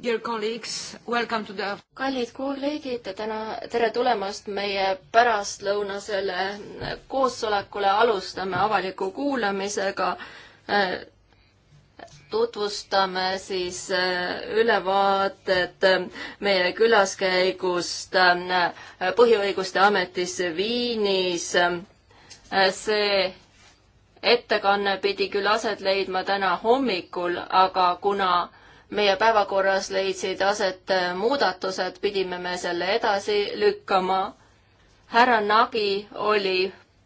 Dear colleagues, welcome to the kallid kolleegid, täna tere tulemast meie pärastlõunasele koosolekule. alustame avaliku kuulamisega. tutvustame siis eh, ülevaated eh, meie külaskäigust eh, Põhiõiguste Ametisse Viinis. see ettekanne pidi küll aset leidma täna hommikul, aga kuna meie päevakorras leidsid aset äh, muudatused, pidime me selle edasi lükkama. härra Nagi oli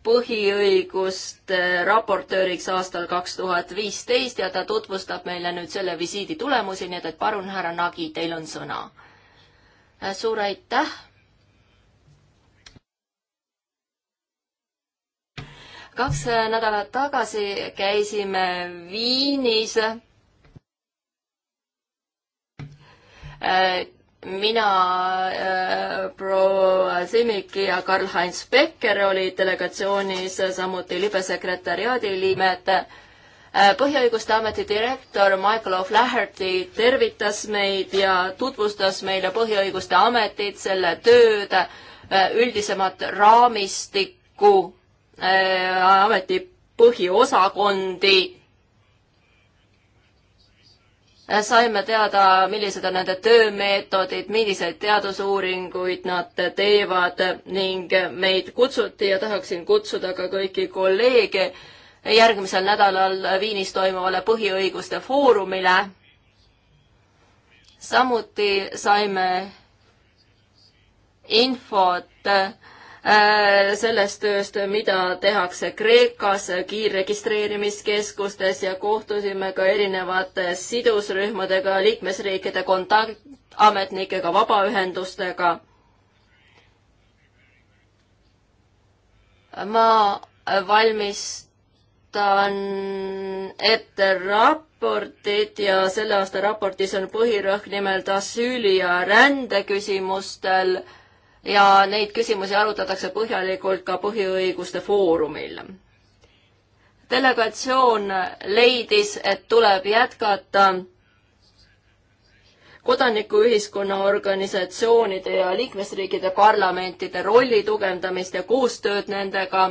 põhiõiguste äh, raportööriks aastal kaks tuhat viisteist ja ta tutvustab meile nüüd selle visiidi tulemusi, nii et, et palun, härra Nagi, teil on sõna. Äh, suur aitäh kaks nädalat tagasi käisime Viinis. Äh, mina, äh, proua Simiki ja Karl-Heinz Becker olid delegatsioonis, samuti libesekretäriaadi liimed. Äh, põhiõiguste ameti direktor Michael O'Flaherty tervitas meid ja tutvustas meile põhiõiguste ametit, selle tööd, üldisemat raamistikku Äh, ameti põhiosakondi. Äh, saime teada, millised on nende töömeetodid, milliseid teadusuuringuid nad teevad ning meid kutsuti ja tahaksin kutsuda ka kõiki kolleege järgmisel nädalal Viinis toimuvale põhiõiguste foorumile. samuti saime infot äh, Äh, sellest tööst, mida tehakse Kreekas kiirregistreerimiskeskustes ja kohtusime ka erinevate sidusrühmadega, liikmesriikide kontaktametnikega, vabaühendustega. ma valmistan ette raportit ja selle aasta raportis on põhirõhk nimelt asüüli ja rändeküsimustel ja neid küsimusi arutatakse põhjalikult ka põhiõiguste foorumil. delegatsioon leidis, et tuleb jätkata kodanikuühiskonna organisatsioonide ja liikmesriikide parlamentide rolli tugevdamist ja koostööd nendega.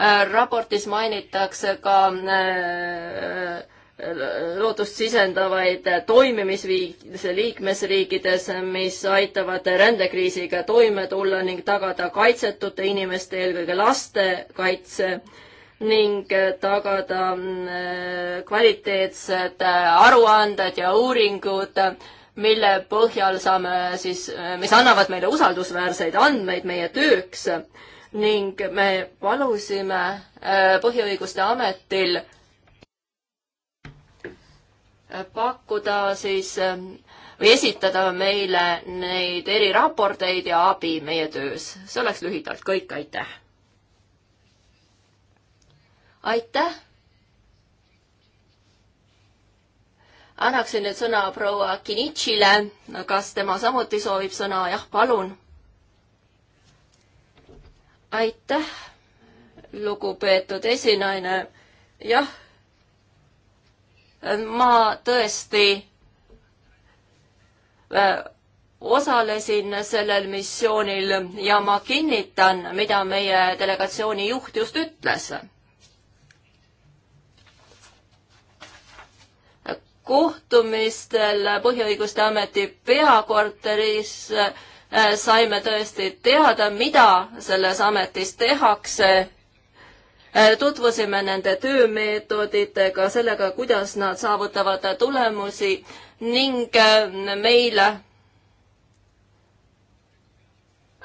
Äh, raportis mainitakse ka äh, lootust sisendavaid toimimisviise liikmesriikides, mis aitavad rändekriisiga toime tulla ning tagada kaitsetute inimeste, eelkõige laste kaitse ning tagada mm, kvaliteetsed aruanded ja uuringud, mille põhjal saame siis, mis annavad meile usaldusväärseid andmeid meie tööks ning me palusime äh, Põhiõiguste Ametil pakkuda siis ähm, või esitada meile neid eriraporteid ja abi meie töös. see oleks lühidalt kõik, aitäh! aitäh! annaksin nüüd sõna proua Kinitšile, kas tema samuti soovib sõna, jah, palun. aitäh, lugupeetud esinaine. jah, ma tõesti äh, osalesin sellel missioonil ja ma kinnitan, mida meie delegatsiooni juht just ütles. kohtumistel Põhiõiguste Ameti peakorteris äh, saime tõesti teada, mida selles ametis tehakse Äh, tutvusime nende töömeetoditega, sellega, kuidas nad saavutavad tulemusi ning äh, meile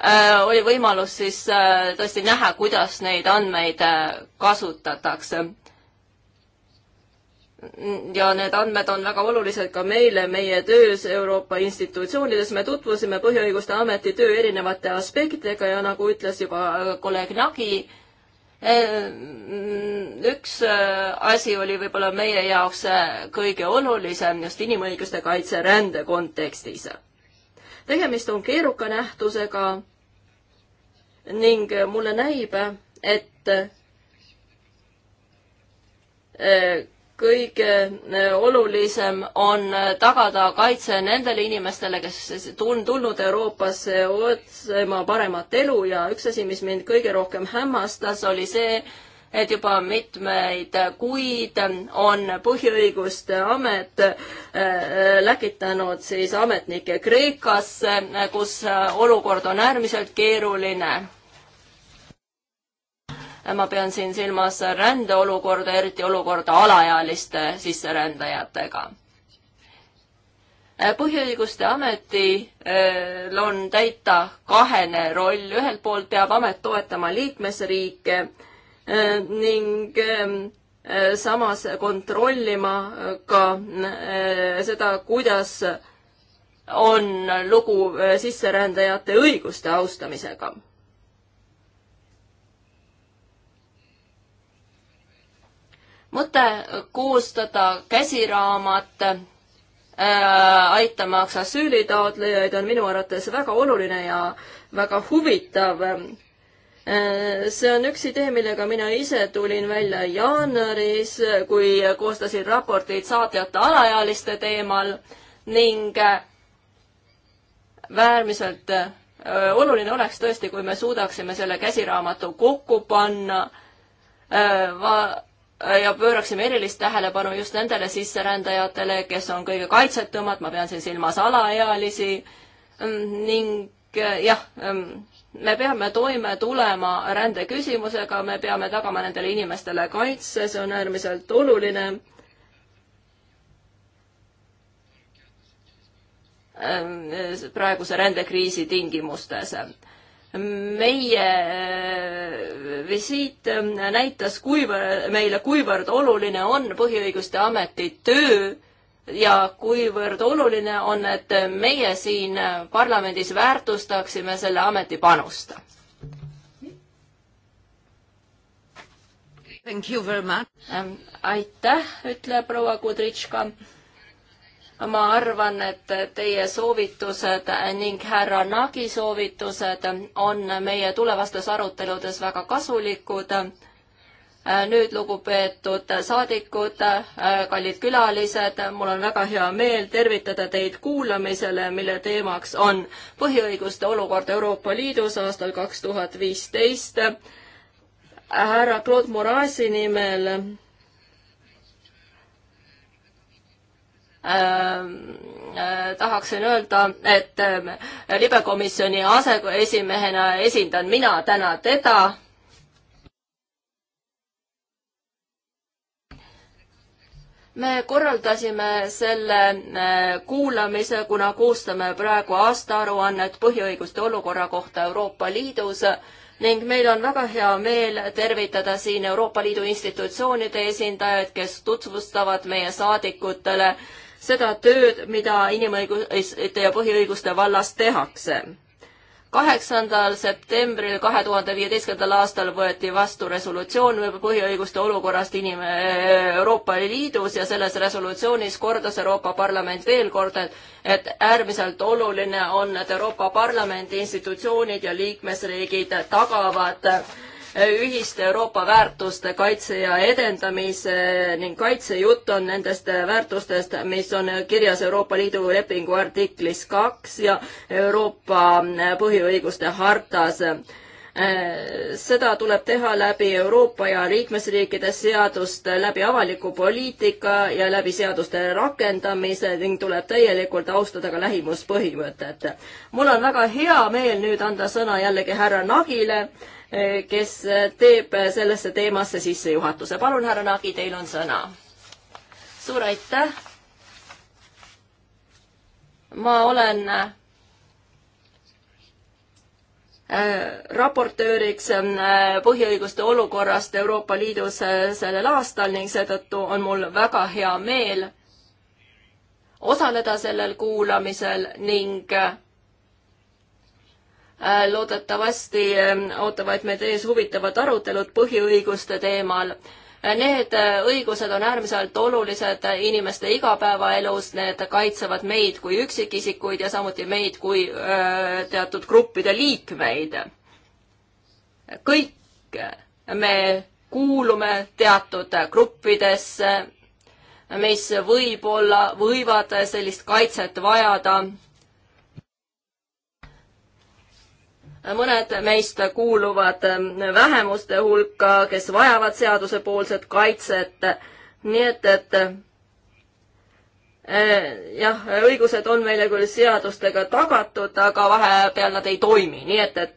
äh, oli võimalus siis tõesti näha, kuidas neid andmeid kasutatakse. ja need andmed on väga olulised ka meile, meie töös Euroopa institutsioonides. me tutvusime Põhiõiguste Ameti töö erinevate aspektidega ja nagu ütles juba kolleeg Nagi, Eh, üks eh, asi oli võib-olla meie jaoks eh, kõige olulisem just inimõiguste kaitse rände kontekstis. tegemist on keeruka nähtusega ning mulle näib, et kõige äh, olulisem on äh, tagada kaitse nendele inimestele, kes on tulnud Euroopasse otsima paremat elu ja üks asi, mis mind kõige rohkem hämmastas, oli see, et juba mitmeid kuid on Põhiõiguste Amet äh, läkitanud siis ametnikke Kreekasse, kus olukord on äärmiselt keeruline ma pean siin silmas rändeolukorda, eriti olukorda alaealiste sisserändajatega. põhiõiguste ametil eh, on täita kahene roll, ühelt poolt peab amet toetama liikmesriike eh, ning eh, samas kontrollima ka seda, kuidas on lugu sisserändajate õiguste austamisega mõte koostada käsiraamat äh, aitamaks asüülitaotlejaid on minu arvates väga oluline ja väga huvitav äh,. see on üks idee, millega mina ise tulin välja jaanuaris, kui koostasin raporteid saatjate alaealiste teemal ning äh, äärmiselt äh, oluline oleks tõesti, kui me suudaksime selle käsiraamatu kokku panna äh, ja pööraksime erilist tähelepanu just nendele sisserändajatele, kes on kõige kaitsetumad, ma pean siin silmas alaealisi mm, ning äh, jah, mm, me peame toime tulema rändeküsimusega, me peame tagama nendele inimestele kaitse, see on äärmiselt oluline. Mm, praeguse rändekriisi tingimustes meie äh, visiit äh, näitas kuivõrd, meile, kuivõrd oluline on Põhiõiguste Ameti töö ja kuivõrd oluline on, et meie siin parlamendis väärtustaksime selle ameti panust. Ähm, aitäh, ütleb proua Kudritška ma arvan, et teie soovitused ning härra Nagi soovitused on meie tulevastes aruteludes väga kasulikud. nüüd, lugupeetud saadikud, kallid külalised, mul on väga hea meel tervitada teid kuulamisele, mille teemaks on põhiõiguste olukord Euroopa Liidus aastal kaks tuhat viisteist. härra Claude Morasi nimel Ähm, äh, tahaksin öelda, et ähm, libekomisjoni aseesimehena esindan mina täna teda. me korraldasime selle äh, kuulamise, kuna koostame praegu aastaaruannet põhiõiguste olukorra kohta Euroopa Liidus ning meil on väga hea meel tervitada siin Euroopa Liidu institutsioonide esindajaid, kes tutvustavad meie saadikutele äh, seda tööd, mida inimõiguste ja põhiõiguste vallas tehakse. kaheksandal septembril kahe tuhande viieteistkümnendal aastal võeti vastu resolutsioon põhiõiguste olukorrast inim-, Euroopa Liidus ja selles resolutsioonis kordas Euroopa Parlament veel kord, et et äärmiselt oluline on, et Euroopa Parlamendi institutsioonid ja liikmesriigid tagavad äh, ühiste Euroopa väärtuste kaitse ja edendamise ning kaitsejutt on nendest väärtustest, mis on kirjas Euroopa Liidu lepingu artiklis kaks ja Euroopa põhiõiguste hartas seda tuleb teha läbi Euroopa ja liikmesriikide seaduste, läbi avaliku poliitika ja läbi seaduste rakendamise ning tuleb täielikult austada ka lähimuspõhimõtet. mul on väga hea meel nüüd anda sõna jällegi härra Nagile kes teeb sellesse teemasse sissejuhatuse. palun, härra Nagi, teil on sõna. suur aitäh. ma olen äh, raportööriks äh, põhiõiguste olukorrast Euroopa Liidus äh, sellel aastal ning seetõttu on mul väga hea meel osaleda sellel kuulamisel ning Äh, loodetavasti ähm, ootavad meid ees huvitavad arutelud põhiõiguste teemal. Äh, need äh, õigused on äärmiselt olulised inimeste igapäevaelus, need kaitsevad meid kui üksikisikuid ja samuti meid kui teatud gruppide liikmeid. kõik me kuulume teatud gruppidesse, mis võib-olla, võivad sellist kaitset vajada mõned meist kuuluvad ähm, vähemuste hulka, kes vajavad seadusepoolset kaitset, nii et, et äh, jah, õigused on meile küll seadustega tagatud, aga vahepeal nad ei toimi, nii et, et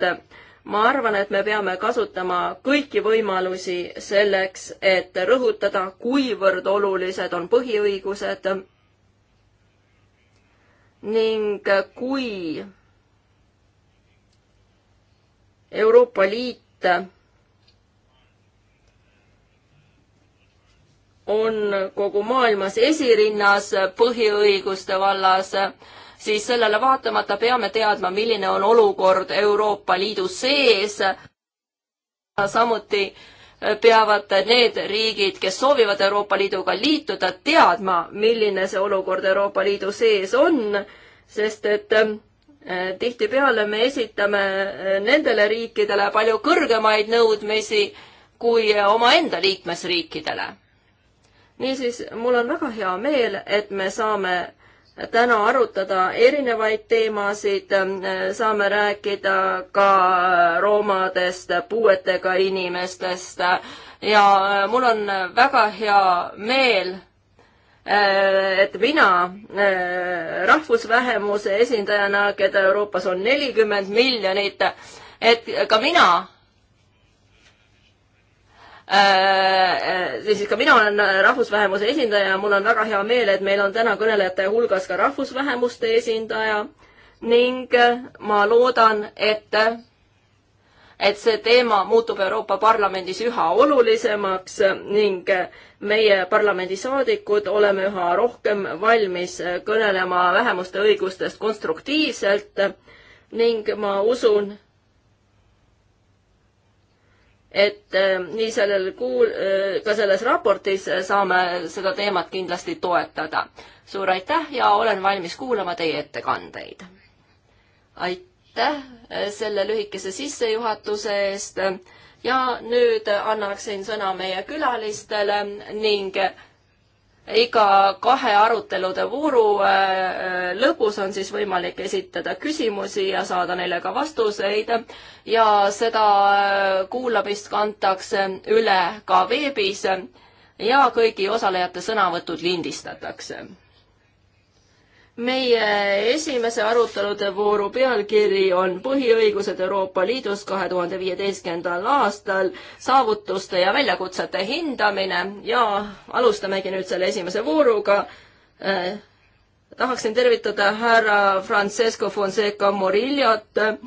ma arvan, et me peame kasutama kõiki võimalusi selleks, et rõhutada, kuivõrd olulised on põhiõigused ning kui Euroopa Liit on kogu maailmas esirinnas põhiõiguste vallas, siis sellele vaatamata peame teadma, milline on olukord Euroopa Liidu sees. samuti peavad need riigid, kes soovivad Euroopa Liiduga liituda, teadma, milline see olukord Euroopa Liidu sees on, sest et Eh, tihtipeale me esitame eh, nendele riikidele palju kõrgemaid nõudmisi kui eh, omaenda liikmesriikidele. niisiis, mul on väga hea meel, et me saame täna arutada erinevaid teemasid, saame rääkida ka roomadest, puuetega inimestest ja mul on väga hea meel Äh, et mina äh, rahvusvähemuse esindajana, keda Euroopas on nelikümmend miljonit, et ka mina Ee, äh, siis ka mina olen rahvusvähemuse esindaja ja mul on väga hea meel, et meil on täna kõnelejate hulgas ka rahvusvähemuste esindaja ning ma loodan, et et see teema muutub Euroopa Parlamendis üha olulisemaks ning meie parlamendisaadikud oleme üha rohkem valmis kõnelema vähemuste õigustest konstruktiivselt ning ma usun, et äh, nii sellel kuul, äh, ka selles raportis saame seda teemat kindlasti toetada. suur aitäh ja olen valmis kuulama teie ettekandeid. aitäh! aitäh eh, selle lühikese sissejuhatuse eest ja nüüd annaksin sõna meie külalistele ning iga kahe arutelude vooru eh, lõpus on siis võimalik esitada küsimusi ja saada neile ka vastuseid ja seda eh, kuulamist kantakse üle ka veebis ja kõigi osalejate sõnavõtud lindistatakse meie esimese arutelude vooru pealkiri on Põhiõigused Euroopa Liidus kahe tuhande viieteistkümnendal aastal, saavutuste ja väljakutsete hindamine ja alustamegi nüüd selle esimese vooruga eh,. tahaksin tervitada härra Francesco Fonseca Morillot eh,,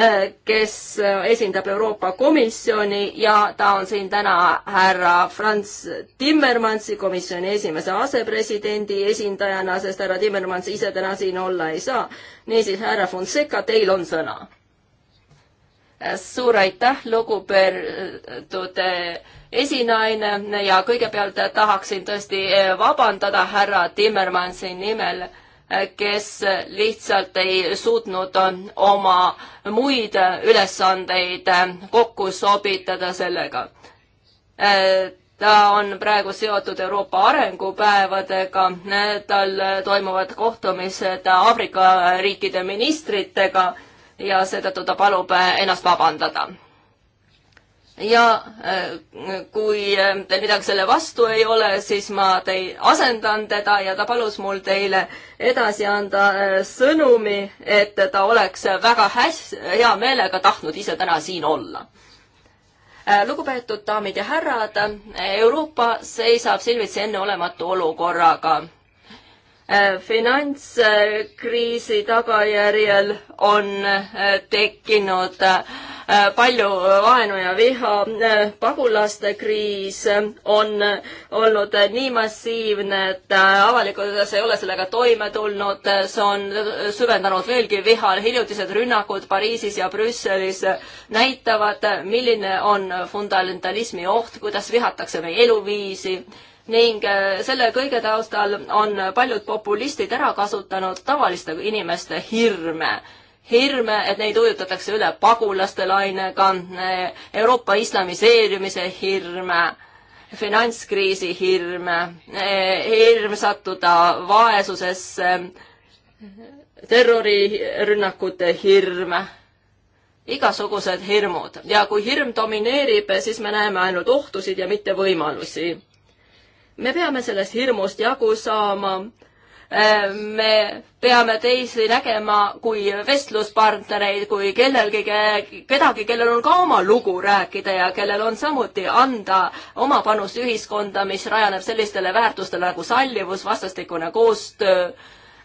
Äh, kes äh, esindab Euroopa Komisjoni ja ta on siin täna härra Franz Timmermansi, komisjoni esimese asepresidendi esindajana, sest härra Timmermans ise täna siin olla ei saa. niisiis, härra Fonseca, teil on sõna. Äh, suur aitäh, lugupeetud esinaine ja kõigepealt tahaksin tõesti vabandada härra Timmermansi nimel kes lihtsalt ei suutnud oma muid ülesandeid kokku sobitada sellega. ta on praegu seotud Euroopa arengupäevadega, tal toimuvad kohtumised Aafrika riikide ministritega ja seetõttu ta palub ennast vabandada ja äh, kui äh, teil midagi selle vastu ei ole, siis ma tei-, asendan teda ja ta palus mul teile edasi anda äh, sõnumi, et ta oleks väga häs-, hea meelega tahtnud ise täna siin olla. lugupeetud daamid ja härrad, Euroopa seisab silmitsi enneolematu olukorraga finantskriisi tagajärjel on tekkinud äh, Äh, palju äh, vaenu ja viha. Äh, pagulaste kriis on olnud nii massiivne, et avalikkuses ei ole sellega toime tulnud, see on süvendanud veelgi viha. hiljutised rünnakud Pariisis ja Brüsselis näitavad, milline on fundamentalismi oht, kuidas vihatakse meie eluviisi ning selle kõige taustal on paljud populistid ära kasutanud tavaliste inimeste hirme hirme, et neid ujutatakse üle pagulaste lainega, Euroopa islamiseerimise hirm, finantskriisi hirm, hirm sattuda vaesusesse, terrorirünnakute hirm, igasugused hirmud ja kui hirm domineerib, siis me näeme ainult ohtusid ja mitte võimalusi. me peame sellest hirmust jagu saama Äh, me peame teisi nägema kui vestluspartnereid, kui kellelgi, kedagi, kellel on ka oma lugu rääkida ja kellel on samuti anda oma panus ühiskonda, mis rajaneb sellistele väärtustele nagu sallivus, vastastikune koostöö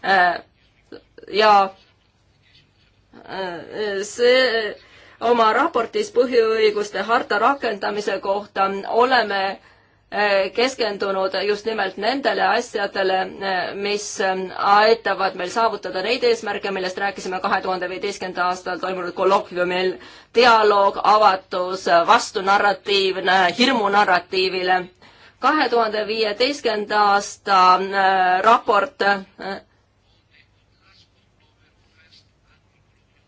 äh, ja äh, see oma raportis põhiõiguste harta rakendamise kohta oleme Eh, keskendunud just nimelt nendele asjadele, eh, mis eh, aitavad meil saavutada neid eesmärke, millest rääkisime kahe tuhande viieteistkümnenda aastal toimunud kolokviumil. dialoog, avatus, vastunarratiivne, hirmunarratiivile. kahe tuhande viieteistkümnenda aasta raport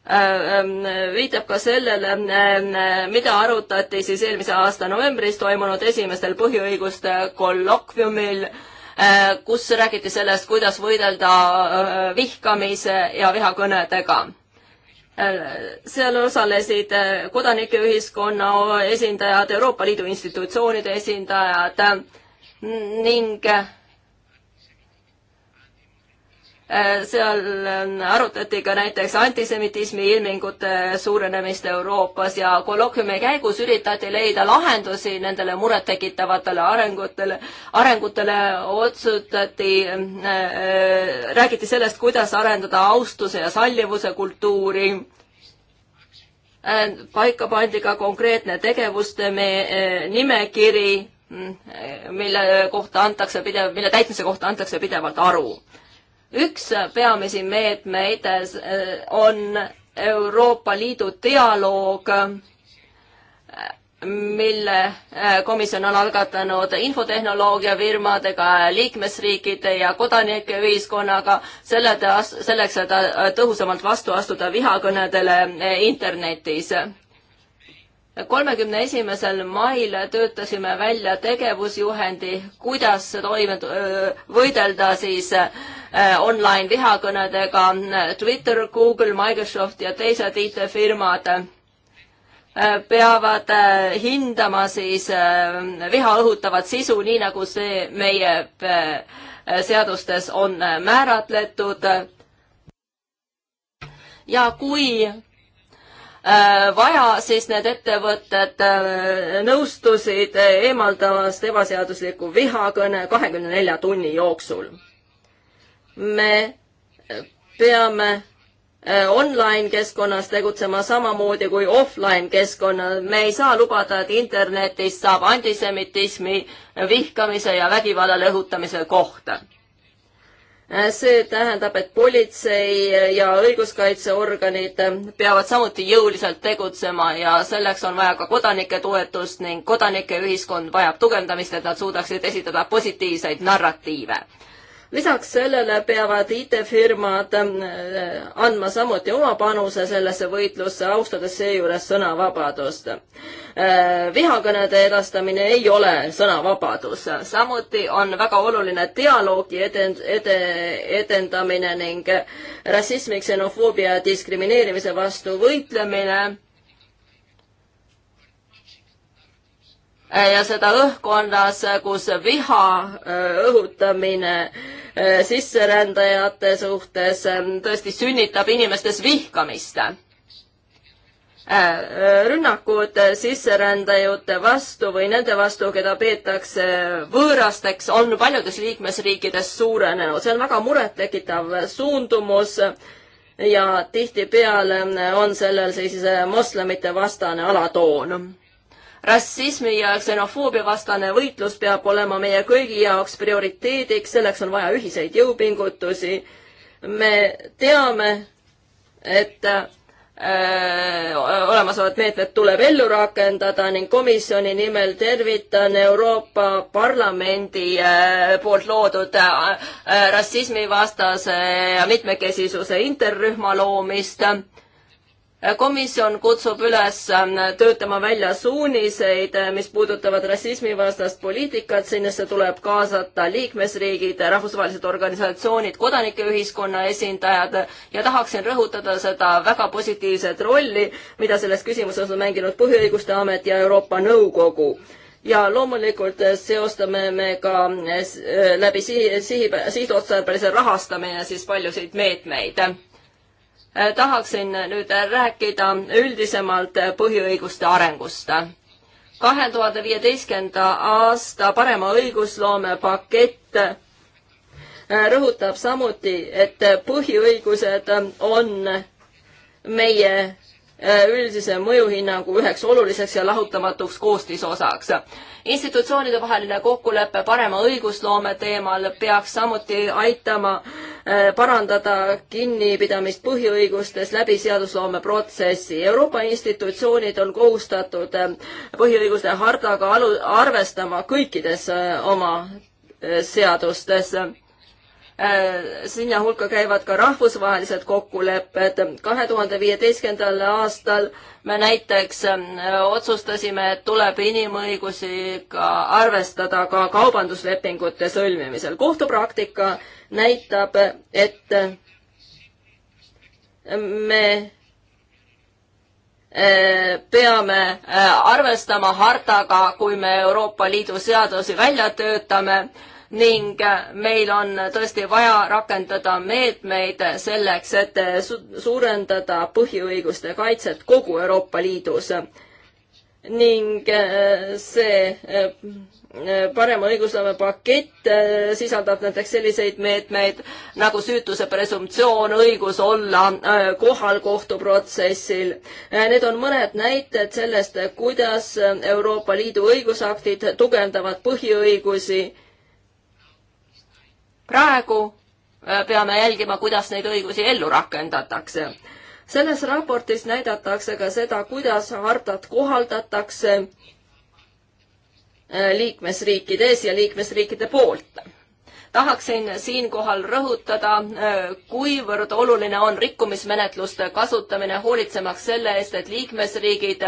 Äh, ähm, viitab ka sellele, äh, äh, mida arutati siis eelmise aasta novembris toimunud esimestel põhiõiguste kollokviumil, kus räägiti sellest, kuidas võidelda vihkamise ja vihakõnedega. seal osalesid kodanikeühiskonna esindajad, Euroopa Liidu institutsioonide esindajad ning Äh, seal ähm, arutati ka näiteks antisemitismi ilmingute suurenemist Euroopas ja kolokviumi käigus üritati leida lahendusi nendele murettekitavatele arengutele, arengutele otsutati äh, äh,, räägiti sellest, kuidas arendada austuse ja sallivuse kultuuri äh,. paika pandi ka konkreetne tegevuste me, äh, nimekiri, mm, äh, mille kohta antakse pidev, mille täitmise kohta antakse pidevalt aru üks peamisi meetmeid äh, on Euroopa Liidu dialoog, mille äh, komisjon on algatanud infotehnoloogiafirmadega, liikmesriikide ja kodanike ühiskonnaga, selle, selleks, et äh, tõhusamalt vastu astuda vihakõnedele internetis kolmekümne esimesel mail töötasime välja tegevusjuhendi, kuidas toime, võidelda siis online vihakõnedega Twitter, Google, Microsoft ja teised IT-firmad peavad hindama siis viha õhutavat sisu, nii nagu see meie seadustes on määratletud. ja kui Äh, vaja, siis need ettevõtted äh, nõustusid eemaldavast ebaseadusliku vihakõne kahekümne nelja tunni jooksul. me peame äh, online keskkonnas tegutsema samamoodi kui offline keskkonnal. me ei saa lubada, et internetist saab antisemitismi, vihkamise ja vägivallale õhutamise koht Äh, see tähendab, et politsei ja õiguskaitseorganid peavad samuti jõuliselt tegutsema ja selleks on vaja ka kodanike toetust ning kodanike ühiskond vajab tugevdamist, et nad suudaksid esitada positiivseid narratiive lisaks sellele peavad IT-firmad äh, andma samuti oma panuse sellesse võitlusse, austades seejuures sõnavabadust. Äh, vihakõnede edastamine ei ole sõnavabadus, samuti on väga oluline dialoogi eden-, ede-, edendamine ning rassismi, ksenofoobia ja diskrimineerimise vastu võitlemine Eh, ja seda õhkkonnas, eh, kus viha eh, õhutamine sisserändajate suhtes tõesti sünnitab inimestes vihkamist. rünnakud sisserändajate vastu või nende vastu, keda peetakse võõrasteks, on paljudes liikmesriikides suurenenud, see on väga murettekitav suundumus ja tihtipeale on sellel siis moslemite vastane alatoon rassismi ja ksenofoobia vastane võitlus peab olema meie kõigi jaoks prioriteediks, selleks on vaja ühiseid jõupingutusi. me teame, et äh, olemasolevad meetmed tuleb ellu rakendada ning komisjoni nimel tervitan Euroopa Parlamendi äh, poolt loodud äh, rassismivastase ja mitmekesisuse interrühma loomist komisjon kutsub üles ähm, töötama välja suuniseid, äh, mis puudutavad rassismivastast poliitikat, sinnesse tuleb kaasata liikmesriigid, rahvusvahelised organisatsioonid, kodanikeühiskonna esindajad ja tahaksin rõhutada seda väga positiivset rolli, mida selles küsimuses on mänginud Põhiõiguste Amet ja Euroopa Nõukogu ja loomulikult äh, seostame me ka äh, läbi sihi, sihi, sihtotstarbelise rahastamine siis paljusid meetmeid Äh, tahaksin nüüd rääkida üldisemalt põhiõiguste arengust. kahe tuhande viieteistkümnenda aasta parema õigusloome pakett äh, rõhutab samuti, et põhiõigused on meie äh, üldise mõjuhinnangu üheks oluliseks ja lahutamatuks koostisosaks institutsioonide vaheline kokkulepe parema õigusloome teemal peaks samuti aitama äh, parandada kinnipidamist põhiõigustes läbi seadusloome protsessi. Euroopa institutsioonid on kohustatud äh, põhiõiguste hartaga alu, arvestama kõikides äh, oma seadustes Äh, sinna hulka käivad ka rahvusvahelised kokkulepped. kahe tuhande viieteistkümnendal aastal me näiteks äh, otsustasime, et tuleb inimõigusi ka arvestada ka kaubanduslepingute sõlmimisel. kohtupraktika näitab, et äh, me peame arvestama hartaga, kui me Euroopa Liidu seadusi välja töötame ning äh, meil on tõesti vaja rakendada meetmeid selleks, et suurendada põhiõiguste kaitset kogu Euroopa Liidus. ning äh, see äh, parema õigusloome pakett sisaldab näiteks selliseid meetmeid nagu süütuse presumptsioon, õigus olla kohal kohtuprotsessil. Need on mõned näited sellest, kuidas Euroopa Liidu õigusaktid tugevdavad põhiõigusi praegu äh, peame jälgima, kuidas neid õigusi ellu rakendatakse. selles raportis näidatakse ka seda, kuidas hartat kohaldatakse äh, liikmesriikides ja liikmesriikide poolt. tahaksin siinkohal rõhutada, äh, kuivõrd oluline on rikkumismenetluste kasutamine, hoolitsemaks selle eest, et liikmesriigid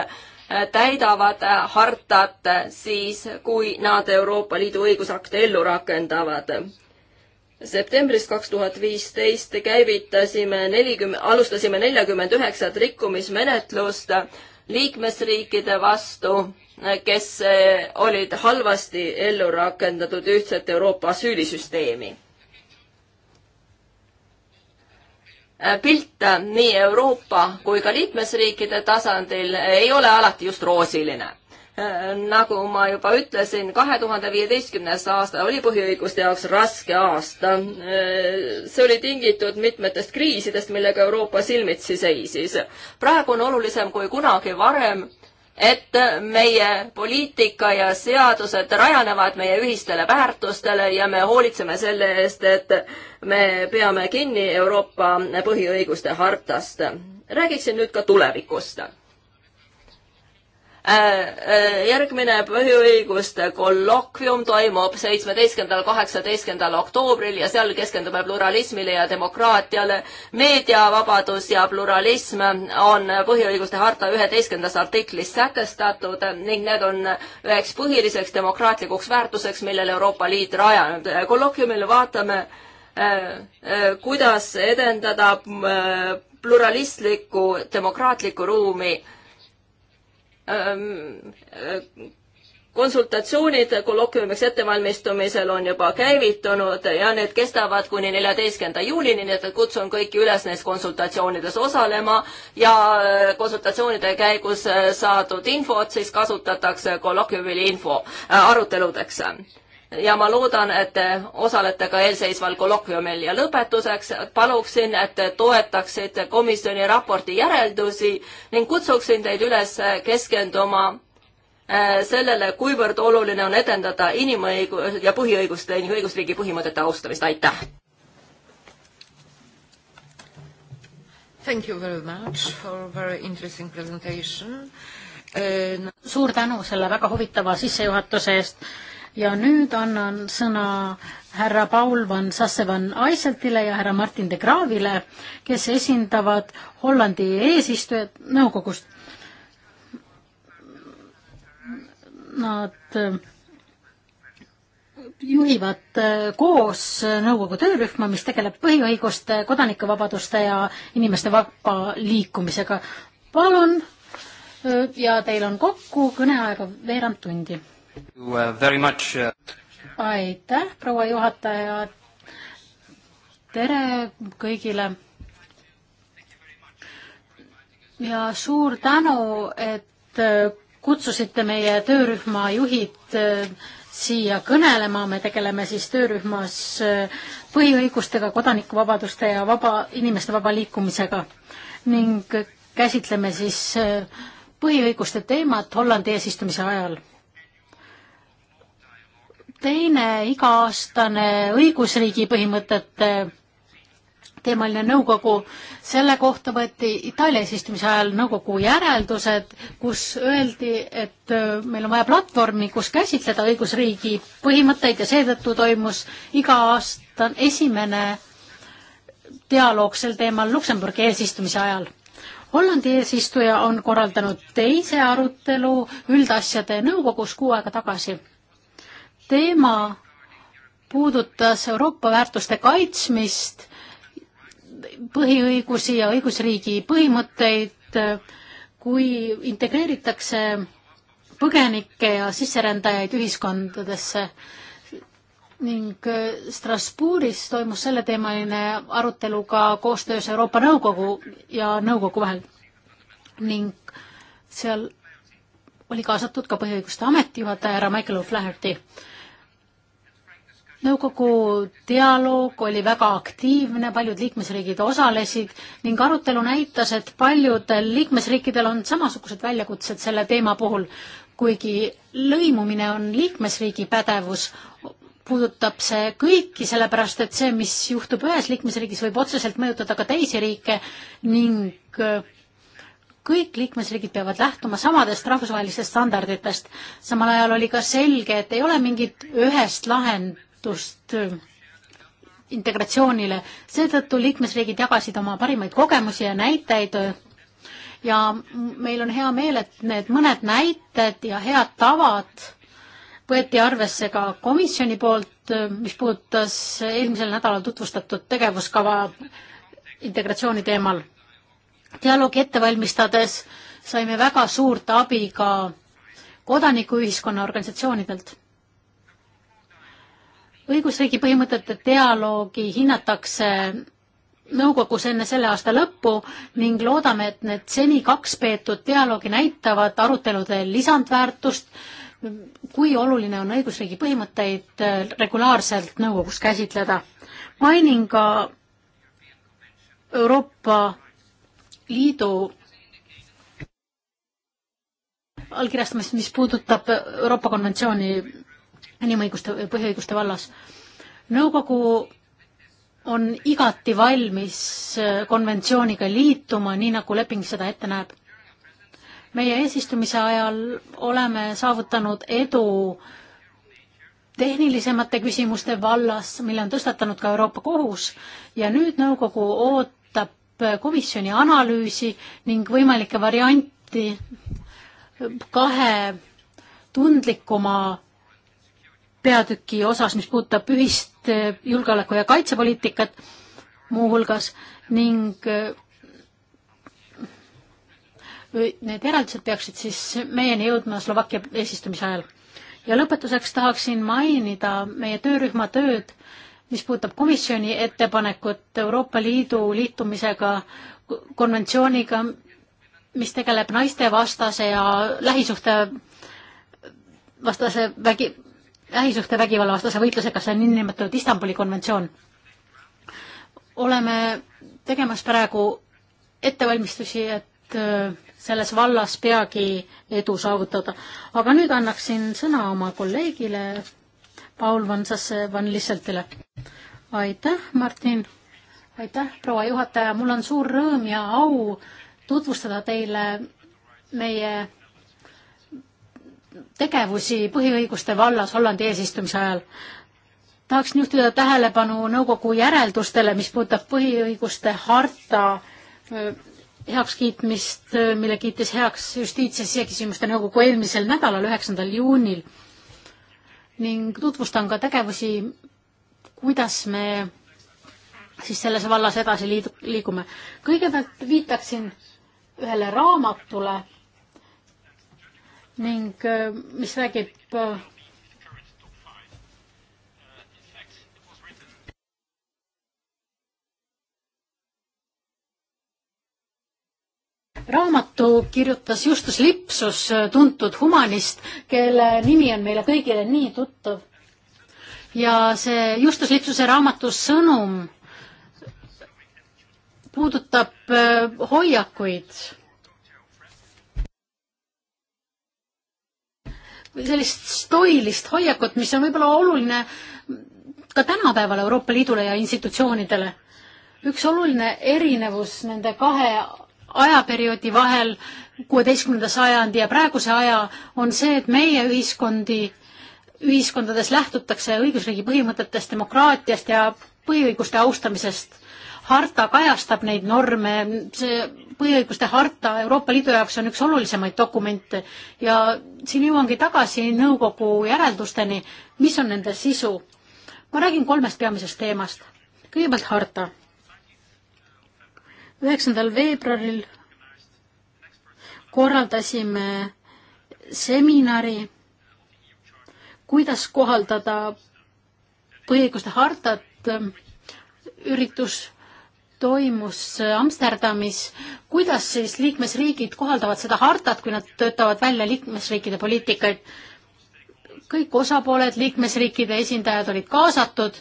täidavad hartat siis, kui nad Euroopa Liidu õigusakte ellu rakendavad septembris kaks tuhat viisteist käivitasime nelikümmend, alustasime neljakümmend üheksat rikkumismenetlust liikmesriikide vastu, kes eh, olid halvasti ellu rakendatud ühtset Euroopa asüülisüsteemi. Eh, pilt nii Euroopa kui ka liikmesriikide tasandil eh, ei ole alati just roosiline Äh, nagu ma juba ütlesin, kahe tuhande viieteistkümnes aasta oli põhiõiguste jaoks raske aasta. Äh, see oli tingitud mitmetest kriisidest, millega Euroopa silmitsi seisis. praegu on olulisem kui kunagi varem, et meie poliitika ja seadused rajanevad meie ühistele väärtustele ja me hoolitseme selle eest, et me peame kinni Euroopa põhiõiguste hartast. räägiksin nüüd ka tulevikust Äh, äh, järgmine põhiõiguste kollokvium toimub seitsmeteistkümnendal, kaheksateistkümnendal oktoobril ja seal keskendume pluralismile ja demokraatiale. meediavabadus ja pluralism on põhiõiguste harta üheteistkümnendas artiklis sätestatud ning need on üheks põhiliseks demokraatlikuks väärtuseks, millele Euroopa Liit rajanud. kollokviumil vaatame äh, kuidas edendada pluralistlikku demokraatlikku ruumi Ähm, äh, konsultatsioonid kolloquiumiks ettevalmistumisel on juba käivitunud ja need kestavad kuni neljateistkümnenda juulini, nii et kutsun kõiki üles neis konsultatsioonides osalema ja äh, konsultatsioonide käigus äh, saadud infot siis kasutatakse kolloquiumi info aruteludeks ja ma loodan, et te osalete ka eelseisval kolokviumil ja lõpetuseks paluksin, et te toetaksite komisjoni raporti järeldusi ning kutsuksin teid üles keskenduma äh, sellele, kuivõrd oluline on edendada inimõigu- ja põhiõiguste ning õigusriigi põhimõtete austamist, aitäh! Thank you very much for very interesting presentation uh,. suur tänu selle väga huvitava sissejuhatuse eest ja nüüd annan sõna härra Paul van Sassevan Aiseltile ja härra Martin de Graavile, kes esindavad Hollandi eesistujat nõukogust. Nad äh, juhivad äh, koos nõukogu töörühma, mis tegeleb põhiõiguste, kodanikuvabaduste ja inimeste vaba liikumisega. palun äh, ja teil on kokku kõneaega veerand tundi Uh, aitäh, proua juhataja. tere kõigile. ja suur tänu, et äh, kutsusite meie töörühma juhid äh, siia kõnelema, me tegeleme siis töörühmas äh, põhiõigustega, kodanikuvabaduste ja vaba, inimeste vaba liikumisega ning käsitleme siis põhiõiguste teemat Hollandi eesistumise ajal teine iga-aastane õigusriigi põhimõtete teemaline nõukogu, selle kohta võeti Itaalia eesistumise ajal nõukogu järeldused, kus öeldi, et äh, meil on vaja platvormi, kus käsitleda õigusriigi põhimõtteid ja seetõttu toimus iga aasta esimene dialoog sel teemal Luksemburgi eesistumise ajal. Hollandi eesistuja on korraldanud teise arutelu üldasjade nõukogus kuu aega tagasi teema puudutas Euroopa väärtuste kaitsmist, põhiõigusi ja õigusriigi põhimõtteid, kui integreeritakse põgenikke ja sisserändajaid ühiskondadesse ning Strasbourgis toimus selleteemaline arutelu ka koostöös Euroopa Nõukogu ja nõukogu vahel ning seal oli kaasatud ka Põhiõiguste Ameti juhataja härra Michael O'Flaherty nõukogu dialoog oli väga aktiivne, paljud liikmesriigid osalesid ning arutelu näitas, et paljudel liikmesriikidel on samasugused väljakutsed selle teema puhul, kuigi lõimumine on liikmesriigi pädevus, puudutab see kõiki, sellepärast et see, mis juhtub ühes liikmesriigis, võib otseselt mõjutada ka teisi riike ning äh, kõik liikmesriigid peavad lähtuma samadest rahvusvahelistest standarditest. samal ajal oli ka selge, et ei ole mingit ühest lahend toetust äh, integratsioonile. seetõttu liikmesriigid jagasid oma parimaid kogemusi ja näiteid äh, ja meil on hea meel, et need mõned näited ja head tavad võeti arvesse ka komisjoni poolt, äh, mis puudutas eelmisel nädalal tutvustatud tegevuskava integratsiooni teemal. dialoogi ette valmistades saime väga suurt abi ka kodanikuühiskonna organisatsioonidelt õigusriigi põhimõtete dialoogi hinnatakse nõukogus enne selle aasta lõppu ning loodame, et need seni kaks peetud dialoogi näitavad arutelude lisandväärtust, kui oluline on õigusriigi põhimõtteid äh, regulaarselt nõukogus käsitleda. mainin ka Euroopa Liidu allkirjastamist, mis puudutab Euroopa konventsiooni inimõiguste, põhiõiguste vallas. nõukogu on igati valmis äh, konventsiooniga liituma, nii nagu leping seda ette näeb. meie eesistumise ajal oleme saavutanud edu tehnilisemate küsimuste vallas, mille on tõstatanud ka Euroopa Kohus ja nüüd nõukogu ootab äh, komisjoni analüüsi ning võimalikke varianti kahe tundlikuma peatüki osas, mis puudutab ühist eh, julgeoleku- ja kaitsepoliitikat muuhulgas ning eh, need järeldused peaksid siis meieni jõudma Slovakkia eesistumise ajal. ja lõpetuseks tahaksin mainida meie töörühma tööd, mis puudutab komisjoni ettepanekut Euroopa Liidu liitumisega konventsiooniga, mis tegeleb naistevastase ja lähisuhte vastase vägi, lähisuhtevägivalla vastase võitlusega, see on niinimetatud Istanbuli konventsioon. oleme tegemas praegu ettevalmistusi, et äh, selles vallas peagi edu saavutada. aga nüüd annaksin sõna oma kolleegile Paul Vansasse Van Lisseltile. aitäh, Martin! aitäh, proua juhataja, mul on suur rõõm ja au tutvustada teile meie tegevusi põhiõiguste vallas Hollandi eesistumise ajal. tahaksin juhtida tähelepanu nõukogu järeldustele, mis puudutab põhiõiguste harta heakskiitmist, mille kiitis heaks justiits- ja siseküsimuste nõukogu eelmisel nädalal, üheksandal juunil. ning tutvustan ka tegevusi, kuidas me siis selles vallas edasi liidu-, liigume. kõigepealt viitaksin ühele raamatule ning äh, mis räägib äh, raamatu kirjutas Justus Lipsus, äh, tuntud humanist, kelle nimi on meile kõigile nii tuttav. ja see Justus Lipsuse raamatu sõnum puudutab hoiakuid sellist stoilist hoiakut, mis on võib-olla oluline ka tänapäeval Euroopa Liidule ja institutsioonidele. üks oluline erinevus nende kahe ajaperioodi vahel, kuueteistkümnenda sajandi ja praeguse aja, on see, et meie ühiskondi, ühiskondades lähtutakse õigusriigi põhimõtetest, demokraatiast ja põhiõiguste austamisest harta kajastab neid norme, see põhiõiguste harta Euroopa Liidu jaoks on üks olulisemaid dokumente ja siin jõuangi tagasi nõukogu järeldusteni, mis on nende sisu. ma räägin kolmest peamisest teemast. kõigepealt harta. üheksandal veebruaril korraldasime seminari, kuidas kohaldada põhiõiguste hartat, üritus toimus Amsterdamis, kuidas siis liikmesriigid kohaldavad seda hartat, kui nad töötavad välja liikmesriikide poliitikaid? kõik osapooled, liikmesriikide esindajad olid kaasatud,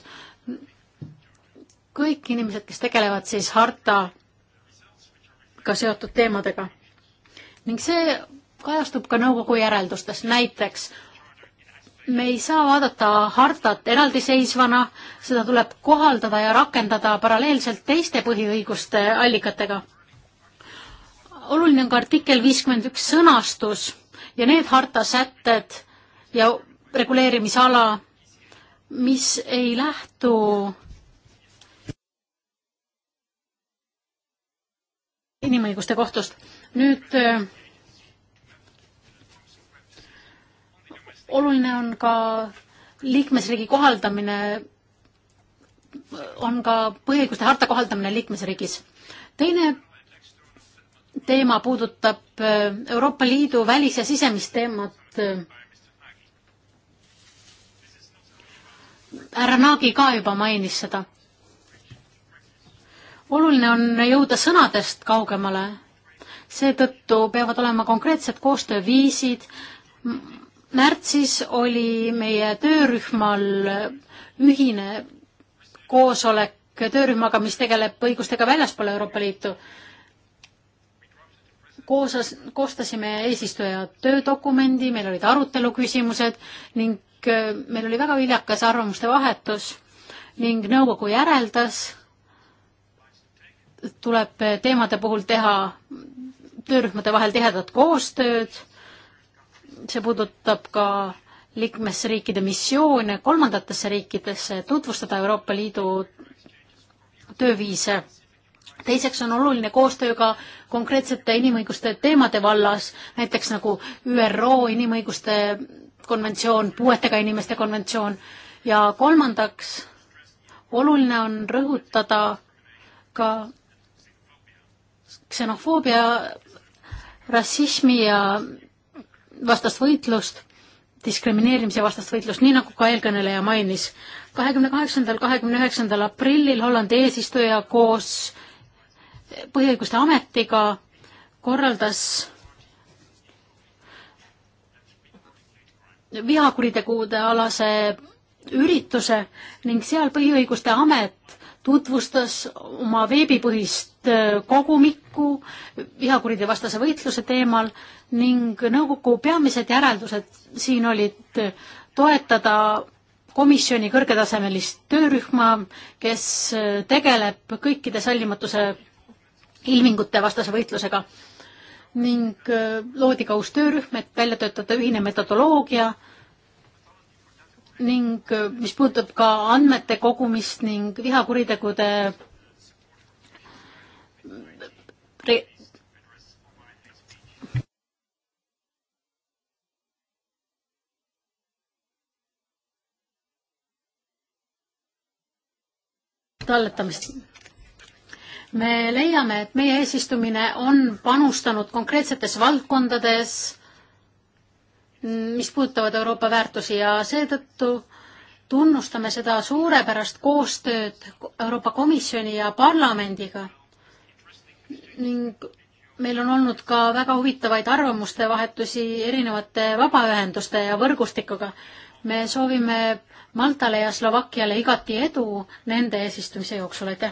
kõik inimesed, kes tegelevad siis hartaga seotud teemadega. ning see kajastub ka nõukogu järeldustes, näiteks me ei saa vaadata hartat eraldiseisvana, seda tuleb kohaldada ja rakendada paralleelselt teiste põhiõiguste allikatega. oluline on ka artikkel viiskümmend üks sõnastus ja need harta sätted ja reguleerimisala, mis ei lähtu inimõiguste kohtust. nüüd äh, oluline on ka liikmesriigi kohaldamine, on ka põhiõiguste harta kohaldamine liikmesriigis. teine teema puudutab äh, Euroopa Liidu välis- ja sisemist teemat. härra Naagi ka juba mainis seda. oluline on jõuda sõnadest kaugemale, seetõttu peavad olema konkreetsed koostööviisid, märtsis oli meie töörühmal ühine koosolek töörühmaga, mis tegeleb õigustega väljaspool Euroopa Liitu. koosas, koostasime eesistuja töödokumendi, meil olid arutelu küsimused ning äh, meil oli väga viljakas arvamuste vahetus ning nõukogu järeldas, tuleb teemade puhul teha töörühmade vahel tihedat koostööd see puudutab ka liikmesriikide missioone kolmandatesse riikidesse, et tutvustada Euroopa Liidu tööviise. teiseks on oluline koostöö ka konkreetsete inimõiguste teemade vallas, näiteks nagu ÜRO inimõiguste konventsioon, puuetega inimeste konventsioon ja kolmandaks oluline on rõhutada ka ksenofoobia, rassismi ja vastast võitlust, diskrimineerimise vastast võitlust, nii nagu ka eelkõneleja mainis. kahekümne kaheksandal, kahekümne üheksandal aprillil Hollandi eesistuja koos põhiõiguste ametiga korraldas vihakuritegude alase ürituse ning seal põhiõiguste amet tutvustas oma veebipõhist kogumikku vihakuride vastase võitluse teemal ning nõukogu peamised järeldused siin olid toetada komisjoni kõrgetasemelist töörühma, kes tegeleb kõikide sallimatuse ilmingute vastase võitlusega ning äh, loodi ka uus töörühm, et välja töötada ühine metodoloogia ning äh, mis puudutab ka andmete kogumist ning vihakuritegude talletamist. me leiame, et meie eesistumine on panustanud konkreetsetes valdkondades, mis puudutavad Euroopa väärtusi ja seetõttu tunnustame seda suurepärast koostööd Euroopa Komisjoni ja parlamendiga ning meil on olnud ka väga huvitavaid arvamuste vahetusi erinevate vabaühenduste ja võrgustikuga me soovime Maltale ja Slovakkiale igati edu nende eesistumise jooksul, aitäh!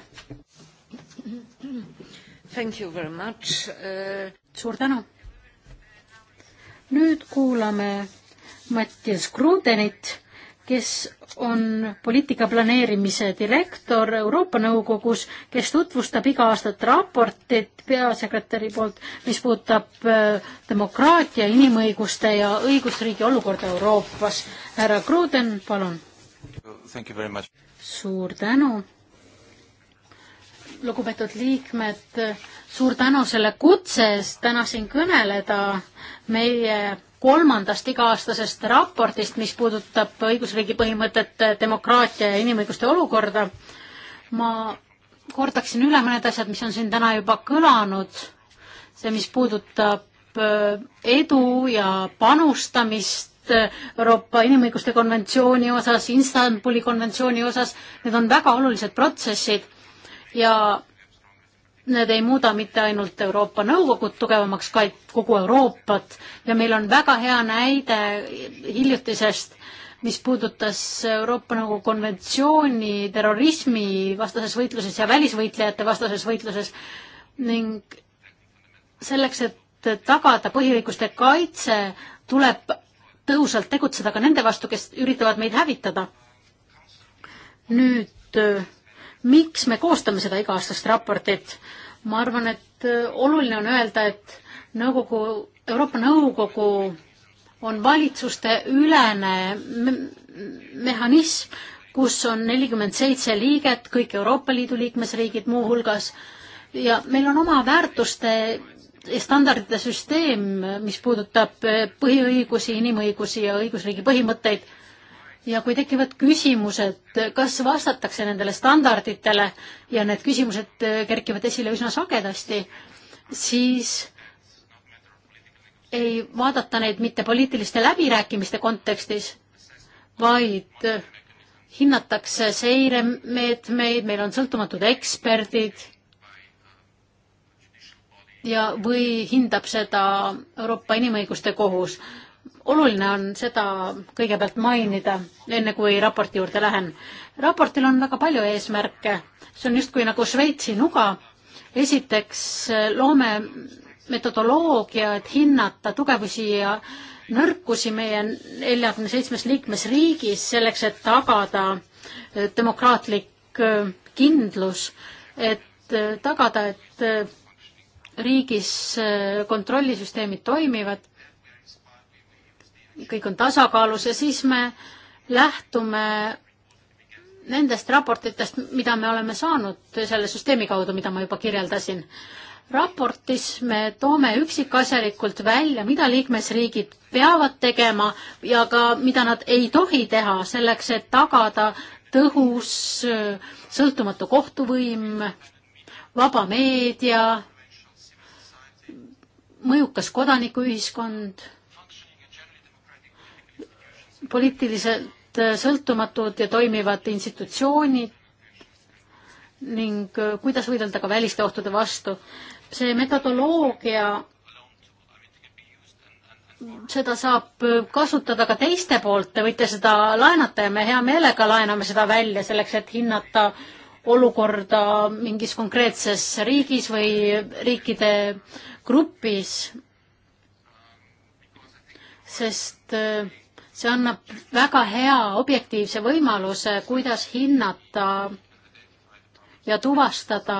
Thank you very much uh...! suur tänu! nüüd kuulame Mattias Krudenit kes on poliitika planeerimise direktor Euroopa Nõukogus, kes tutvustab iga-aastat raportit peasekretäri poolt, mis puudutab äh, demokraatia, inimõiguste ja õigusriigi olukorda Euroopas. härra Kruden, palun. suur tänu. lugupeetud liikmed, suur tänu selle kutse eest täna siin kõneleda meie kolmandast iga-aastasest raportist, mis puudutab õigusriigi põhimõtet, demokraatia ja inimõiguste olukorda. ma kordaksin üle mõned asjad, mis on siin täna juba kõlanud. see, mis puudutab äh, edu ja panustamist äh, Euroopa Inimõiguste konventsiooni osas, Istanbuli konventsiooni osas, need on väga olulised protsessid ja Need ei muuda mitte ainult Euroopa Nõukogud tugevamaks, vaid kogu Euroopat ja meil on väga hea näide hiljutisest, mis puudutas Euroopa Nõukogu konventsiooni terrorismi vastases võitluses ja välisvõitlejate vastases võitluses ning selleks, et tagada põhiõiguste kaitse, tuleb tõhusalt tegutseda ka nende vastu, kes üritavad meid hävitada. nüüd miks me koostame seda iga-aastast raportit. ma arvan, et äh, oluline on öelda, et nõukogu, Euroopa Nõukogu on valitsuste ülene me mehhanism, kus on nelikümmend seitse liiget, kõik Euroopa Liidu liikmesriigid muuhulgas, ja meil on oma väärtuste standardite süsteem, mis puudutab äh, põhiõigusi, inimõigusi ja õigusriigi põhimõtteid ja kui tekivad küsimused, kas vastatakse nendele standarditele ja need küsimused äh, kerkivad esile üsna sagedasti, siis ei vaadata neid mitte poliitiliste läbirääkimiste kontekstis, vaid äh, hinnatakse seiremeetmeid, meil on sõltumatud eksperdid ja, või hindab seda Euroopa Inimõiguste Kohus oluline on seda kõigepealt mainida, enne kui raporti juurde lähen. raportil on väga palju eesmärke, see on justkui nagu Šveitsi nuga. esiteks loome metodoloogia, et hinnata tugevusi ja nõrkusi meie neljakümne seitsmes liikmesriigis selleks, et tagada eh, demokraatlik eh, kindlus, et eh, tagada, et riigis kontrollisüsteemid toimivad kõik on tasakaalus ja siis me lähtume nendest raportitest, mida me oleme saanud selle süsteemi kaudu, mida ma juba kirjeldasin. raportis me toome üksikasjalikult välja, mida liikmesriigid peavad tegema ja ka mida nad ei tohi teha selleks, et tagada tõhus sõltumatu kohtuvõim, vaba meedia, mõjukas kodanikuühiskond poliitiliselt äh, sõltumatud ja toimivad institutsioonid ning äh, kuidas võidelda ka väliste ohtude vastu. see metodoloogia, seda saab kasutada ka teiste poolt, te võite seda laenata ja me hea meelega laename seda välja selleks, et hinnata olukorda mingis konkreetses riigis või riikide grupis, sest äh, see annab väga hea objektiivse võimaluse, kuidas hinnata ja tuvastada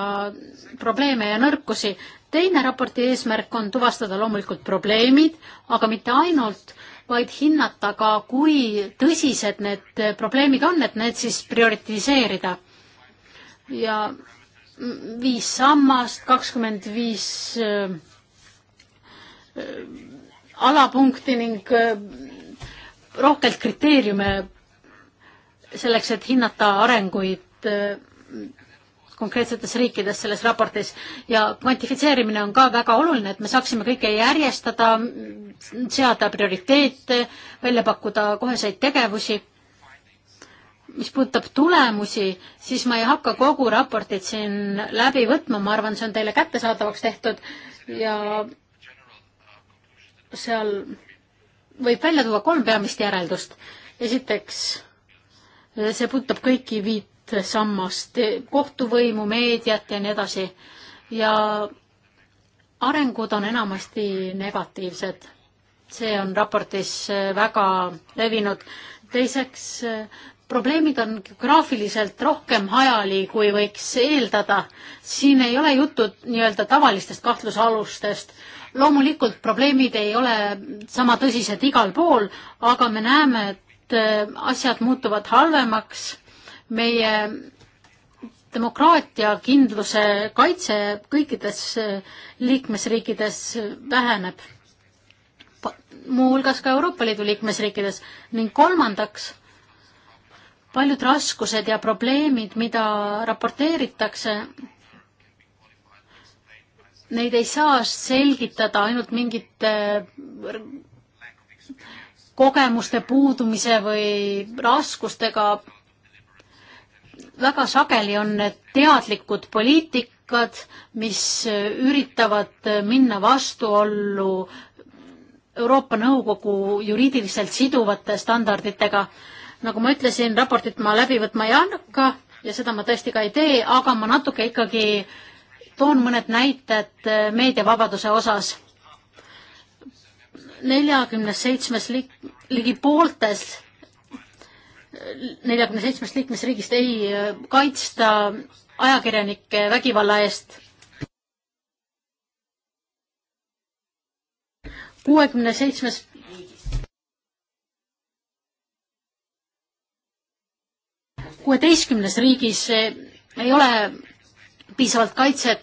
probleeme ja nõrkusi. teine raporti eesmärk on tuvastada loomulikult probleemid, aga mitte ainult, vaid hinnata ka, kui tõsised need probleemid on, et need siis prioritiseerida. ja viis sammast, kakskümmend viis äh, äh, alapunkti ning äh, rohkelt kriteeriume selleks, et hinnata arenguid äh, konkreetsetes riikides selles raportis ja kvantifitseerimine on ka väga oluline, et me saaksime kõike järjestada, seada prioriteete, välja pakkuda koheseid tegevusi. mis puudutab tulemusi, siis ma ei hakka kogu raportit siin läbi võtma, ma arvan, see on teile kättesaadavaks tehtud ja seal võib välja tuua kolm peamist järeldust. esiteks, see puudutab kõiki viit sammast, kohtuvõimu, meediat ja nii edasi ja arengud on enamasti negatiivsed. see on raportis väga levinud. teiseks, probleemid on graafiliselt rohkem hajali, kui võiks eeldada. siin ei ole juttu nii-öelda tavalistest kahtlusalustest, loomulikult probleemid ei ole sama tõsised igal pool, aga me näeme, et äh, asjad muutuvad halvemaks, meie demokraatia kindluse kaitse kõikides äh, liikmesriikides äh, väheneb, muuhulgas ka Euroopa Liidu liikmesriikides ning kolmandaks, paljud raskused ja probleemid, mida raporteeritakse, neid ei saa selgitada ainult mingite äh, kogemuste puudumise või raskustega. väga sageli on need teadlikud poliitikad, mis üritavad minna vastuollu Euroopa Nõukogu juriidiliselt siduvate standarditega. nagu ma ütlesin, raportit ma läbi võtma ei hakka ja seda ma tõesti ka ei tee, aga ma natuke ikkagi äh, toon mõned näited äh, meediavabaduse osas. neljakümnes seitsmes liik-, ligi pooltes neljakümne seitsmest liikmesriigist ei äh, kaitsta ajakirjanike vägivalla eest. kuuekümne seitsmes kuueteistkümnes riigis äh, ei ole piisavalt kaitset.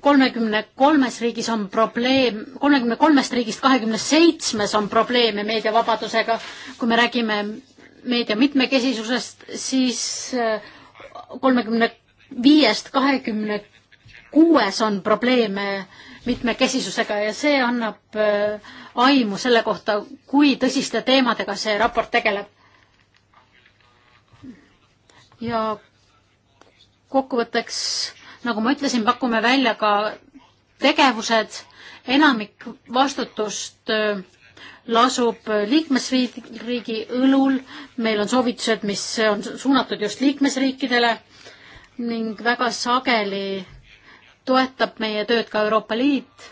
kolmekümne kolmes riigis on probleem, kolmekümne kolmest riigist kahekümne seitsmes on probleeme meediavabadusega. kui me räägime meedia mitmekesisusest, siis äh, kolmekümne viiest kahekümne kuues on probleeme mitmekesisusega ja see annab äh, aimu selle kohta, kui tõsiste teemadega see raport tegeleb. ja kokkuvõtteks, nagu ma ütlesin, pakume välja ka tegevused, enamik vastutust äh, lasub liikmesriigi õlul, meil on soovitused, mis on suunatud just liikmesriikidele ning väga sageli toetab meie tööd ka Euroopa Liit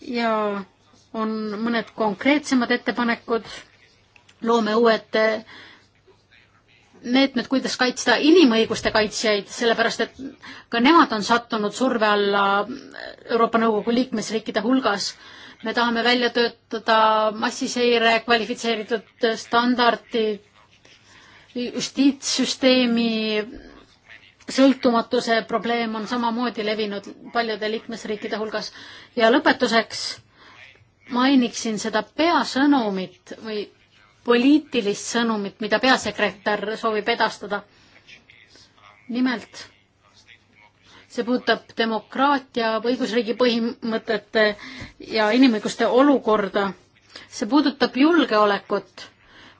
ja on mõned konkreetsemad ettepanekud, loome uued äh, meetmed, kuidas kaitsta inimõiguste kaitsjaid, sellepärast et ka nemad on sattunud surve alla Euroopa Nõukogu liikmesriikide hulgas. me tahame välja töötada massiseire kvalifitseeritud standardid, justiitssüsteemi sõltumatuse probleem on samamoodi levinud paljude liikmesriikide hulgas ja lõpetuseks mainiksin seda peasõnumit või poliitilist sõnumit, mida peasekretär soovib edastada. nimelt, see puudutab demokraatia, õigusriigi põhimõtete ja inimõiguste olukorda. see puudutab julgeolekut.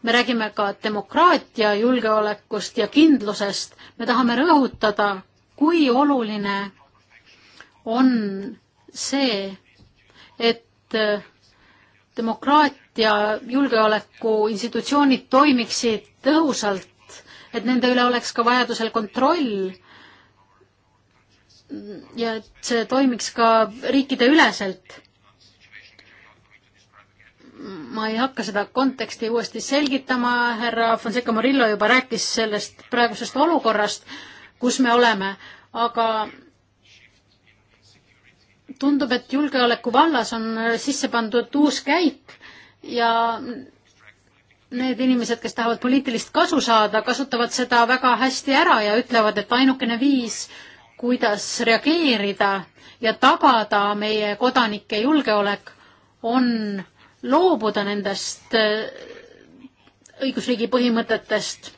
me räägime ka demokraatia julgeolekust ja kindlusest. me tahame rõhutada, kui oluline on see, et demokraatia julgeolekuinstitutsioonid toimiksid tõhusalt, et nende üle oleks ka vajadusel kontroll ja et see toimiks ka riikideüleselt. ma ei hakka seda konteksti uuesti selgitama, härra Fonseca Murillo juba rääkis sellest praegusest olukorrast, kus me oleme, aga tundub, et julgeoleku vallas on sisse pandud uus käik ja need inimesed, kes tahavad poliitilist kasu saada, kasutavad seda väga hästi ära ja ütlevad, et ainukene viis, kuidas reageerida ja tagada meie kodanike julgeolek, on loobuda nendest äh, õigusriigi põhimõtetest.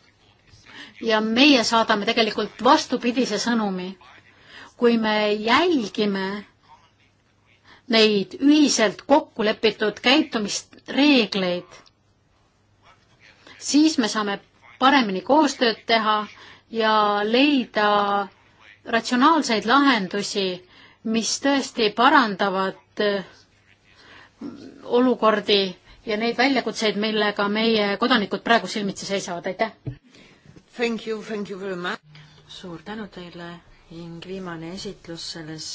ja meie saadame tegelikult vastupidise sõnumi. kui me jälgime neid ühiselt kokku lepitud käitumisreegleid, siis me saame paremini koostööd teha ja leida ratsionaalseid lahendusi, mis tõesti parandavad äh, olukordi ja neid väljakutseid, millega meie kodanikud praegu silmitsi seisavad, aitäh! Thank you, thank you very much! suur tänu teile ning viimane esitlus selles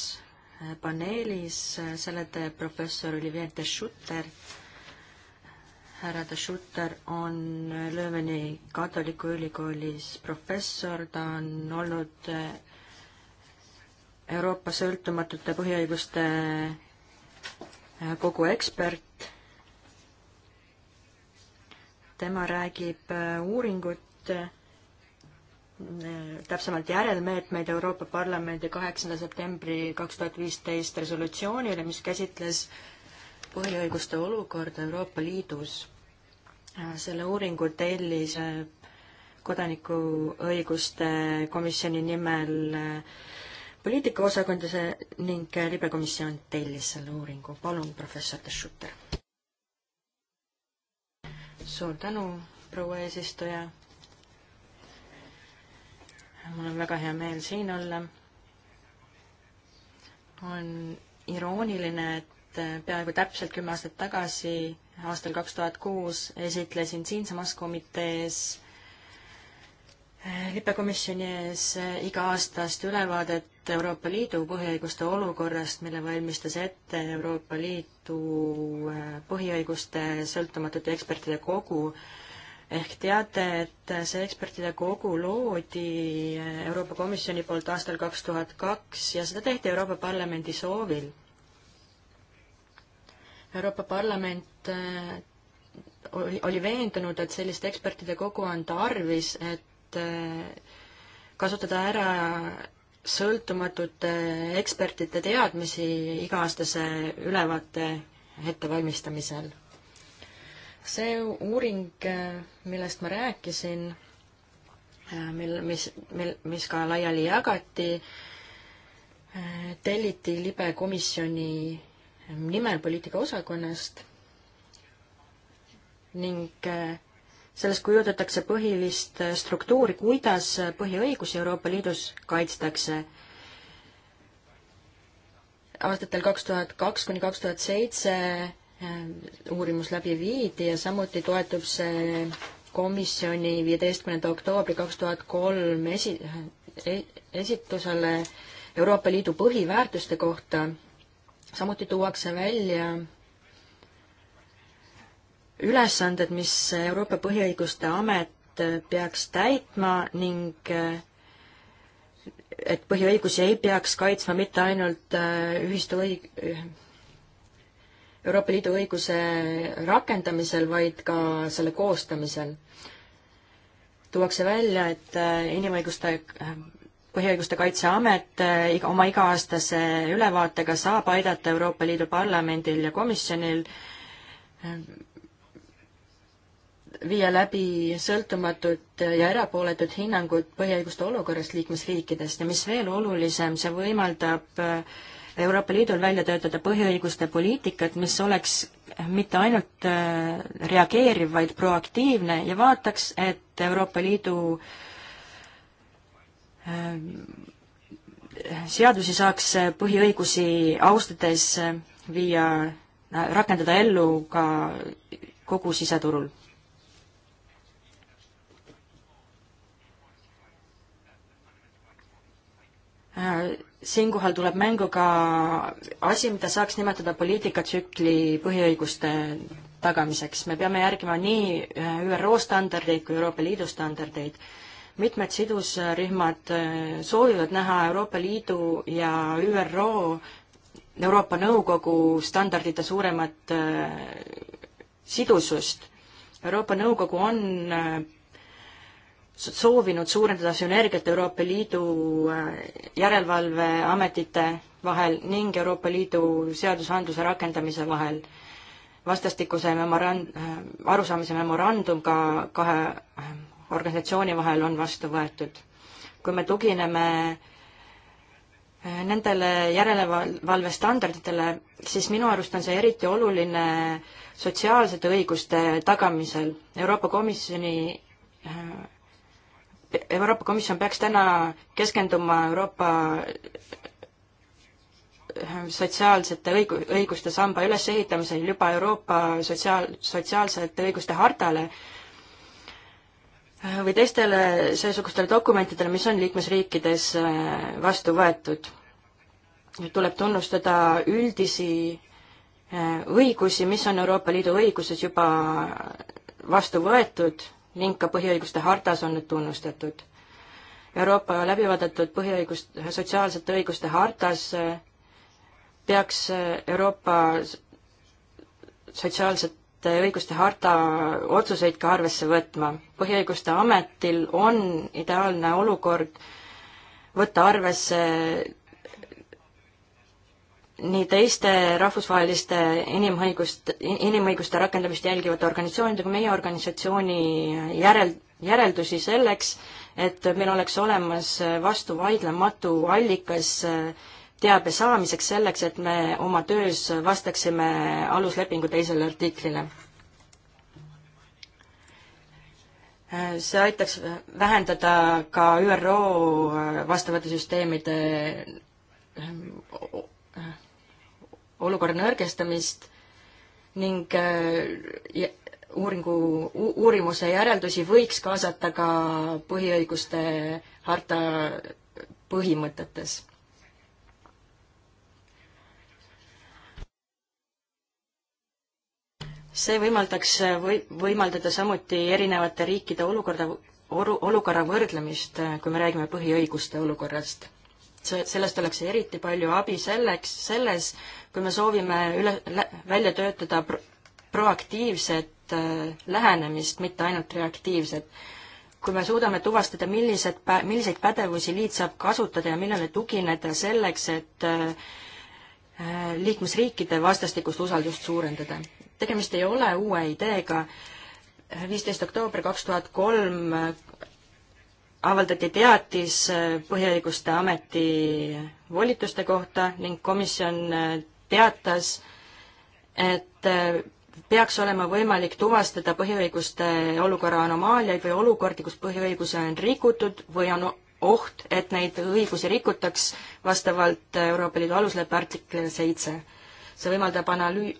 paneelis, selle teeb professor Olivier de Schutter. härra de Schutter on Lööveni katoliku ülikoolis professor, ta on olnud eh, Euroopa sõltumatute põhiõiguste eh, kogu ekspert. tema räägib eh, uuringut täpsemalt järelmeetmeid Euroopa Parlamendi kaheksanda septembri kaks tuhat viisteist resolutsioonile, mis käsitles põhiõiguste olukorda Euroopa Liidus. selle uuringu tellis äh, kodanikuõiguste komisjoni nimel äh, poliitikaosakond ja see ning äh, libekomisjon tellis selle uuringu. palun, professor De Schutter. suur tänu, proua eesistuja mul on väga hea meel siin olla. on irooniline, et eh, peaaegu täpselt kümme aastat tagasi, aastal kaks tuhat kuus, esitlesin siinsamas komitees eh, lippekomisjoni ees eh, iga-aastast ülevaadet Euroopa Liidu põhiõiguste olukorrast, mille valmistas ette Euroopa Liidu põhiõiguste sõltumatute ekspertide kogu ehk teate, et see ekspertide kogu loodi Euroopa Komisjoni poolt aastal kaks tuhat kaks ja seda tehti Euroopa Parlamendi soovil. Euroopa Parlament eh, oli, oli veendunud, et sellist ekspertide kogu on tarvis, et eh, kasutada ära sõltumatute ekspertide teadmisi iga-aastase ülevaate ettevalmistamisel see uuring, millest ma rääkisin, mil, mis, mil, mis ka laiali jagati, telliti libe komisjoni nimel poliitikaosakonnast ning selles kujutatakse põhilist struktuuri, kuidas põhiõigusi Euroopa Liidus kaitstakse. aastatel kaks tuhat kaks kuni kaks tuhat seitse Äh, uurimus läbi viidi ja samuti toetub see komisjoni viieteistkümnenda oktoobri kaks tuhat kolm esi-, e-, esitusele Euroopa Liidu põhiväärtuste kohta. samuti tuuakse välja ülesanded, mis Euroopa Põhiõiguste Amet peaks täitma ning äh, et põhiõigusi ei peaks kaitsma mitte ainult äh, ühistu õig-, Euroopa Liidu õiguse rakendamisel, vaid ka selle koostamisel. tuuakse välja, et äh, inimõiguste äh, põhiõiguste Kaitseamet äh, oma iga-aastase ülevaatega saab aidata Euroopa Liidu Parlamendil ja Komisjonil viia läbi sõltumatut ja erapooletut hinnangut põhiõiguste olukorrast liikmesriikidest ja mis veel olulisem, see võimaldab äh, Euroopa Liidul välja töötada põhiõiguste poliitikat, mis oleks mitte ainult äh, reageeriv, vaid proaktiivne ja vaataks, et Euroopa Liidu äh, seadusi saaks põhiõigusi austades viia, äh, rakendada ellu ka kogu siseturul siinkohal tuleb mängu ka asi, mida saaks nimetada poliitikatsükli põhiõiguste tagamiseks. me peame järgima nii äh, ÜRO standardeid kui Euroopa Liidu standardeid. mitmed sidusrühmad äh, soovivad näha Euroopa Liidu ja ÜRO, Euroopa Nõukogu standardite suuremat äh, sidusust. Euroopa Nõukogu on soovinud suurendada sünergiat Euroopa Liidu äh, järelevalveametite vahel ning Euroopa Liidu seadusandluse rakendamise vahel. vastastikuse memorand-, äh, arusaamise memorandum ka kahe äh, organisatsiooni vahel on vastu võetud. kui me tugineme nendele järelevalvestandarditele, siis minu arust on see eriti oluline sotsiaalsete õiguste tagamisel. Euroopa Komisjoni Euroopa Komisjon peaks täna keskenduma Euroopa äh, sotsiaalsete õigu-, õiguste samba ülesehitamisel juba Euroopa sotsiaal, sotsiaalsete õiguste hartale äh, või teistele seesugustele dokumentidele, mis on liikmesriikides äh, vastu võetud. tuleb tunnustada üldisi õigusi, mis on Euroopa Liidu õiguses juba vastu võetud ning ka põhiõiguste hartas on need tunnustatud. Euroopa läbivaadatud põhiõigust, sotsiaalsete õiguste hartas eh, peaks eh, Euroopa sotsiaalsete õiguste harta otsuseid ka arvesse võtma. põhiõiguste ametil on ideaalne olukord võtta arvesse nii teiste rahvusvaheliste inimõigust, inimõiguste rakendamist jälgivate organisatsioonide kui meie organisatsiooni järel, järeldusi selleks, et meil oleks olemas vastuvaidlematu allikas äh, teabe saamiseks, selleks et me oma töös vastaksime aluslepingu teisele artiklile äh, see aitaks vähendada ka ÜRO äh, vastavate süsteemide olukorra nõrgestamist ning äh, uuringu, uurimuse järeldusi võiks kaasata ka põhiõiguste harta põhimõtetes. see võimaldaks või, võimaldada samuti erinevate riikide olukorda, olukorra võrdlemist, äh, kui me räägime põhiõiguste olukorrast sellest oleks eriti palju abi selleks, selles, kui me soovime üle, välja töötada pro, proaktiivset äh, lähenemist, mitte ainult reaktiivset. kui me suudame tuvastada, millised, milliseid pädevusi liit saab kasutada ja millele tugineda selleks, et äh, äh, liikmesriikide vastastikust usaldust suurendada. tegemist ei ole uue ideega, viisteist oktoober kaks tuhat kolm avaldati teatis äh, Põhiõiguste Ameti volituste kohta ning komisjon äh, teatas, et äh, peaks olema võimalik tuvastada põhiõiguste olukorra anomaaliaid või olukordi, kus põhiõigusi on rikutud või on oht, et neid õigusi rikutaks vastavalt Euroopa Liidu alusleppe artiklile seitse. see võimaldab analüü-,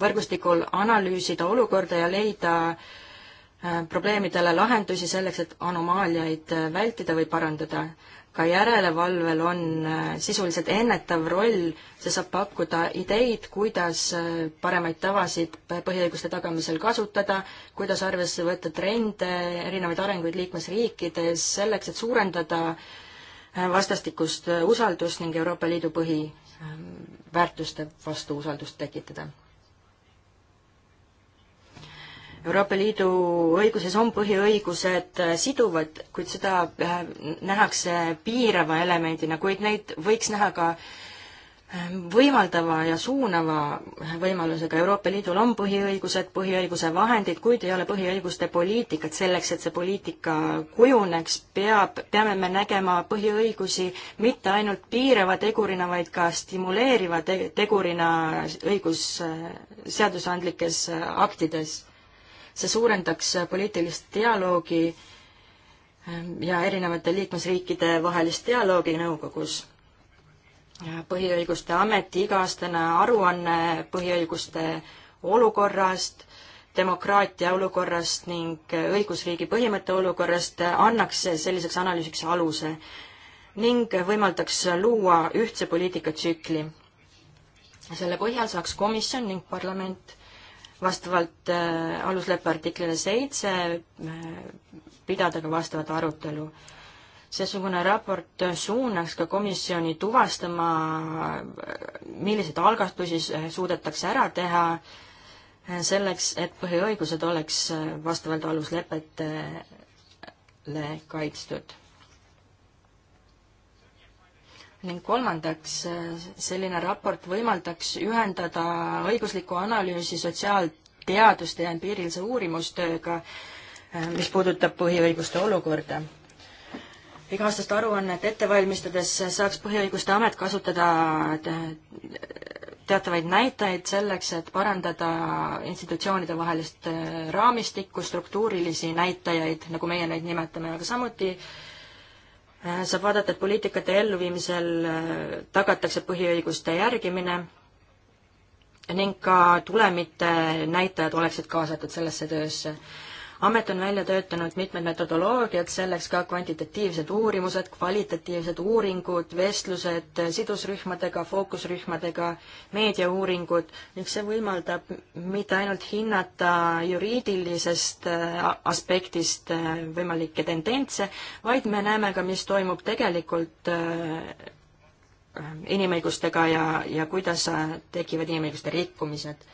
võrgustikul analüüsida olukorda ja leida äh, Äh, probleemidele lahendusi selleks, et anomaaliaid äh, vältida või parandada. ka järelevalvel on äh, sisuliselt ennetav roll, see saab pakkuda ideid, kuidas paremaid tavasid põhiõiguste tagamisel kasutada, kuidas arvesse võtta trende, erinevaid arenguid liikmesriikides, selleks et suurendada vastastikust usaldust ning Euroopa Liidu põhiväärtuste ähm, vastu usaldust tekitada Euroopa Liidu õiguses on põhiõigused äh, siduvad, kuid seda äh, nähakse piirava elemendina, kuid neid võiks näha ka ähm, võimaldava ja suunava äh, võimalusega. Euroopa Liidul on põhiõigused, põhiõiguse vahendid, kuid ei ole põhiõiguste poliitikat. selleks, et see poliitika kujuneks, peab, peame me nägema põhiõigusi mitte ainult piirava tegurina, vaid ka stimuleeriva te tegurina õigus seadusandlikes aktides see suurendaks poliitilist dialoogi ähm, ja erinevate liikmesriikide vahelist dialoogi nõukogus. põhiõiguste ameti iga-aastane aruanne põhiõiguste olukorrast, demokraatia olukorrast ning õigusriigi põhimõtte olukorrast annaks selliseks analüüsiks aluse ning võimaldaks luua ühtse poliitikatsükli. selle põhjal saaks komisjon ning parlament vastavalt äh, alusleppe artiklile seitse äh, pidada ka vastavat arutelu. seesugune raport suunaks ka komisjoni tuvastama, milliseid algatusi suudetakse ära teha äh, selleks, et põhiõigused oleks äh, vastavalt aluslepetele kaitstud ning kolmandaks, selline raport võimaldaks ühendada õiguslikku analüüsi sotsiaalteaduste ja empiirilise uurimustööga, eh, mis puudutab põhiõiguste olukorda iga-aastast aruannet ette valmistades saaks Põhiõiguste Amet kasutada eh, teatavaid näitajaid selleks, et parandada institutsioonide vahelist eh, raamistikku, struktuurilisi näitajaid, nagu meie neid nimetame, aga samuti Äh, saab vaadata, et poliitikate elluviimisel äh, tagatakse põhiõiguste järgimine ning ka tulemite näitajad oleksid kaasatud sellesse töösse amet on välja töötanud mitmed metodoloogiad selleks, ka kvantitatiivsed uurimused, kvalitatiivsed uuringud, vestlused sidusrühmadega, fookusrühmadega, meediauuringud ning see võimaldab mitte ainult hinnata juriidilisest äh, aspektist äh, võimalikke tendentse, vaid me näeme ka, mis toimub tegelikult äh, inimõigustega ja, ja kuidas tekivad inimõiguste rikkumised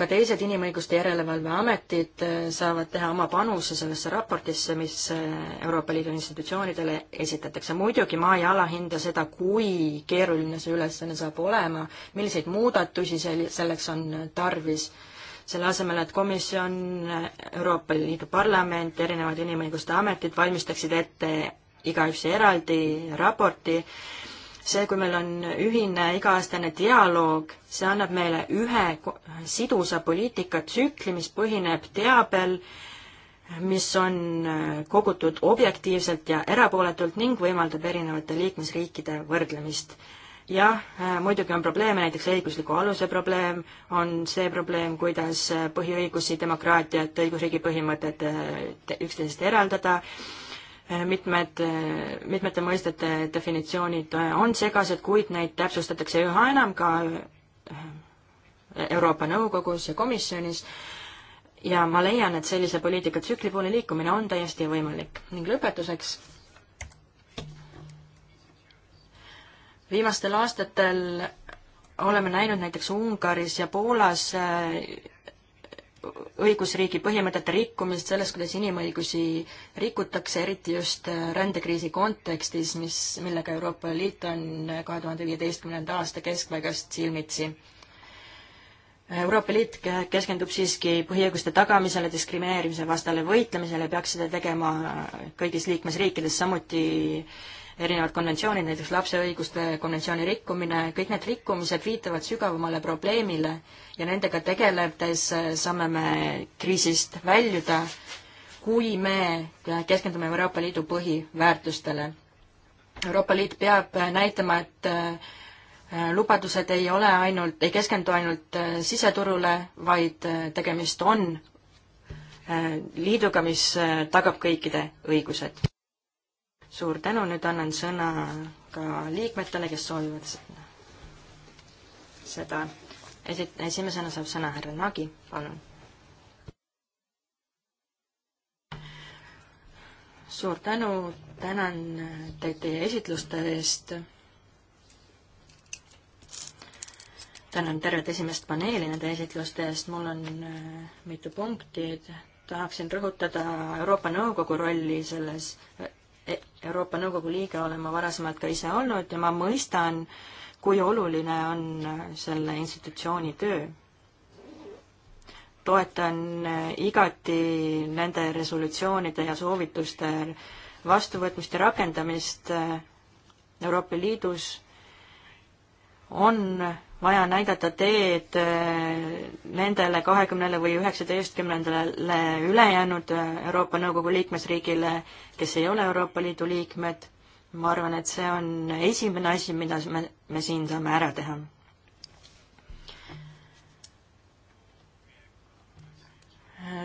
ka teised inimõiguste järelevalveametid äh, saavad teha oma panuse sellesse raportisse, mis äh, Euroopa Liidu institutsioonidele esitatakse. muidugi ma ei alahinda seda, kui keeruline see ülesanne saab olema, milliseid muudatusi sel-, selleks on tarvis, selle asemel, et komisjon, Euroopa Liidu parlament, erinevad inimõiguste ametid valmistaksid ette igaüks eraldi raporti, see, kui meil on ühine iga-aastane dialoog, see annab meile ühe sidusa poliitikatsükli, mis põhineb teabel, mis on äh, kogutud objektiivselt ja erapooletult ning võimaldab erinevate liikmesriikide võrdlemist. jah, äh, muidugi on probleeme, näiteks õigusliku aluse probleem, on see probleem, kuidas äh, põhiõigusi, demokraatiat, õigusriigi põhimõtet üksteisest eraldada, Eh, mitmed, eh, mitmete mõistete definitsioonid eh, on segased, kuid neid täpsustatakse üha enam ka Euroopa Nõukogus ja komisjonis ja ma leian, et sellise poliitikatsükli poole liikumine on täiesti võimalik. ning lõpetuseks, viimastel aastatel oleme näinud näiteks Ungaris ja Poolas õigusriigi põhimõtete rikkumist, sellest, kuidas inimõigusi rikutakse, eriti just äh, rändekriisi kontekstis, mis, millega Euroopa Liit on äh, kahe tuhande viieteistkümnenda aasta keskpaigast silmitsi. Euroopa Liit keskendub siiski põhiõiguste tagamisele, diskrimineerimise vastale võitlemisele ja peaks seda tegema kõigis liikmesriikides, samuti äh, erinevad konventsioonid, näiteks lapse õiguste konventsiooni rikkumine, kõik need rikkumised viitavad sügavamale probleemile ja nendega tegeledes saame me kriisist väljuda, kui me keskendume Euroopa Liidu põhiväärtustele. Euroopa Liit peab näitama, et äh, lubadused ei ole ainult, ei keskendu ainult äh, siseturule, vaid äh, tegemist on liiduga, mis tagab kõikide õigused suur tänu, nüüd annan sõna ka liikmetele, kes soovivad seda, seda. esi-, esimesena saab sõna härra Nagi, palun. suur tänu, tänan teid teie esitluste eest. tänan tervet esimest paneeli nende esitluste eest, mul on äh, mitu punkti, tahaksin rõhutada Euroopa Nõukogu rolli selles E-, Euroopa Nõukogu liige olen ma varasemalt ka ise olnud ja ma mõistan, kui oluline on selle institutsiooni töö. toetan e, igati nende resolutsioonide ja soovituste vastuvõtmist ja rakendamist e, Euroopa Liidus on vaja näidata teed äh, nendele kahekümnele või üheksateistkümnendale ülejäänud äh, Euroopa Nõukogu liikmesriigile, kes ei ole Euroopa Liidu liikmed. ma arvan, et see on esimene asi, mida me, me siin saame ära teha.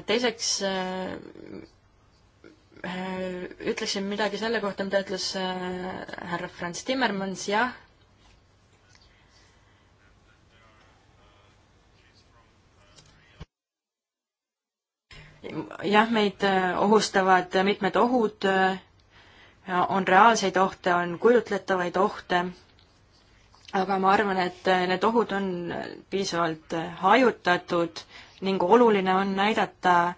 teiseks äh, ütleksin midagi selle kohta, mida ütles härra Franz Timmermans, jah jah, meid äh, ohustavad mitmed ohud, äh, on reaalseid ohte, on kujutletavaid ohte, aga ma arvan, et äh, need ohud on piisavalt hajutatud ning oluline on näidata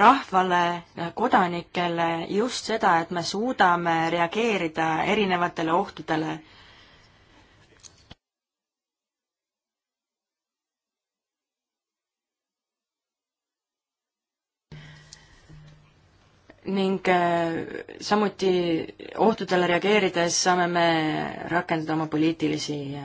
rahvale, kodanikele just seda, et me suudame reageerida erinevatele ohtudele ning äh, samuti ohtudele reageerides saame me rakendada oma poliitilisi äh,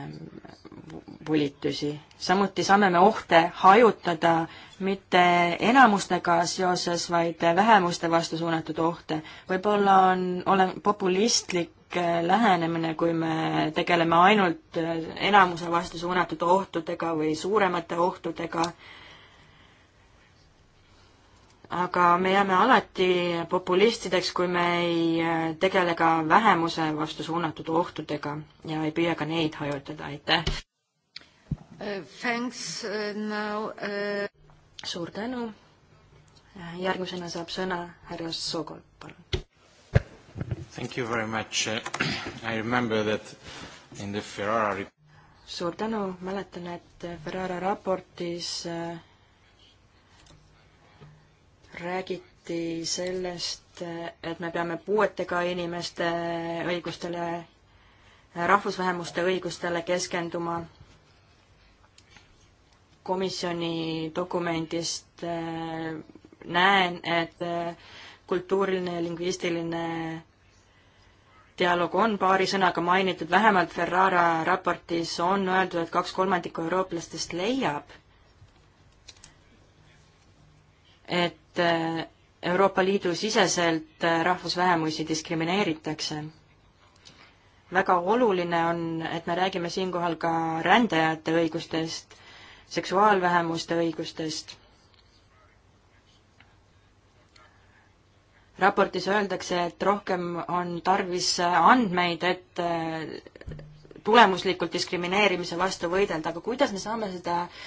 volitusi. samuti saame me ohte hajutada mitte enamustega seoses, vaid vähemuste vastu suunatud ohte. võib-olla on, olen populistlik äh, lähenemine, kui me tegeleme ainult enamuse vastu suunatud ohtudega või suuremate ohtudega aga me jääme alati populistideks, kui me ei äh, tegele ka vähemuse vastu suunatud ohtudega ja ei püüa ka neid hajutada, aitäh uh,! Thanks uh, now uh... suur tänu! järgmisena saab sõna härra Sogol, palun. Thank you very much uh,. I remember that in the Ferrara suur tänu, mäletan, et Ferrara raportis uh, räägiti sellest, et me peame puuetega inimeste õigustele, rahvusvähemuste õigustele keskenduma. komisjoni dokumendist äh, näen, et äh, kultuuriline ja lingvistiline dialoog on paari sõnaga mainitud, vähemalt Ferrara raportis on öeldud, et kaks kolmandikku eurooplastest leiab, et äh, Euroopa Liidu siseselt äh, rahvusvähemusi diskrimineeritakse. väga oluline on, et me räägime siinkohal ka rändajate õigustest, seksuaalvähemuste õigustest. raportis öeldakse, et rohkem on tarvis andmeid, et äh, tulemuslikult diskrimineerimise vastu võidelda, aga kuidas me saame seda äh,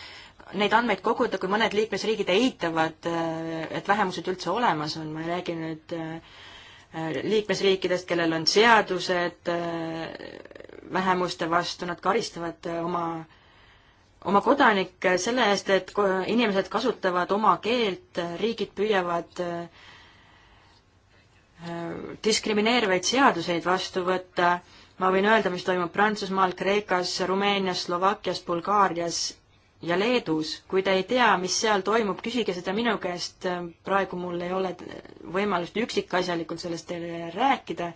neid andmeid koguda, kui mõned liikmesriigid eitavad, äh, et vähemused üldse olemas on, ma ei räägi nüüd äh, liikmesriikidest, kellel on seadused äh, vähemuste vastu, nad karistavad oma, oma kodanikke selle eest, et inimesed kasutavad oma keelt, riigid püüavad diskrimineerivaid seaduseid vastu võtta, ma võin öelda, mis toimub Prantsusmaal, Kreekas, Rumeenias, Slovakkias, Bulgaarias ja Leedus. kui te ei tea, mis seal toimub, küsige seda minu käest, praegu mul ei ole võimalust üksikasjalikult sellest teile rääkida,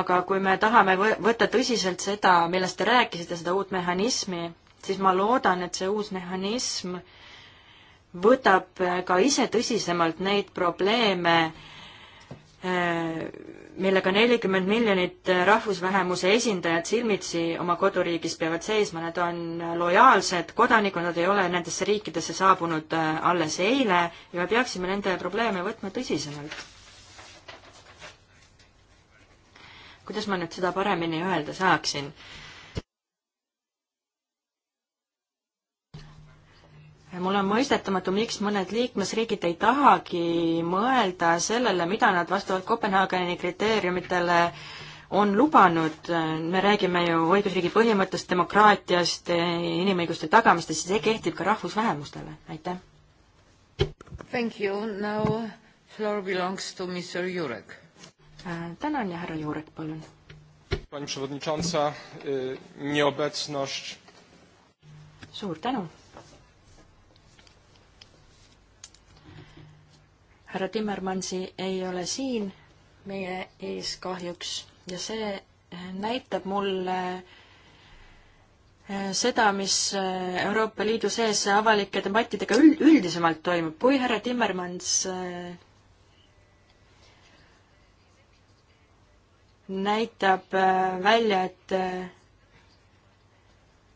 aga kui me tahame võtta tõsiselt seda, millest te rääkisite, seda uut mehhanismi, siis ma loodan, et see uus mehhanism võtab ka ise tõsisemalt neid probleeme, äh, millega nelikümmend miljonit rahvusvähemuse esindajat silmitsi oma koduriigis peavad seisma, nad on lojaalsed kodanikud, nad ei ole nendesse riikidesse saabunud äh, alles eile ja me peaksime nende probleeme võtma tõsisemalt. kuidas ma nüüd seda paremini öelda saaksin? mul on mõistetamatu, miks mõned liikmesriigid ei tahagi mõelda sellele, mida nad vastavalt Kopenhaageni kriteeriumitele on lubanud, me räägime ju õigusriigi põhimõttest, demokraatiast, inimõiguste tagamistest, see kehtib ka rahvusvähemustele, aitäh. Thank you, now floor belongs to Mr Jurek. Äh, tänan ja härra Jurek, palun. Pani przewodnicząca, nieobecność. suur tänu härra Timmermansi ei ole siin meie ees kahjuks ja see eh, näitab mulle eh, seda, mis eh, Euroopa Liidu sees avalike debattidega üld, üldisemalt toimub. kui härra Timmermans näitab välja, et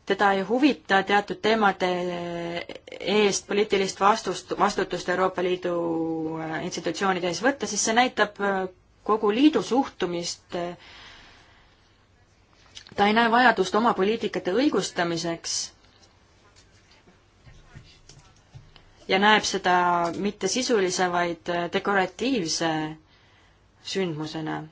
teda ei huvita teatud teemade eest poliitilist vastust, vastutust Euroopa Liidu äh, institutsioonide ees võtta, siis see näitab äh, kogu liidu suhtumist. Äh, ta ei näe vajadust oma poliitikate õigustamiseks ja näeb seda mitte sisulise, vaid dekoratiivse sündmusena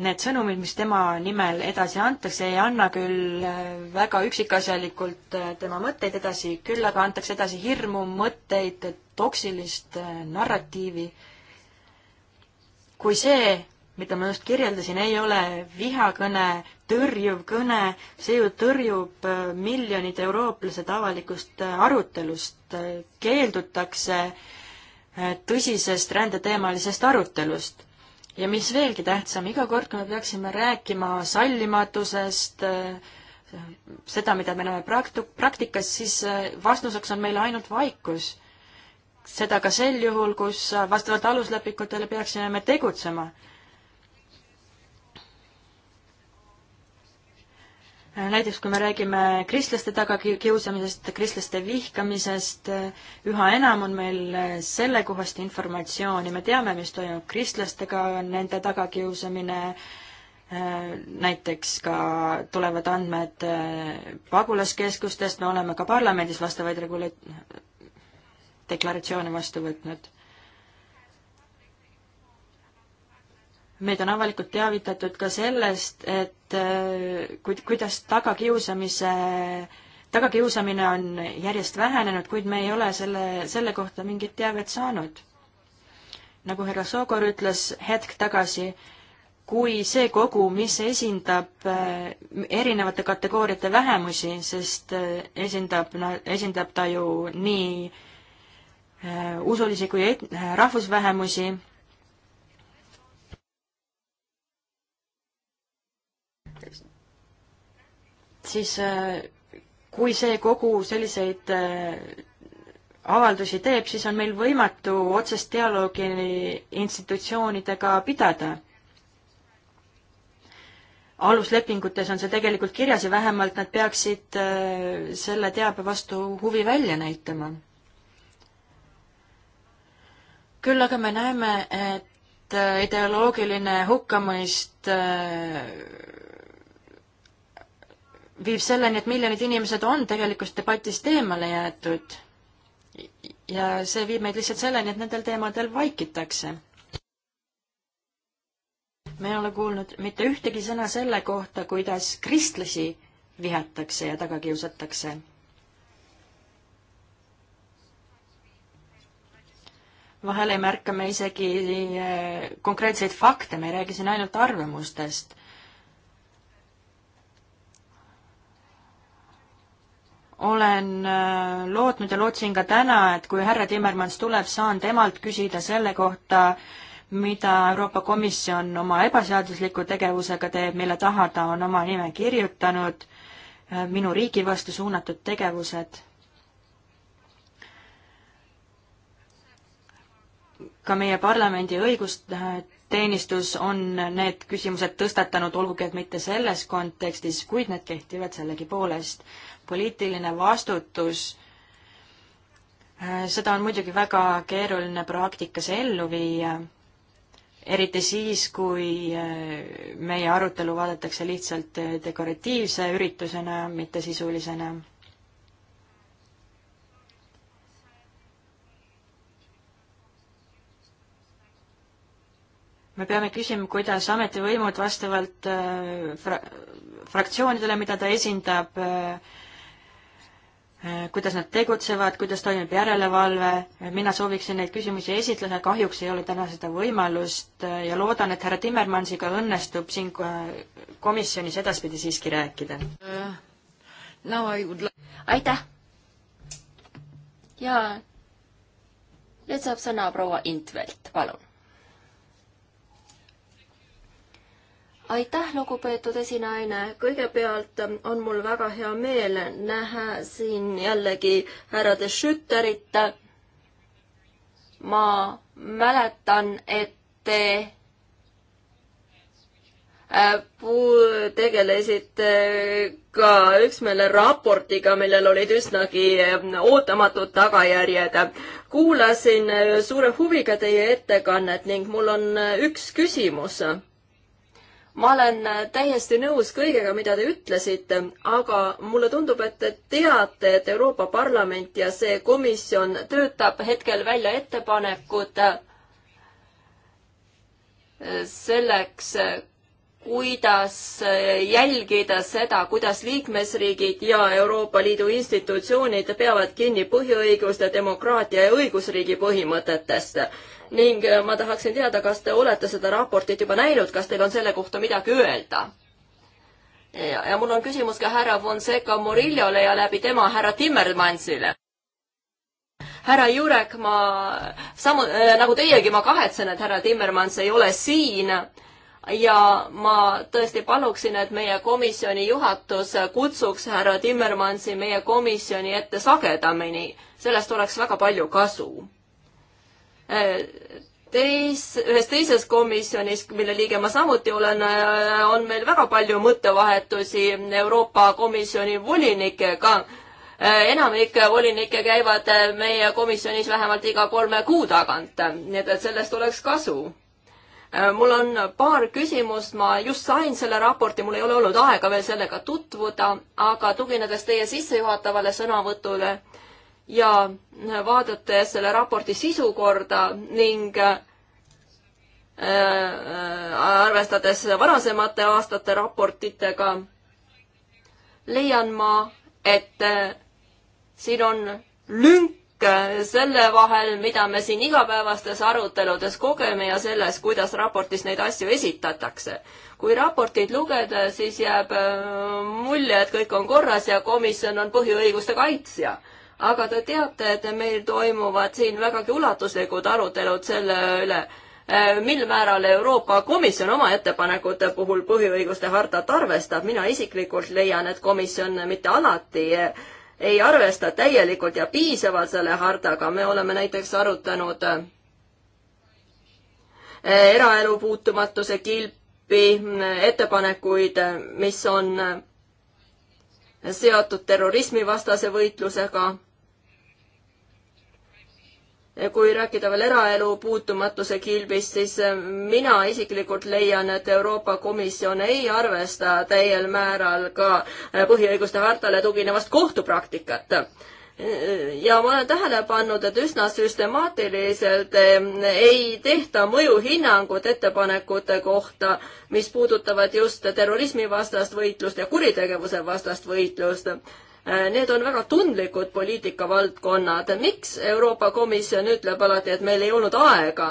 need sõnumid, mis tema nimel edasi antakse, ei anna küll äh, väga üksikasjalikult äh, tema mõtteid edasi, küll aga antakse edasi hirmu, mõtteid, toksilist äh, narratiivi. kui see, mida ma just kirjeldasin, ei ole vihakõne, tõrjuv kõne, see ju tõrjub miljonid eurooplased avalikust arutelust, keeldutakse tõsisest rändeteemalisest arutelust ja mis veelgi tähtsam, iga kord, kui me peaksime rääkima sallimatusest, seda, mida me näeme praktu-, praktikas, siis eh, vastuseks on meile ainult vaikus. seda ka sel juhul, kus eh, vastavalt aluslepikutele peaksime me tegutsema näiteks kui me räägime kristlaste tagakiusamisest, kristlaste vihkamisest, üha enam on meil sellekohast informatsiooni, me teame, mis toimub kristlastega, nende tagakiusamine, näiteks ka tulevad andmed äh, pagulaskeskustest, me oleme ka parlamendis vastavaid regula-, deklaratsioone vastu võtnud meid on avalikult teavitatud ka sellest, et äh, kuid-, kuidas tagakiusamise, tagakiusamine on järjest vähenenud, kuid me ei ole selle, selle kohta mingit teavet saanud. nagu härra Sookor ütles hetk tagasi, kui see kogu, mis esindab äh, erinevate kategooriate vähemusi, sest äh, esindab, esindab ta ju nii usulisi kui et-, rahvusvähemusi, siis äh, kui see kogu selliseid äh, avaldusi teeb, siis on meil võimatu otsest dialoogi institutsioonidega pidada. aluslepingutes on see tegelikult kirjas ja vähemalt nad peaksid äh, selle teabe vastu huvi välja näitama. küll aga me näeme, et ideoloogiline hukkamõist viib selleni, et miljonid inimesed on tegelikult debatist eemale jäetud. ja see viib meid lihtsalt selleni, et nendel teemadel vaikitakse. me ei ole kuulnud mitte ühtegi sõna selle kohta, kuidas kristlasi vihatakse ja taga kiusatakse. vahel ei märka me isegi eh, konkreetseid fakte, me ei räägi siin ainult arvamustest olen äh, lootnud ja lootsin ka täna, et kui härra Timmermans tuleb, saan temalt küsida selle kohta, mida Euroopa Komisjon oma ebaseadusliku tegevusega teeb, mille taha ta on oma nime kirjutanud, äh, minu riigi vastu suunatud tegevused. ka meie parlamendi õigus äh, teenistus on need küsimused tõstatanud, olgugi et mitte selles kontekstis, kuid need kehtivad sellegipoolest. poliitiline vastutus, äh, seda on muidugi väga keeruline praktikas ellu viia, eriti siis, kui äh, meie arutelu vaadatakse lihtsalt äh, dekoratiivse üritusena, mitte sisulisena me peame küsima, kuidas ametivõimud vastavalt äh, fra-, fraktsioonidele, mida ta esindab, äh, äh, kuidas nad tegutsevad, kuidas toimib järelevalve, mina sooviksin neid küsimusi esitleda, kahjuks ei ole täna seda võimalust ja loodan, et härra Timmermansiga õnnestub siin komisjonis edaspidi siiski rääkida uh,. No, would... aitäh! ja nüüd saab sõna proua Intvelt, palun aitäh, lugupeetud esinaine. kõigepealt ähm, on mul väga hea meel näha siin jällegi härra De Schütterit. ma mäletan, et te äh, tegelesite äh, ka üksmeele raportiga, millel olid üsnagi ähm, ootamatud tagajärjed. kuulasin äh, suure huviga teie ettekannet ning mul on üks küsimus ma olen äh, täiesti nõus kõigega, mida te ütlesite, aga mulle tundub, et te teate, et Euroopa Parlament ja see komisjon töötab hetkel välja ettepanekud äh, selleks, äh, kuidas jälgida seda, kuidas liikmesriigid ja Euroopa Liidu institutsioonid peavad kinni põhiõiguste, demokraatia ja õigusriigi põhimõtetest. ning ma tahaksin teada, kas te olete seda raportit juba näinud, kas teil on selle kohta midagi öelda? ja, ja mul on küsimus ka härra Fonseca Murillole ja läbi tema härra Timmermansile. härra Jurek, ma samu- äh,, nagu teiegi, ma kahetsen, et härra Timmermans ei ole siin äh, ja ma tõesti paluksin, et meie komisjoni juhatus kutsuks härra Timmermansi meie komisjoni ette sagedamini, sellest oleks väga palju kasu. Teis, ühes teises komisjonis, mille liige ma samuti olen, on meil väga palju mõttevahetusi Euroopa Komisjoni volinikega. enamik volinikke käivad meie komisjonis vähemalt iga kolme kuu tagant, nii et, et sellest oleks kasu Äh, mul on paar küsimust, ma just sain selle raporti, mul ei ole olnud aega veel sellega tutvuda, aga tuginedes teie sissejuhatavale sõnavõtule ja äh, vaadates selle raporti sisu korda ning äh, arvestades varasemate aastate raportitega, leian ma, et siin on lünk lünk äh, selle vahel, mida me siin igapäevastes aruteludes kogeme ja selles, kuidas raportis neid asju esitatakse. kui raportit lugeda, siis jääb äh, mulje, et kõik on korras ja komisjon on põhiõiguste kaitsja aga te teate, et meil toimuvad siin vägagi ulatuslikud arutelud selle üle, äh, mil määral Euroopa Komisjon oma ettepanekute puhul põhiõiguste hartat arvestab. mina isiklikult leian, et komisjon mitte alati ei arvesta täielikult ja piisavalt selle hardaga, me oleme näiteks arutanud äh, eraelu puutumatuse kilpi, äh, ettepanekuid, mis on äh, seotud terrorismivastase võitlusega kui rääkida veel eraelu puutumatuse kilbist, siis äh, mina isiklikult leian, et Euroopa Komisjon ei arvesta täiel määral ka äh, põhiõiguste hartale tuginevast kohtupraktikat äh, ja ma olen tähele pannud, et üsna süstemaatiliselt ei tehta mõjuhinnangut ettepanekute kohta, mis puudutavad just terrorismivastast võitlust ja kuritegevuse vastast võitlust Äh, need on väga tundlikud poliitikavaldkonnad. miks Euroopa Komisjon ütleb alati, et meil ei olnud aega?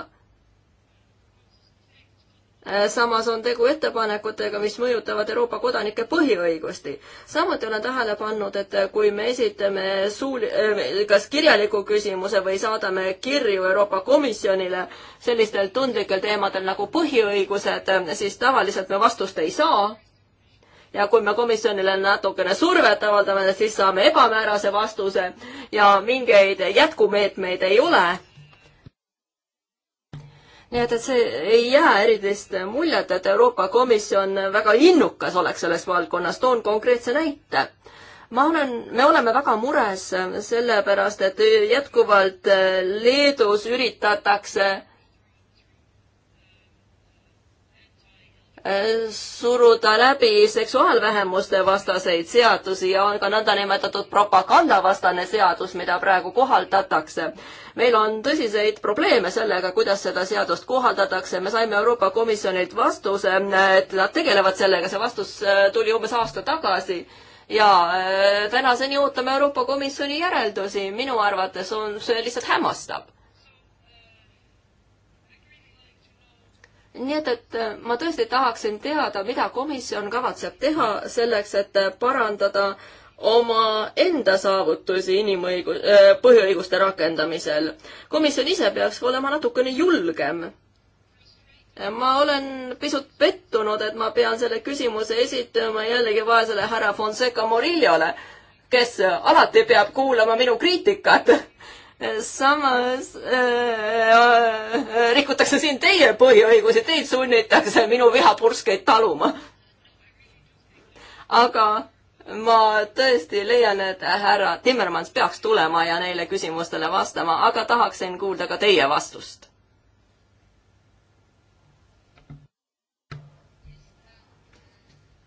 Äh, samas on tegu ettepanekutega, mis mõjutavad Euroopa kodanike põhiõigusti. samuti olen tähele pannud, et kui me esitame suul-, äh, kas kirjaliku küsimuse või saadame kirju Euroopa Komisjonile sellistel tundlikel teemadel nagu põhiõigused, siis tavaliselt me vastust ei saa ja kui me komisjonile natukene survet avaldame, siis saame ebamäärase vastuse ja mingeid jätkumeetmeid ei ole. nii et, et see ei jää erilist muljet, et Euroopa Komisjon väga innukas oleks selles valdkonnas, toon konkreetse näite ma olen, me oleme väga mures sellepärast, et jätkuvalt Leedus üritatakse suruda läbi seksuaalvähemuste vastaseid seadusi ja on ka nõndanimetatud propagandavastane seadus, mida praegu kohaldatakse. meil on tõsiseid probleeme sellega, kuidas seda seadust kohaldatakse, me saime Euroopa Komisjonilt vastuse, et nad tegelevad sellega, see vastus äh, tuli umbes aasta tagasi ja äh, tänaseni ootame Euroopa Komisjoni järeldusi, minu arvates on see lihtsalt hämmastav nii et, et äh, ma tõesti tahaksin teada, mida komisjon kavatseb teha selleks, et äh, parandada omaenda saavutusi inimõigu-, äh, põhiõiguste rakendamisel. komisjon ise peaks olema natukene julgem. ma olen pisut pettunud, et ma pean selle küsimuse esitama jällegi vaesele härra Fonseca Morillole, kes alati peab kuulama minu kriitikat samas äh, äh, rikutakse siin teie põhiõigusi, teid sunnitakse minu vihapurskeid taluma. aga ma tõesti leian, et härra Timmermans peaks tulema ja neile küsimustele vastama, aga tahaksin kuulda ka teie vastust.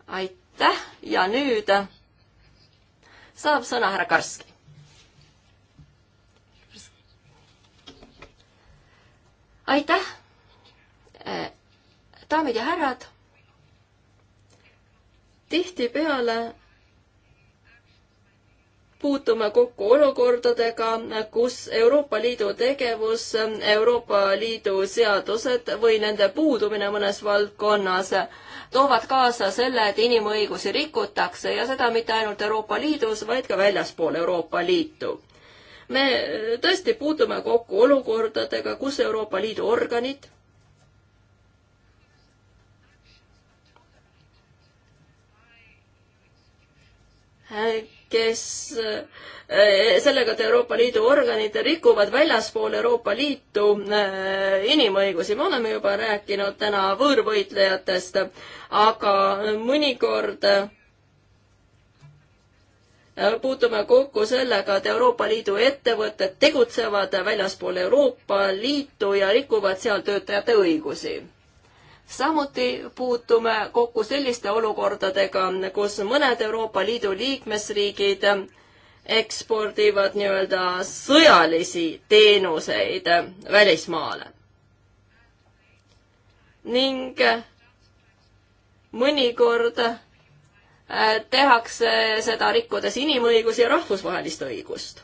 aitäh ja nüüd saab sõna härra Karski. aitäh, daamid ja härrad. tihtipeale puutume kokku olukordadega, kus Euroopa Liidu tegevus, Euroopa Liidu seadused või nende puudumine mõnes valdkonnas toovad kaasa selle, et inimõigusi rikutakse ja seda mitte ainult Euroopa Liidus, vaid ka väljaspool Euroopa Liitu me äh, tõesti puutume kokku olukordadega, kus Euroopa Liidu organid äh, kes äh, sellega, et Euroopa Liidu organid rikuvad väljaspool Euroopa Liitu inimõigusi. me oleme juba rääkinud täna võõrvõitlejatest, aga mõnikord puutume kokku sellega, et Euroopa Liidu ettevõtted tegutsevad väljaspool Euroopa Liitu ja rikuvad seal töötajate õigusi. samuti puutume kokku selliste olukordadega, kus mõned Euroopa Liidu liikmesriigid ekspordivad nii-öelda sõjalisi teenuseid välismaale. ning mõnikord Äh, tehakse seda rikkudes inimõigusi ja rahvusvahelist õigust.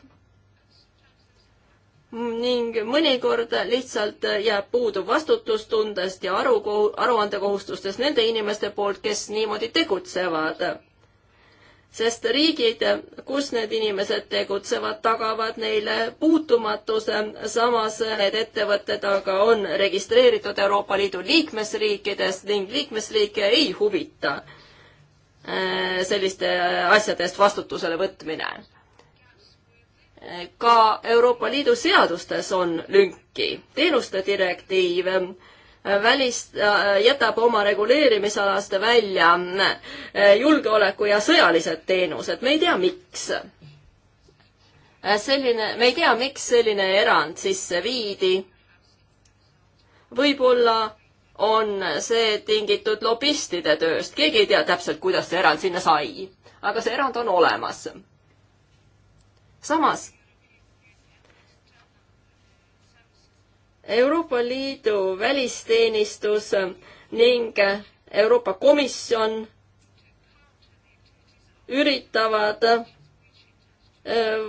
ning mõnikord lihtsalt jääb puudu vastutustundest ja aru, aruandekohustustest nende inimeste poolt, kes niimoodi tegutsevad. sest riigid, kus need inimesed tegutsevad, tagavad neile puutumatuse, samas need ettevõtted aga on registreeritud Euroopa Liidu liikmesriikides ning liikmesriike ei huvita Äh, selliste asjade eest vastutusele võtmine. ka Euroopa Liidu seadustes on lünki. teenuste direktiiv äh, välis, äh, jätab oma reguleerimisalast välja julgeoleku ja sõjalised teenused, me ei tea, miks. selline, me ei tea, miks selline erand sisse viidi. võib-olla on see tingitud lobistide tööst. keegi ei tea täpselt, kuidas see erand sinna sai, aga see erand on olemas. samas Euroopa Liidu välisteenistus ning Euroopa Komisjon üritavad äh,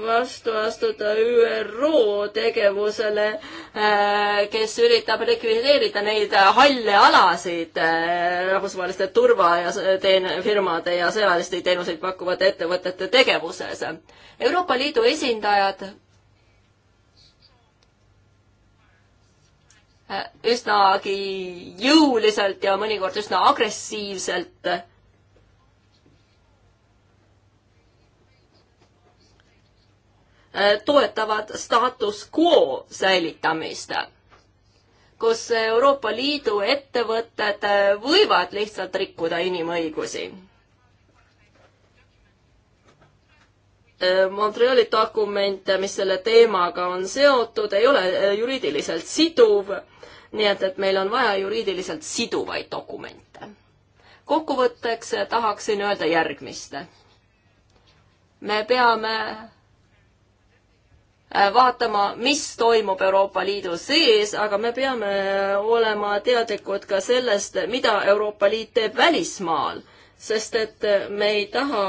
vastu astuda ÜRO tegevusele, Äh, kes üritab likvideerida neid halle alasid äh, rahvusvaheliste turva- ja teen-, firmade ja sõjalisi teenuseid pakkuvate ettevõtete tegevuses. Euroopa Liidu esindajad äh, üsnagi jõuliselt ja mõnikord üsna agressiivselt Äh, toetavad status quo säilitamist, kus Euroopa Liidu ettevõtted äh, võivad lihtsalt rikkuda inimõigusi. Äh, Montreali dokument, mis selle teemaga on seotud, ei ole juriidiliselt siduv, nii et, et meil on vaja juriidiliselt siduvaid dokumente. kokkuvõtteks tahaksin öelda järgmist. me peame Äh, vaatama, mis toimub Euroopa Liidu sees, aga me peame olema teadlikud ka sellest, mida Euroopa Liit teeb välismaal, sest et me ei taha,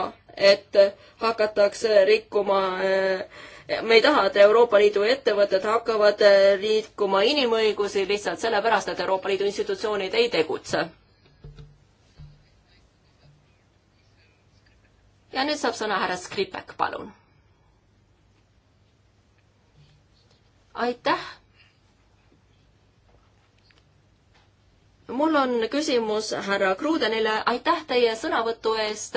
et hakatakse rikkuma äh, me ei taha, et Euroopa Liidu ettevõtted hakkavad liikuma äh, inimõigusi lihtsalt sellepärast, et Euroopa Liidu institutsioonid ei tegutse. ja nüüd saab sõna härra Skripek, palun aitäh. mul on küsimus härra Kruudenile, aitäh teie sõnavõtu eest.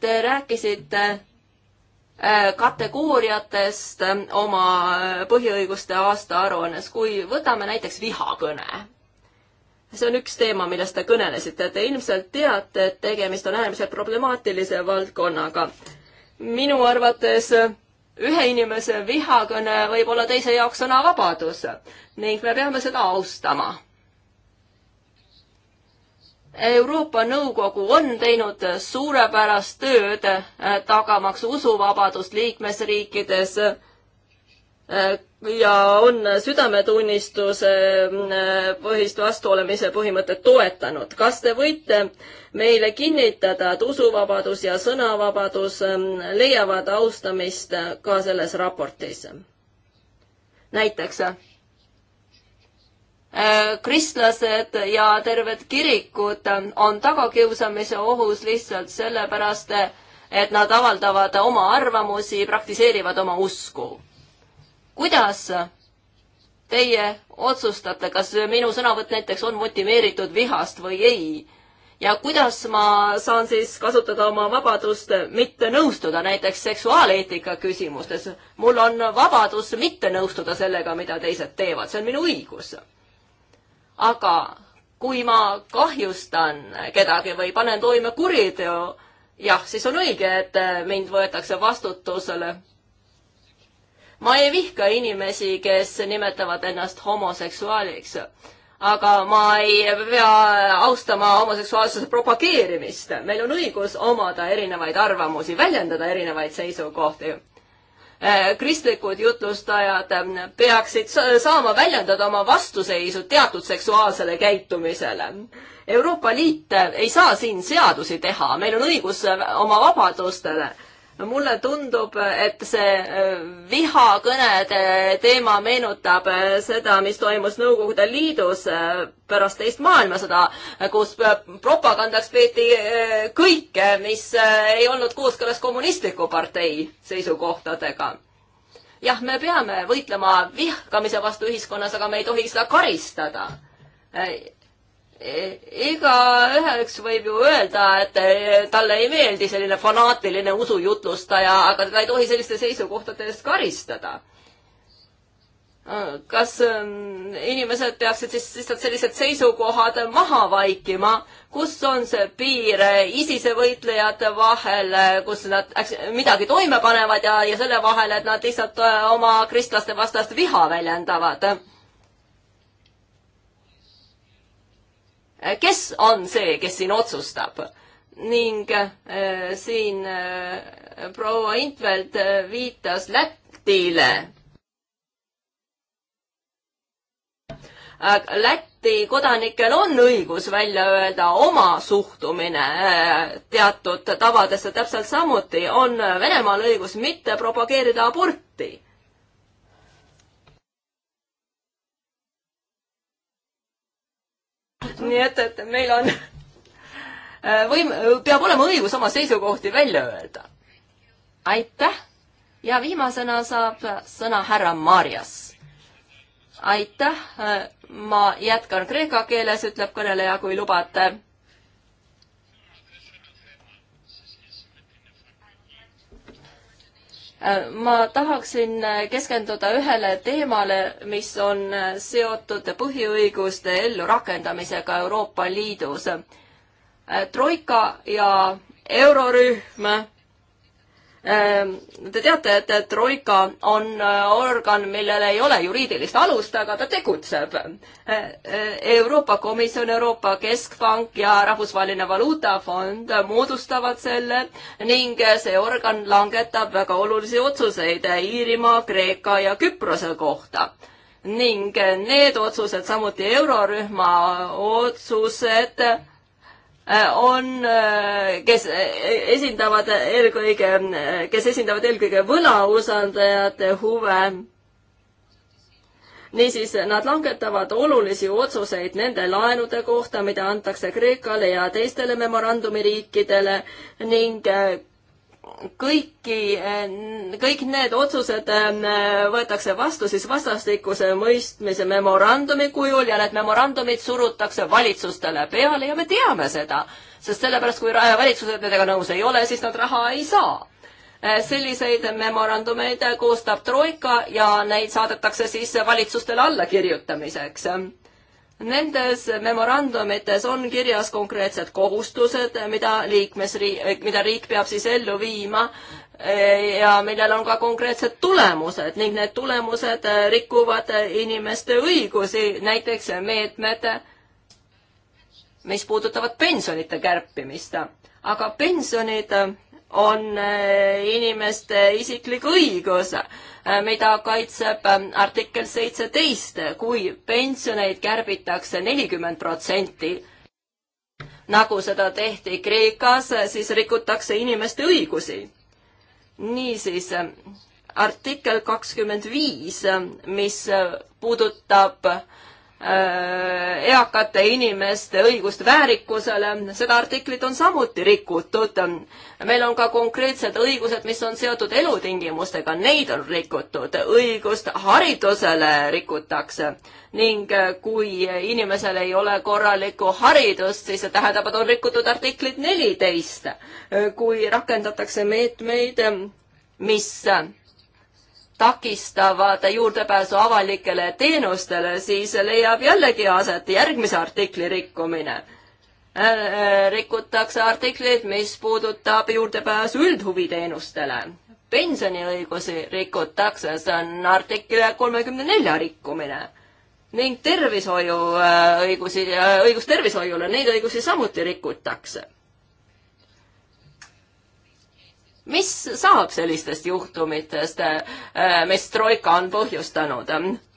Te rääkisite äh, kategooriatest äh, oma äh, põhiõiguste aastaaruannes, kui võtame näiteks vihakõne see on üks teema, millest te kõnelesite. Te ilmselt teate, et tegemist on äärmiselt problemaatilise valdkonnaga. minu arvates ühe inimese vihakõne võib olla teise jaoks sõnavabadus ning me peame seda austama. Euroopa Nõukogu on teinud suurepärast tööd, eh, tagamaks usuvabadust liikmesriikides ja on südametunnistuse äh, põhist vastuolemise põhimõtet toetanud. kas te võite meile kinnitada, et usuvabadus ja sõnavabadus ähm, leiavad austamist ka selles raportis? näiteks äh, kristlased ja terved kirikud on tagakiusamise ohus lihtsalt sellepärast, et nad avaldavad oma arvamusi, praktiseerivad oma usku kuidas teie otsustate, kas minu sõnavõtt näiteks on motiveeritud vihast või ei? ja kuidas ma saan siis kasutada oma vabadust mitte nõustuda näiteks seksuaaleetika küsimustes? mul on vabadus mitte nõustuda sellega, mida teised teevad, see on minu õigus. aga kui ma kahjustan kedagi või panen toime kuriteo, jah, siis on õige, et mind võetakse vastutusele ma ei vihka inimesi, kes nimetavad ennast homoseksuaaliks, aga ma ei pea austama homoseksuaalsuse propageerimist. meil on õigus omada erinevaid arvamusi, väljendada erinevaid seisukohti eh, kristlikud jutlustajad eh, peaksid saama väljendada oma vastuseisu teatud seksuaalsele käitumisele. Euroopa Liit eh, ei saa siin seadusi teha, meil on õigus oma vabadustele mulle tundub, et see äh, vihakõnede teema meenutab äh, seda, mis toimus Nõukogude Liidus äh, pärast teist maailmasõda, kus propagandaks peeti kõike, mis ei olnud kooskõlas kommunistliku partei seisukohtadega. jah, me peame võitlema vihkamise vastu ühiskonnas, aga me ei tohi seda karistada igaüheks võib ju öelda, et eh, talle ei meeldi selline fanaatiline usujutlustaja, aga teda ei tohi selliste seisukohtade eest karistada. Ah, kas ähm, inimesed peaksid siis lihtsalt sellised seisukohad maha vaikima? kus on see piir äh, ISISe võitlejate vahel, äh, kus nad äh, midagi toime panevad ja, ja selle vahel, et nad lihtsalt oma kristlaste vastast viha väljendavad? kes on see, kes siin otsustab? ning äh, siin äh, proua Intveld äh, viitas Lätile äh, Läti kodanikel on õigus välja öelda oma suhtumine äh, teatud tavadesse, täpselt samuti on Venemaal õigus mitte propageerida aborti. nii et, et meil on äh, võim-, peab olema õigus oma seisukohti välja öelda. aitäh ja viimasena saab sõna härra Marjas. aitäh, äh, ma jätkan kreeka keeles, ütleb kõneleja, kui lubate. ma tahaksin keskenduda ühele teemale, mis on seotud põhiõiguste ellurakendamisega Euroopa Liidus. troika ja eurorühm Ehm, te teate, et Troika on äh, organ, millel ei ole juriidilist alust, aga ta tegutseb. Äh, äh, Euroopa Komisjon, Euroopa Keskpank ja Rahvusvaheline Valuutafond moodustavad selle ning see organ langetab väga olulisi otsuseid Iirimaa, Kreeka ja Küprose kohta ning need otsused, samuti eurorühma otsused Äh, on, äh, kes äh, esindavad eelkõige, kes esindavad eelkõige võlausaldajate huve. niisiis, nad langetavad olulisi otsuseid nende laenude kohta, mida antakse Kreekale ja teistele memorandumi riikidele ning kõiki, kõik need otsused ähm, võetakse vastu siis vastastikuse mõistmise memorandumi kujul ja need memorandumid surutakse valitsustele peale ja me teame seda, sest sellepärast, kui valitsused nendega nõus ei ole, siis nad raha ei saa. Äh, selliseid memorandumeid koostab Troika ja neid saadetakse siis valitsustele allakirjutamiseks Nendes memorandumites on kirjas konkreetsed kohustused, mida liikmesriik, mida riik peab siis ellu viima eh, ja millel on ka konkreetsed tulemused ning need tulemused eh, rikuvad inimeste õigusi, näiteks meetmed, mis puudutavad pensionite kärpimist. aga pensionid eh, on äh, inimeste isiklik õigus, äh, mida kaitseb äh, artikkel seitseteist, kui pensioneid kärbitakse nelikümmend protsenti, nagu seda tehti Kreekas, siis rikutakse inimeste õigusi. niisiis, artikkel kakskümmend viis, mis puudutab Äh, eakate inimeste õigust väärikusele, seda artiklit on samuti rikutud. meil on ka konkreetsed õigused, mis on seotud elutingimustega, neid on rikutud, õigust haridusele rikutakse ning äh, kui inimesel ei ole korralikku haridust, siis see tähendab, et on rikutud artiklit neliteist, äh, kui rakendatakse meetmeid, mis takistavad juurdepääsu avalikele teenustele, siis leiab jällegi aset järgmise artikli rikkumine. Äh, äh, rikutakse artikleid, mis puudutab juurdepääsu üldhuviteenustele. pensioniõigusi rikutakse, see on artikli kolmekümne nelja rikkumine ning tervishoiu äh, õigusi, õigus tervishoiule, neid õigusi samuti rikutakse mis saab sellistest juhtumitest, äh, mis Troika on põhjustanud?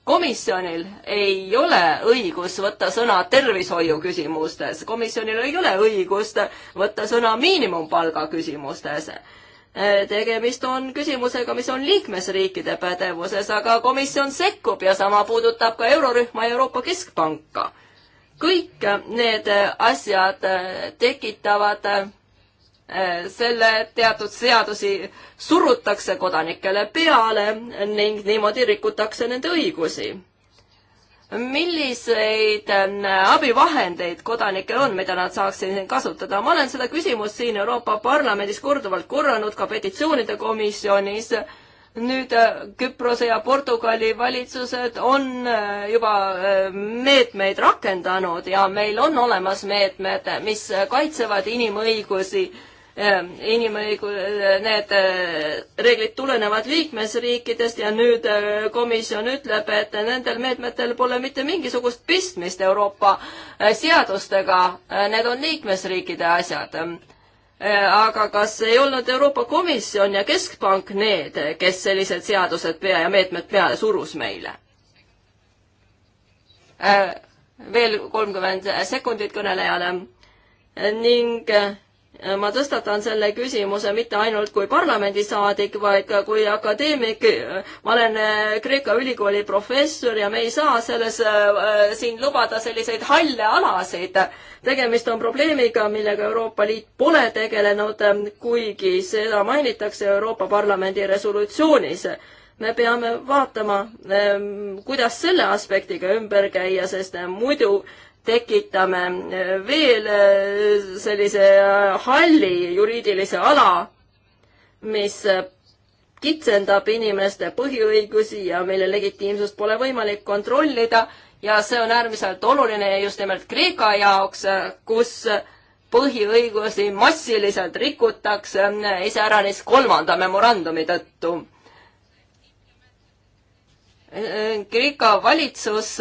komisjonil ei ole õigus võtta sõna tervishoiu küsimustes, komisjonil ei ole õigust võtta sõna miinimumpalga küsimustes. Äh, tegemist on küsimusega, mis on liikmesriikide pädevuses, aga komisjon sekkub ja sama puudutab ka eurorühma ja Euroopa Keskpanka. kõik need asjad äh, tekitavad selle teatud seadusi surutakse kodanikele peale ning niimoodi rikutakse nende õigusi. milliseid ähm, abivahendeid kodanikel on, mida nad saaksid kasutada? ma olen seda küsimust siin Euroopa Parlamendis korduvalt korranud, ka petitsioonide komisjonis nüüd äh, Küprose ja Portugali valitsused on äh, juba äh, meetmeid rakendanud ja meil on olemas meetmed, mis kaitsevad inimõigusi Ehm, inimõigu-, need eh, reeglid tulenevad liikmesriikidest ja nüüd eh, komisjon ütleb, et nendel meetmetel pole mitte mingisugust pistmist Euroopa eh, seadustega, need on liikmesriikide asjad aga kas ei olnud Euroopa Komisjon ja Keskpank need, kes sellised seadused pea ja meetmed peale surus meile äh,? veel kolmkümmend sekundit kõnelejale ning äh, ma tõstatan selle küsimuse mitte ainult kui parlamendisaadik, vaid ka kui akadeemik. ma olen äh, Kreeka ülikooli professor ja me ei saa selles äh,, siin lubada selliseid halle alasid. tegemist on probleemiga, millega Euroopa Liit pole tegelenud, äh, kuigi seda mainitakse Euroopa Parlamendi resolutsioonis me peame vaatama, äh, kuidas selle aspektiga ümber käia, sest muidu tekitame äh, veel äh, sellise äh, halli juriidilise ala, mis kitsendab inimeste põhiõigusi ja mille legitiimsust pole võimalik kontrollida ja see on äärmiselt oluline just nimelt Kreeka jaoks, kus põhiõigusi massiliselt rikutakse iseäranis kolmanda memorandumi tõttu. Kreeka valitsus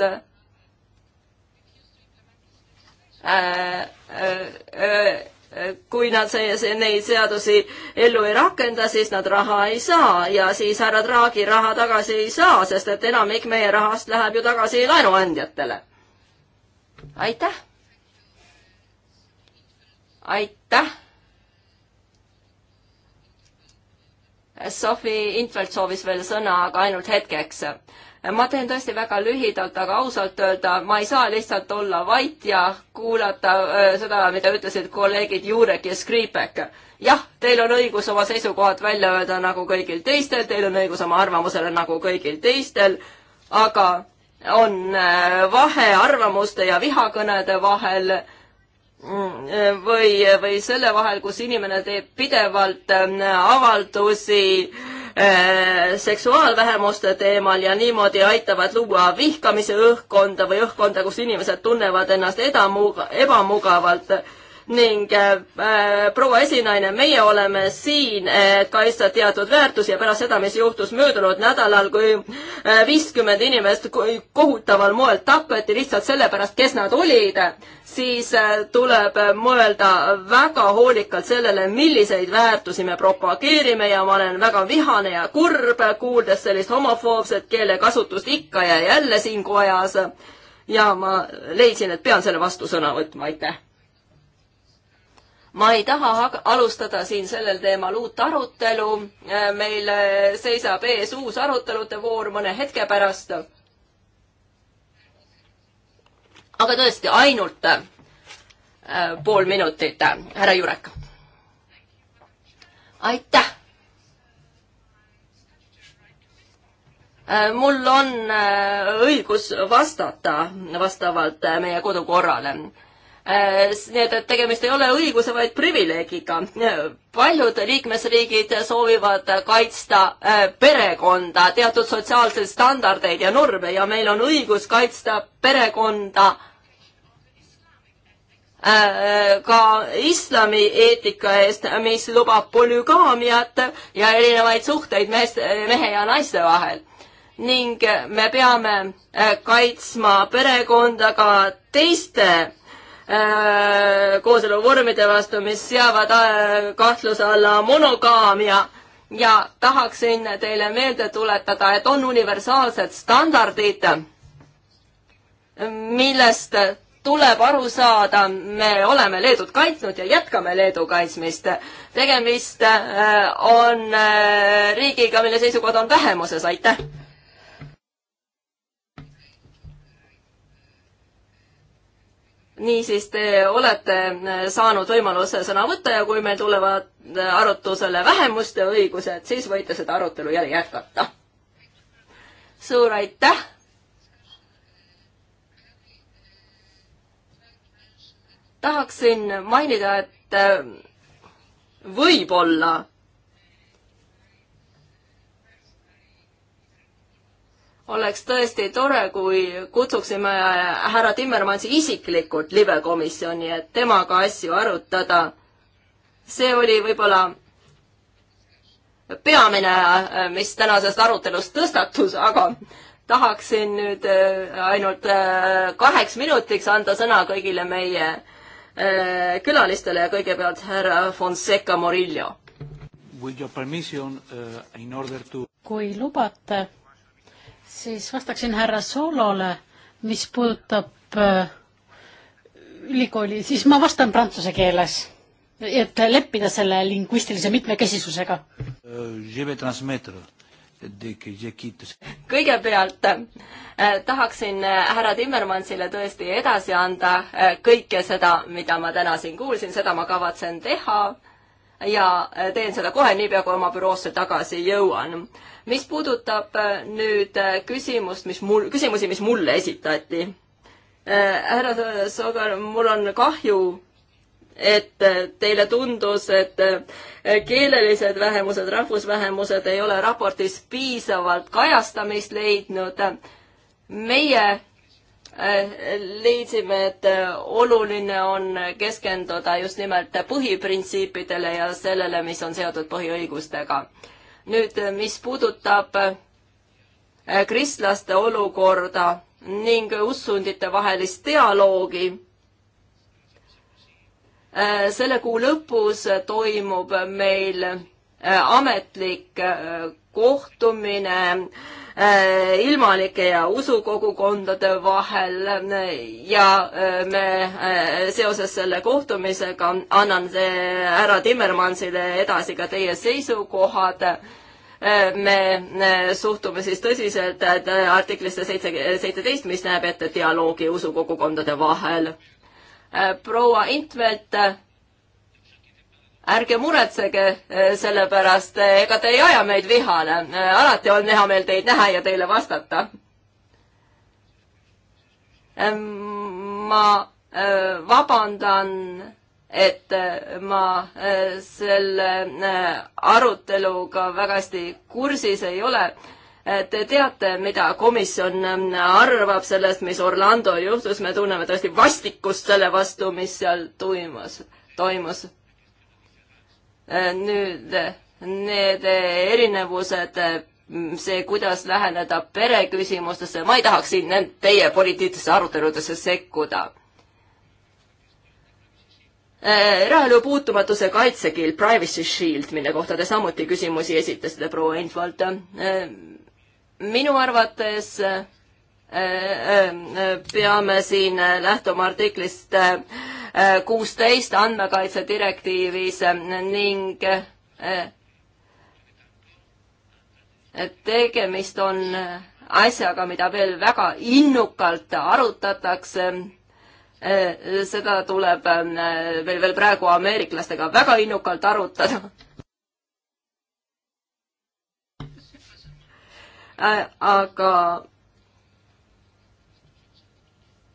kui nad see, see, neid seadusi ellu ei rakenda, siis nad raha ei saa ja siis härra Draghi raha tagasi ei saa, sest et enamik meie rahast läheb ju tagasi laenuandjatele. aitäh. aitäh. Sofi Infeld soovis veel sõna, aga ainult hetkeks ma teen tõesti väga lühidalt, aga ausalt öelda, ma ei saa lihtsalt olla vait ja kuulata äh, seda, mida ütlesid kolleegid Jurek ja Skripek. jah, teil on õigus oma seisukohad välja öelda nagu kõigil teistel, teil on õigus oma arvamusele nagu kõigil teistel, aga on äh, vahe arvamuste ja vihakõnede vahel mm, äh, või, või selle vahel, kus inimene teeb pidevalt avaldusi äh, Äh, seksuaalvähemuste teemal ja niimoodi aitavad luua vihkamise õhkkonda või õhkkonda, kus inimesed tunnevad ennast edamuga, ebamugavalt ning äh, proua esinaine, meie oleme siin, et äh, kaitsta teatud väärtusi ja pärast seda, mis juhtus möödunud nädalal, kui äh, viiskümmend äh, inimest kohutaval moel tapeti lihtsalt sellepärast, kes nad olid, siis äh, tuleb mõelda väga hoolikalt sellele, milliseid väärtusi me propageerime ja ma olen väga vihane ja kurb, kuuldes sellist homofoobset keelekasutust ikka ja jälle siin kojas. ja ma leidsin, et pean selle vastu sõna võtma, aitäh ma ei taha alustada siin sellel teemal uut arutelu, äh, meil äh, seisab ees uus arutelude voor mõne hetke pärast. aga tõesti, ainult äh, pool minutit, härra Jurek. aitäh. mul on õigus vastata vastavalt meie kodukorrale Äh, nii et, et tegemist ei ole õiguse, vaid privileegiga. paljud liikmesriigid soovivad kaitsta äh, perekonda, teatud sotsiaalseid standardeid ja norme ja meil on õigus kaitsta perekonda äh, ka islami eetika eest, mis lubab polügaamiat ja erinevaid suhteid mees, mehe ja naiste vahel ning me peame kaitsma perekonda ka teiste Äh, kooseluvormide vastu, mis seavad äh, kahtluse alla monogaamia ja tahaksin teile meelde tuletada, et on universaalsed standardid, millest tuleb aru saada, me oleme Leedut kaitsnud ja jätkame Leedu kaitsmist. tegemist äh, on riigiga, mille seisukohad on vähemuses, aitäh! niisiis, te olete äh, saanud võimaluse sõna võtta ja kui meil tulevad äh, arutusele vähemuste õigused, siis võite seda arutelu jälle jätkata. suur aitäh! tahaksin mainida, et äh, võib-olla oleks tõesti tore, kui kutsuksime äh, härra Timmermansi isiklikult libekomisjoni, et temaga asju arutada. see oli võib-olla peamine, äh, mis tänasest arutelust tõstatus, aga tahaksin nüüd äh, ainult kaheks minutiks anda sõna kõigile meie külalistele ja kõigepealt härra Fonseca Morillo. Uh, to... kui lubate siis vastaksin härra Solole, mis puudutab äh, ülikooli, siis ma vastan prantsuse keeles, et leppida selle lingvistilise mitmekesisusega. kõigepealt äh, tahaksin äh, härra Timmermansile tõesti edasi anda kõike seda, mida ma täna siin kuulsin, seda ma kavatsen teha ja äh, teen seda kohe, niipea kui oma büroosse tagasi jõuan. mis puudutab äh, nüüd äh, küsimust, mis mul, küsimusi, mis mulle esitati. härra Sogar, mul on kahju, et teile tundus, et keelelised vähemused, rahvusvähemused ei ole raportis piisavalt kajastamist leidnud. meie Äh, leidsime, et äh, oluline on keskenduda just nimelt põhiprintsiipidele ja sellele, mis on seotud põhiõigustega. nüüd, äh, mis puudutab kristlaste olukorda ning ussundite vahelist dialoogi selle kuu lõpus toimub meil ametlik kohtumine Äh, ilmanike ja usukogukondade vahel ja äh, me äh, seoses selle kohtumisega annan härra Timmermansile edasi ka teie seisukohad me suhtume siis tõsiselt artiklisse seitse, seitseteist, mis näeb ette dialoogi usukogukondade vahel. proua Intvelt ärge muretsege e, selle pärast, e, ega te ei aja meid vihale. E, alati on hea meel teid näha ja teile vastata. ma vabandan, et ma selle aruteluga väga hästi kursis ei ole Te teate, mida komisjon arvab sellest, mis Orlando juhtus, me tunneme tõesti vastikust selle vastu, mis seal toimus, toimus. Äh, nüüd äh, need äh, erinevused, see, kuidas läheneda pereküsimustesse, ma ei tahaks siin teie poliitilistesse aruteludesse sekkuda. eraelu puutumatuse kaitsekild, privacy shield, mille kohta te samuti küsimusi esitasite, proua Infalt. minu arvates peame siin lähtuma artiklist kuusteist andmekaitse direktiivis ning eh, tegemist on asjaga, mida veel väga innukalt arutatakse eh, seda tuleb eh, veel, veel praegu ameeriklastega väga innukalt arutada. aga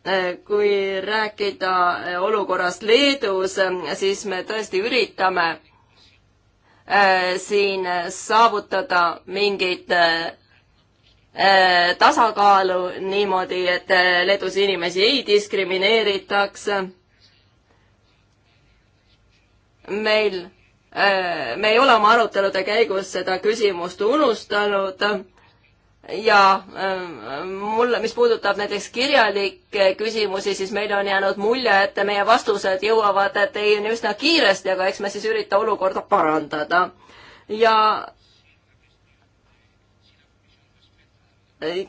Eh, kui rääkida eh, olukorrast Leedus, eh, siis me tõesti üritame siin saavutada mingit tasakaalu niimoodi, et Leedus inimesi ei diskrimineeritaks. meil, me ei ole oma arutelude käigus seda küsimust unustanud ja ähm, mulle, mis puudutab näiteks kirjalikke küsimusi, siis meile on jäänud mulje, et meie vastused jõuavad teieni üsna kiiresti, aga eks me siis ürita olukorda parandada. ja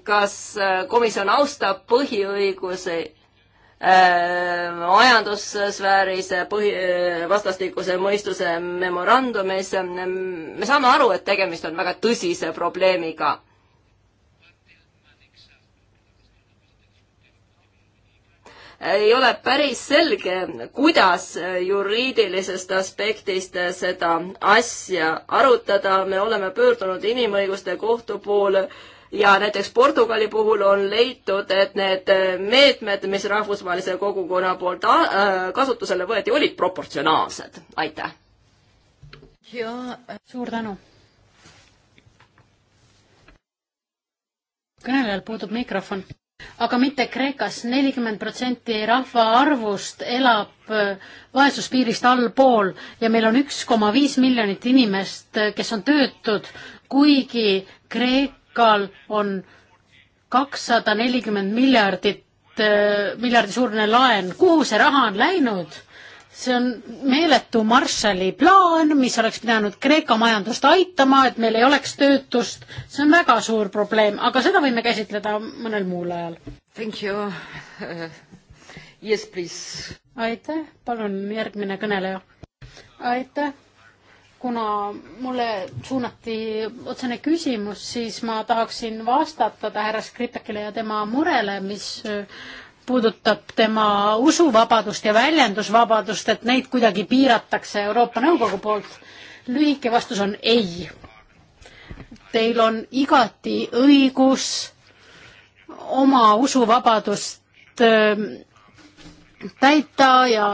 kas äh, komisjon austab põhiõigusi? Äh, majandussfääris äh, põhi, vastastikuse mõistuse memorandumis, me saame aru, et tegemist on väga tõsise probleemiga ei ole päris selge, kuidas juriidilisest aspektist seda asja arutada, me oleme pöördunud Inimõiguste Kohtu poole ja näiteks Portugali puhul on leitud, et need meetmed, mis rahvusvahelise kogukonna poolt äh, kasutusele võeti, olid proportsionaalsed. aitäh! ja suur tänu! kõnelejal puudub mikrofon aga mitte Kreekas. nelikümmend protsenti rahvaarvust elab äh, vaesuspiirist allpool ja meil on üks koma viis miljonit inimest, äh, kes on töötud, kuigi Kreekal on kakssada nelikümmend miljardit, äh, miljardi suurune laen. kuhu see raha on läinud? see on meeletu Marshalli plaan, mis oleks pidanud Kreeka majandust aitama, et meil ei oleks töötust. see on väga suur probleem, aga seda võime käsitleda mõnel muul ajal. Thank you uh,. Yes, please. aitäh, palun järgmine kõneleja. aitäh. kuna mulle suunati otsene küsimus, siis ma tahaksin vastata härra Skripekile ja tema murele, mis uh, puudutab tema usuvabadust ja väljendusvabadust, et neid kuidagi piiratakse Euroopa Nõukogu poolt? lühike vastus on ei. Teil on igati õigus oma usuvabadust täita ja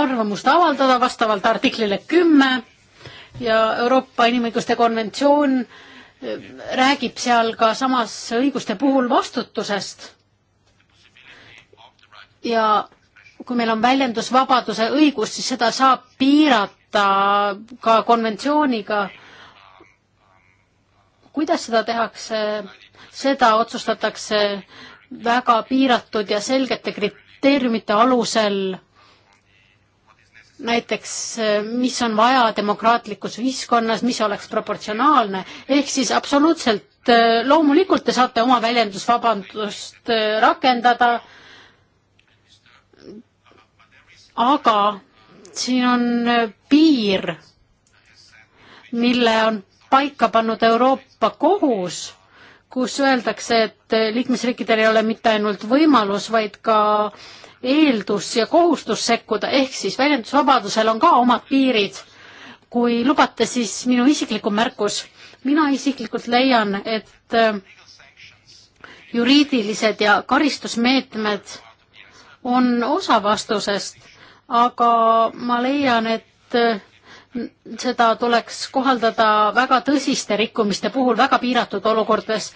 arvamust avaldada vastavalt artiklile kümme ja Euroopa Inimõiguste Konventsioon räägib seal ka samas õiguste puhul vastutusest ja kui meil on väljendusvabaduse õigus, siis seda saab piirata ka konventsiooniga. kuidas seda tehakse, seda otsustatakse väga piiratud ja selgete kriteeriumite alusel. näiteks, mis on vaja demokraatlikus ühiskonnas, mis oleks proportsionaalne, ehk siis absoluutselt loomulikult te saate oma väljendusvabandust äh, rakendada aga siin on äh, piir, mille on paika pannud Euroopa Kohus, kus öeldakse, et äh, liikmesriikidel ei ole mitte ainult võimalus, vaid ka eeldus ja kohustus sekkuda, ehk siis väljendusvabadusel on ka omad piirid. kui lubate, siis minu isiklikum märkus, mina isiklikult leian, et äh, juriidilised ja karistusmeetmed on osa vastusest aga ma leian, et äh, seda tuleks kohaldada väga tõsiste rikkumiste puhul, väga piiratud olukordades.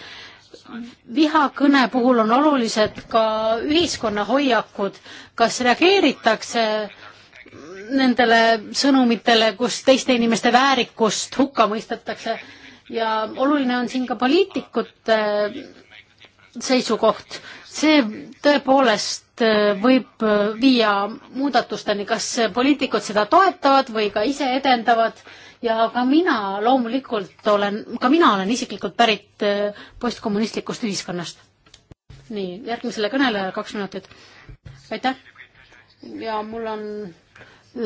vihakõne puhul on olulised ka ühiskonna hoiakud, kas reageeritakse nendele sõnumitele, kus teiste inimeste väärikust hukka mõistetakse ja oluline on siin ka poliitikute äh, seisukoht. see tõepoolest Äh, võib äh, viia muudatusteni, kas poliitikud seda toetavad või ka ise edendavad ja ka mina loomulikult olen, ka mina olen isiklikult pärit äh, postkommunistlikust ühiskonnast. nii, järgmisele kõnelejale kaks minutit. aitäh! ja mul on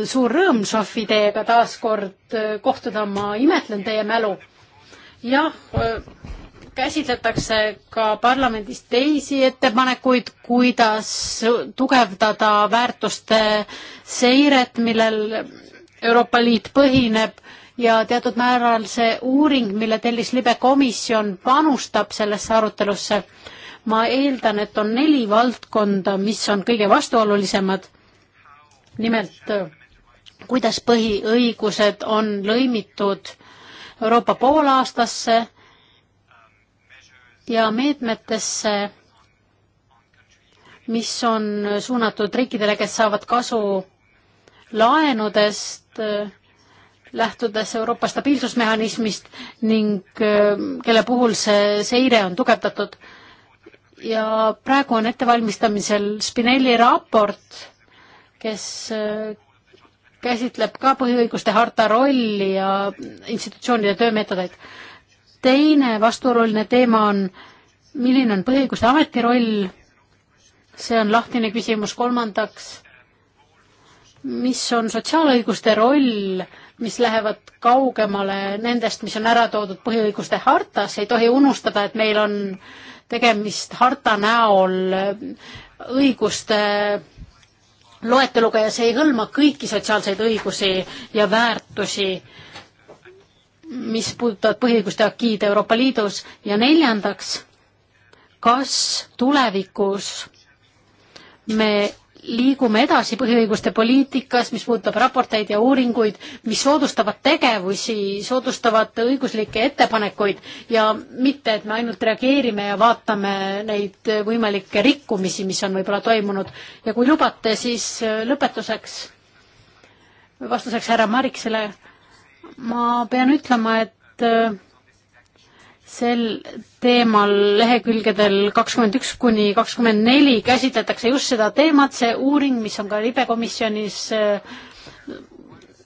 suur rõõm, Sofi, teiega taas kord kohtuda, ma imetlen teie mälu. jah, käsitletakse ka parlamendis teisi ettepanekuid, kuidas tugevdada väärtuste seiret, millel Euroopa Liit põhineb ja teatud määral see uuring, mille tellis libe komisjon, panustab sellesse arutelusse. ma eeldan, et on neli valdkonda, mis on kõige vastuolulisemad. nimelt, kuidas põhiõigused on lõimitud Euroopa poolaastasse ja meetmetesse, mis on suunatud riikidele, kes saavad kasu laenudest, lähtudes Euroopa stabiilsusmehhanismist ning kelle puhul see seire on tugevdatud. ja praegu on ettevalmistamisel Spinelli raport, kes käsitleb ka põhiõiguste harta rolli ja institutsioonide töömeetodeid teine vastuoluline teema on, milline on põhiõiguste ameti roll, see on lahtine küsimus, kolmandaks, mis on sotsiaalõiguste roll, mis lähevad kaugemale nendest, mis on ära toodud põhiõiguste hartas, ei tohi unustada, et meil on tegemist harta näol õiguste loeteluga ja see ei hõlma kõiki sotsiaalseid õigusi ja väärtusi mis puudutavad põhiõiguste akiid Euroopa Liidus ja neljandaks, kas tulevikus me liigume edasi põhiõiguste poliitikas, mis puudutab raporteid ja uuringuid, mis soodustavad tegevusi, soodustavad õiguslikke ettepanekuid ja mitte, et me ainult reageerime ja vaatame neid võimalikke rikkumisi, mis on võib-olla toimunud. ja kui lubate, siis lõpetuseks, vastuseks härra Mariksele ma pean ütlema, et äh, sel teemal lehekülgedel kakskümmend üks kuni kakskümmend neli käsitletakse just seda teemat, see uuring, mis on ka libekomisjonis äh,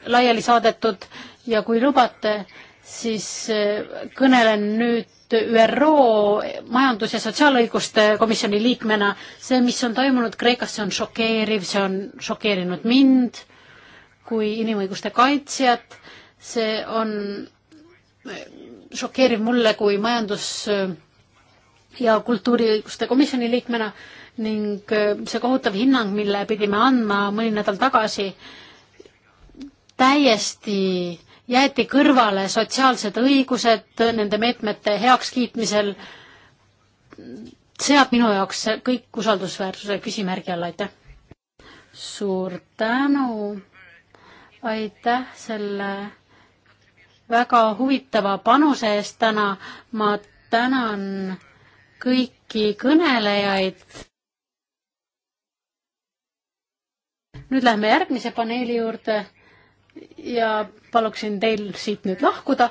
laiali saadetud ja kui lubate, siis äh, kõnelen nüüd ÜRO majandus- ja sotsiaalõiguste komisjoni liikmena. see, mis on toimunud Kreekas, see on šokeeriv, see on šokeerinud mind kui inimõiguste kaitsjat see on šokeeriv mulle kui majandus- ja kultuuriõiguste komisjoni liikmena ning äh, see kohutav hinnang, mille pidime andma mõni nädal tagasi, täiesti jäeti kõrvale sotsiaalsed õigused nende meetmete heakskiitmisel, seab minu jaoks kõik usaldusväärsuse küsimärgi alla, aitäh! suur tänu, aitäh selle väga huvitava panuse eest täna. ma tänan kõiki kõnelejaid. nüüd lähme järgmise paneeli juurde ja paluksin teil siit nüüd lahkuda.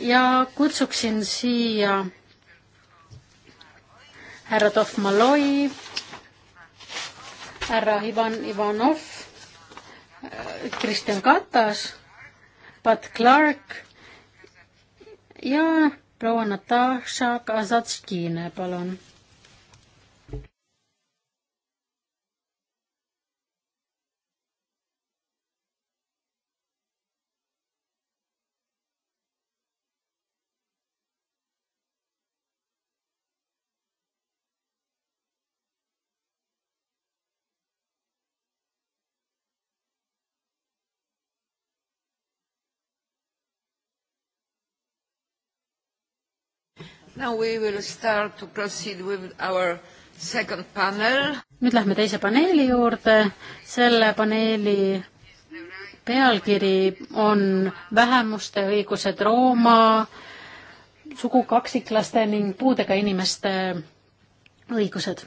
ja kutsuksin siia härra Tohmaloi, härra Ivan Ivanov Kristjan Katas, Pat Clark ja proua Natasha Kazatskine, palun Now we will start to proceed with our second panel. nüüd lähme teise paneeli juurde. selle paneeli pealkiri on Vähemuste õigused Rooma, sugukaksiklaste ning puudega inimeste õigused.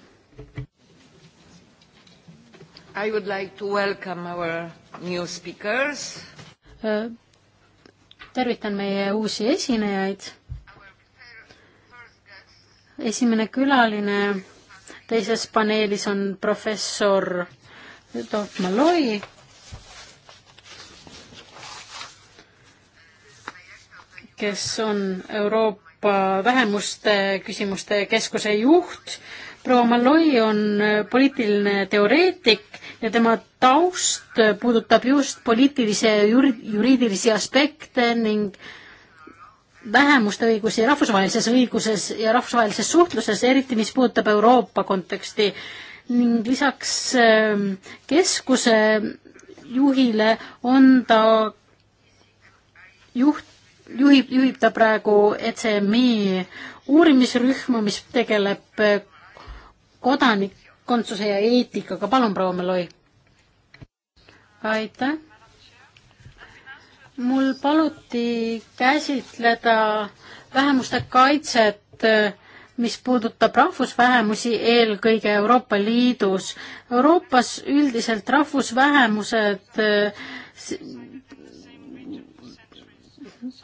I would like to welcome our new speakers. Äh, tervitan meie uusi esinejaid esimene külaline teises paneelis on professor Toot Maloi. kes on Euroopa Vähemuste Küsimuste Keskuse juht. proua Maloi on äh, poliitiline teoreetik ja tema taust puudutab just poliitilise juri,, juriidilisi aspekte ning äh, vähemuste õigusi rahvusvahelises õiguses ja rahvusvahelises suhtluses, eriti mis puudutab Euroopa konteksti ning lisaks ähm, keskuse juhile on ta juht, juhib, juhib ta praegu ECMi uurimisrühma, mis tegeleb äh, kodanikkondsuse ja eetikaga. palun, proua Meloi. aitäh mul paluti käsitleda vähemuste kaitset, mis puudutab rahvusvähemusi eelkõige Euroopa Liidus. Euroopas üldiselt rahvusvähemused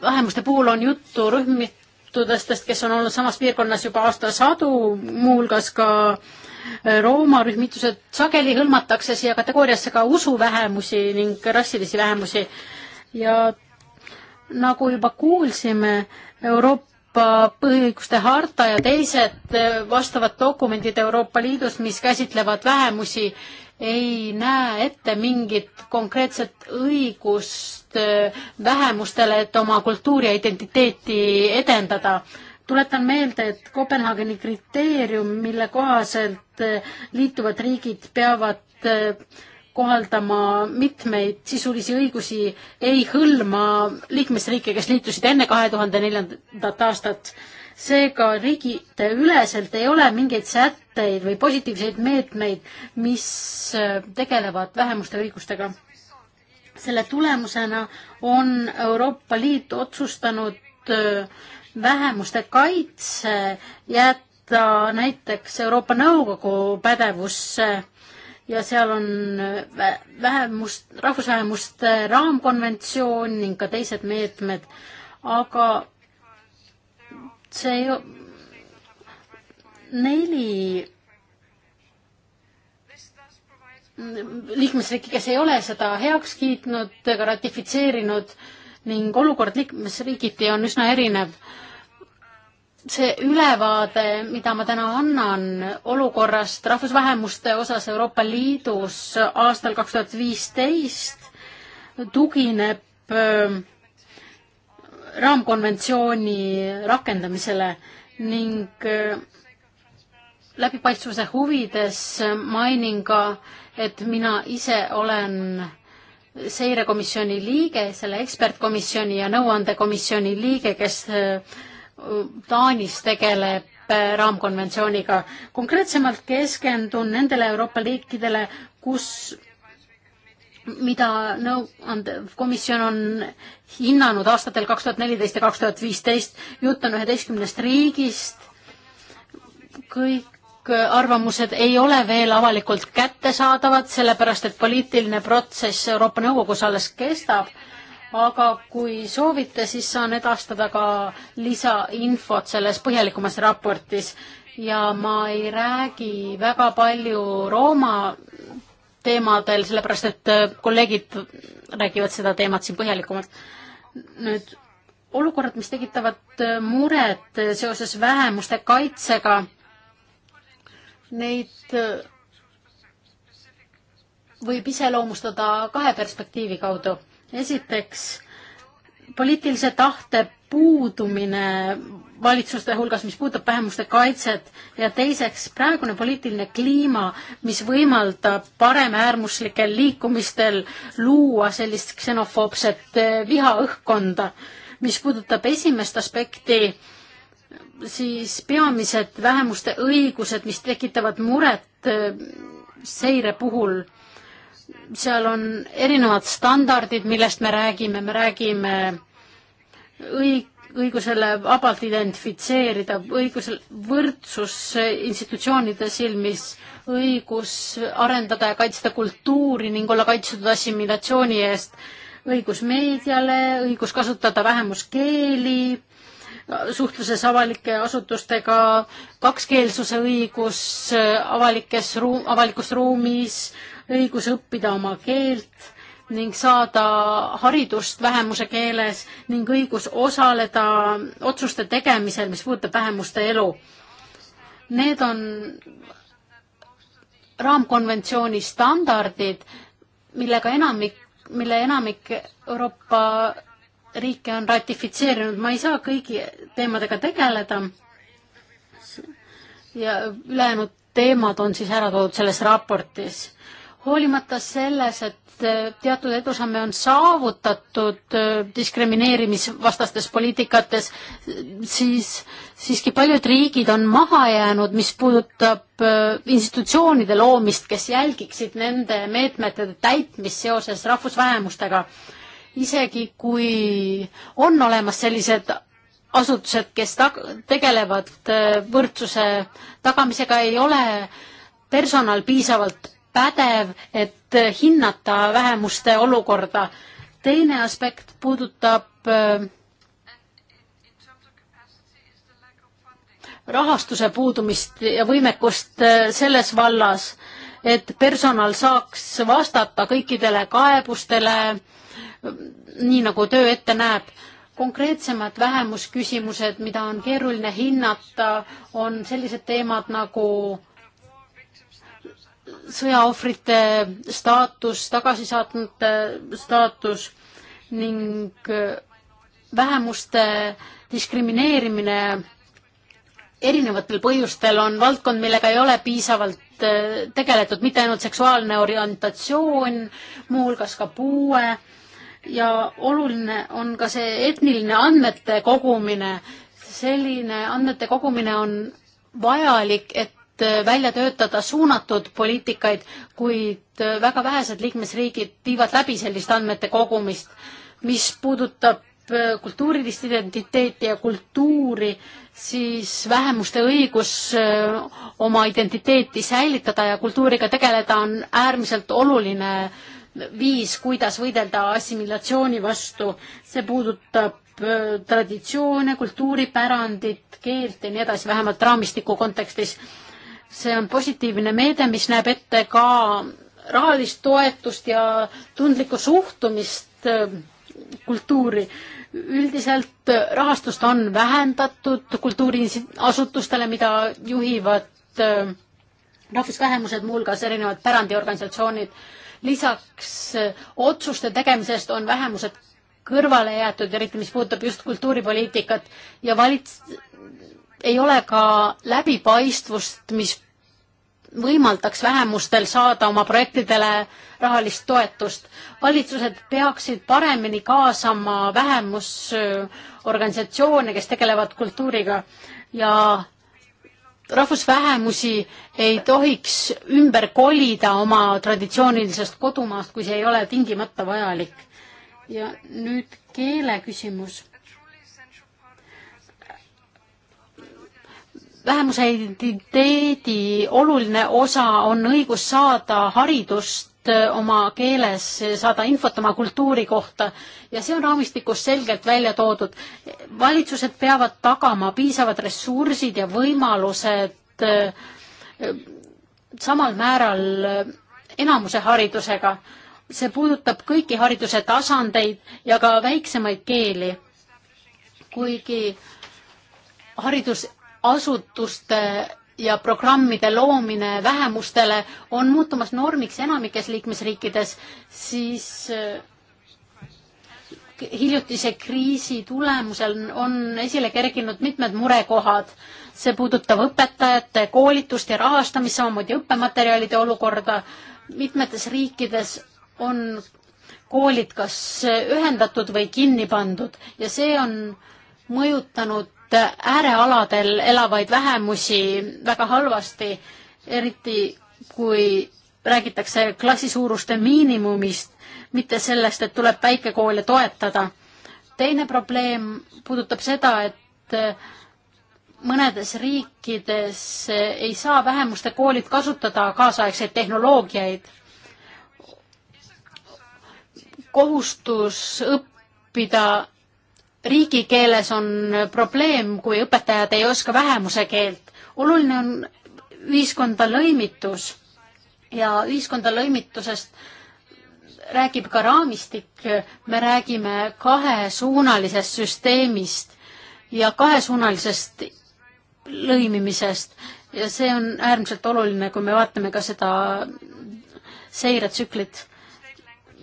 vähemuste puhul on juttu rühmitudest, kes on olnud samas piirkonnas juba aastasadu, muuhulgas ka Rooma rühmitused sageli hõlmatakse siia kategooriasse ka usuvähemusi ning rassilisi vähemusi ja nagu juba kuulsime, Euroopa põhiõiguste harta ja teised e, vastavad dokumendid Euroopa Liidus, mis käsitlevad vähemusi, ei näe ette mingit konkreetset õigust e, vähemustele, et oma kultuuri ja identiteeti edendada tuletan meelde, et Kopenhaageni kriteerium, mille kohaselt e, liituvad riigid peavad kohaldama mitmeid sisulisi õigusi, ei hõlma liikmesriike, kes liitusid enne kahe tuhande neljandat aastat. seega riigite üleselt ei ole mingeid sätteid või positiivseid meetmeid, mis tegelevad vähemuste õigustega. selle tulemusena on Euroopa Liit otsustanud äh, vähemuste kaitse jätta näiteks Euroopa Nõukogu pädevusse ja seal on äh, vähemust, rahvusvähemuste raamkonventsioon ning ka teised meetmed, aga see neli liikmesriiki, kes ei ole seda heaks kiitnud ega ratifitseerinud ning olukord liikmesriigiti on üsna erinev see ülevaade, mida ma täna annan olukorrast rahvusvähemuste osas Euroopa Liidus aastal kaks tuhat viisteist, tugineb äh, raamkonventsiooni rakendamisele ning äh, läbipaistvuse huvides mainin ka, et mina ise olen seirekomisjoni liige, selle ekspertkomisjoni ja nõuandekomisjoni liige, kes äh, Taanis tegeleb äh, raamkonventsiooniga. konkreetsemalt keskendun nendele Euroopa riikidele, kus, mida nõuandev no, komisjon on hinnanud aastatel kaks tuhat neliteist ja kaks tuhat viisteist. jutt on üheteistkümnest riigist. kõik äh, arvamused ei ole veel avalikult kättesaadavad, sellepärast et poliitiline protsess Euroopa Nõukogus alles kestab aga kui soovite, siis saan edastada ka lisainfot selles põhjalikumas raportis ja ma ei räägi väga palju Rooma teemadel, sellepärast et äh, kolleegid räägivad seda teemat siin põhjalikumalt. nüüd olukorrad, mis tekitavad äh, muret äh, seoses vähemuste kaitsega, neid võib iseloomustada kahe perspektiivi kaudu esiteks poliitilise tahte puudumine valitsuste hulgas, mis puudutab vähemuste kaitset ja teiseks praegune poliitiline kliima, mis võimaldab paremäärmuslikel liikumistel luua sellist ksenofoobset eh, vihaõhkkonda. mis puudutab esimest aspekti, siis peamised vähemuste õigused, mis tekitavad muret eh, seire puhul seal on erinevad standardid, millest me räägime, me räägime õig-, õigusele vabalt identifitseerida, õigusel võrdsus institutsioonide silmis, õigus arendada ja kaitsta kultuuri ning olla kaitstud assimilatsiooni eest, õigus meediale, õigus kasutada vähemuskeeli, suhtluses avalike asutustega, kakskeelsuse õigus avalikes ruum, avalikus ruumis, õigus õppida oma keelt ning saada haridust vähemuse keeles ning õigus osaleda otsuste tegemisel, mis puudutab vähemuste elu. Need on raamkonventsiooni standardid, millega enamik, mille enamik Euroopa riike on ratifitseerinud, ma ei saa kõigi teemadega tegeleda. ja ülejäänud teemad on siis ära toodud selles raportis hoolimata selles, et äh, teatud edusamme on saavutatud äh, diskrimineerimisvastastes poliitikates, siis siiski paljud riigid on maha jäänud, mis puudutab äh, institutsioonide loomist, kes jälgiksid nende meetmete täitmist seoses rahvusvähemustega. isegi kui on olemas sellised asutused, kes tag-, tegelevad võrdsuse tagamisega, ei ole personal piisavalt pädev, et hinnata vähemuste olukorda. teine aspekt puudutab äh, rahastuse puudumist ja võimekust äh, selles vallas, et personal saaks vastata kõikidele kaebustele, äh, nii nagu töö ette näeb konkreetsemad vähemusküsimused, mida on keeruline hinnata, on sellised teemad nagu sõjaohvrite staatus, tagasisaatnute staatus ning äh, vähemuste diskrimineerimine erinevatel põhjustel on valdkond, millega ei ole piisavalt äh, tegeletud, mitte ainult seksuaalne orientatsioon, muuhulgas ka puue ja oluline on ka see etniline andmete kogumine. selline andmete kogumine on vajalik, et Äh, välja töötada suunatud poliitikaid, kuid äh, väga vähesed liikmesriigid viivad läbi sellist andmete kogumist. mis puudutab äh, kultuurilist identiteeti ja kultuuri, siis vähemuste õigus oma identiteeti säilitada ja kultuuriga tegeleda on äärmiselt oluline viis, kuidas võidelda assimilatsiooni vastu. see puudutab traditsioone, kultuuripärandit, keelt ja nii edasi, vähemalt raamistiku kontekstis see on positiivne meede, mis näeb ette ka rahalist toetust ja tundlikku suhtumist äh, kultuuri. üldiselt rahastust on vähendatud kultuuriasutustele, mida juhivad äh, rahvusvähemused, muuhulgas erinevad pärandiorganisatsioonid. lisaks äh, otsuste tegemisest on vähemused kõrvale jäetud, eriti mis puudutab just kultuuripoliitikat ja valits-, ei ole ka läbipaistvust, mis võimaldaks vähemustel saada oma projektidele rahalist toetust. valitsused peaksid paremini kaasama vähemusorganisatsioone, kes tegelevad kultuuriga ja rahvusvähemusi ei tohiks ümber kolida oma traditsioonilisest kodumaast, kui see ei ole tingimata vajalik. ja nüüd keele küsimus vähemuse identiteedi oluline osa on õigus saada haridust äh, oma keeles, saada infot oma kultuuri kohta ja see on raamistikus selgelt välja toodud. valitsused peavad tagama piisavad ressursid ja võimalused äh, samal määral äh, enamuse haridusega. see puudutab kõiki hariduse tasandeid ja ka väiksemaid keeli. kuigi haridus asutuste ja programmide loomine vähemustele on muutumas normiks enamikes liikmesriikides, siis äh, hiljutise kriisi tulemusel on esile kerkinud mitmed murekohad. see puudutab õpetajate koolitust ja rahastamist, samamoodi õppematerjalide olukorda. mitmetes riikides on koolid kas ühendatud või kinni pandud ja see on mõjutanud äärealadel elavaid vähemusi väga halvasti, eriti kui räägitakse klassisuuruste miinimumist, mitte sellest, et tuleb väikekoole toetada. teine probleem puudutab seda, et mõnedes riikides ei saa vähemuste koolid kasutada kaasaegseid tehnoloogiaid. kohustus õppida riigikeeles on probleem, kui õpetajad ei oska vähemuse keelt. oluline on ühiskonda lõimitus ja ühiskonda lõimitusest räägib ka raamistik, me räägime kahesuunalisest süsteemist ja kahesuunalisest lõimimisest ja see on äärmiselt oluline, kui me vaatame ka seda seiretsüklit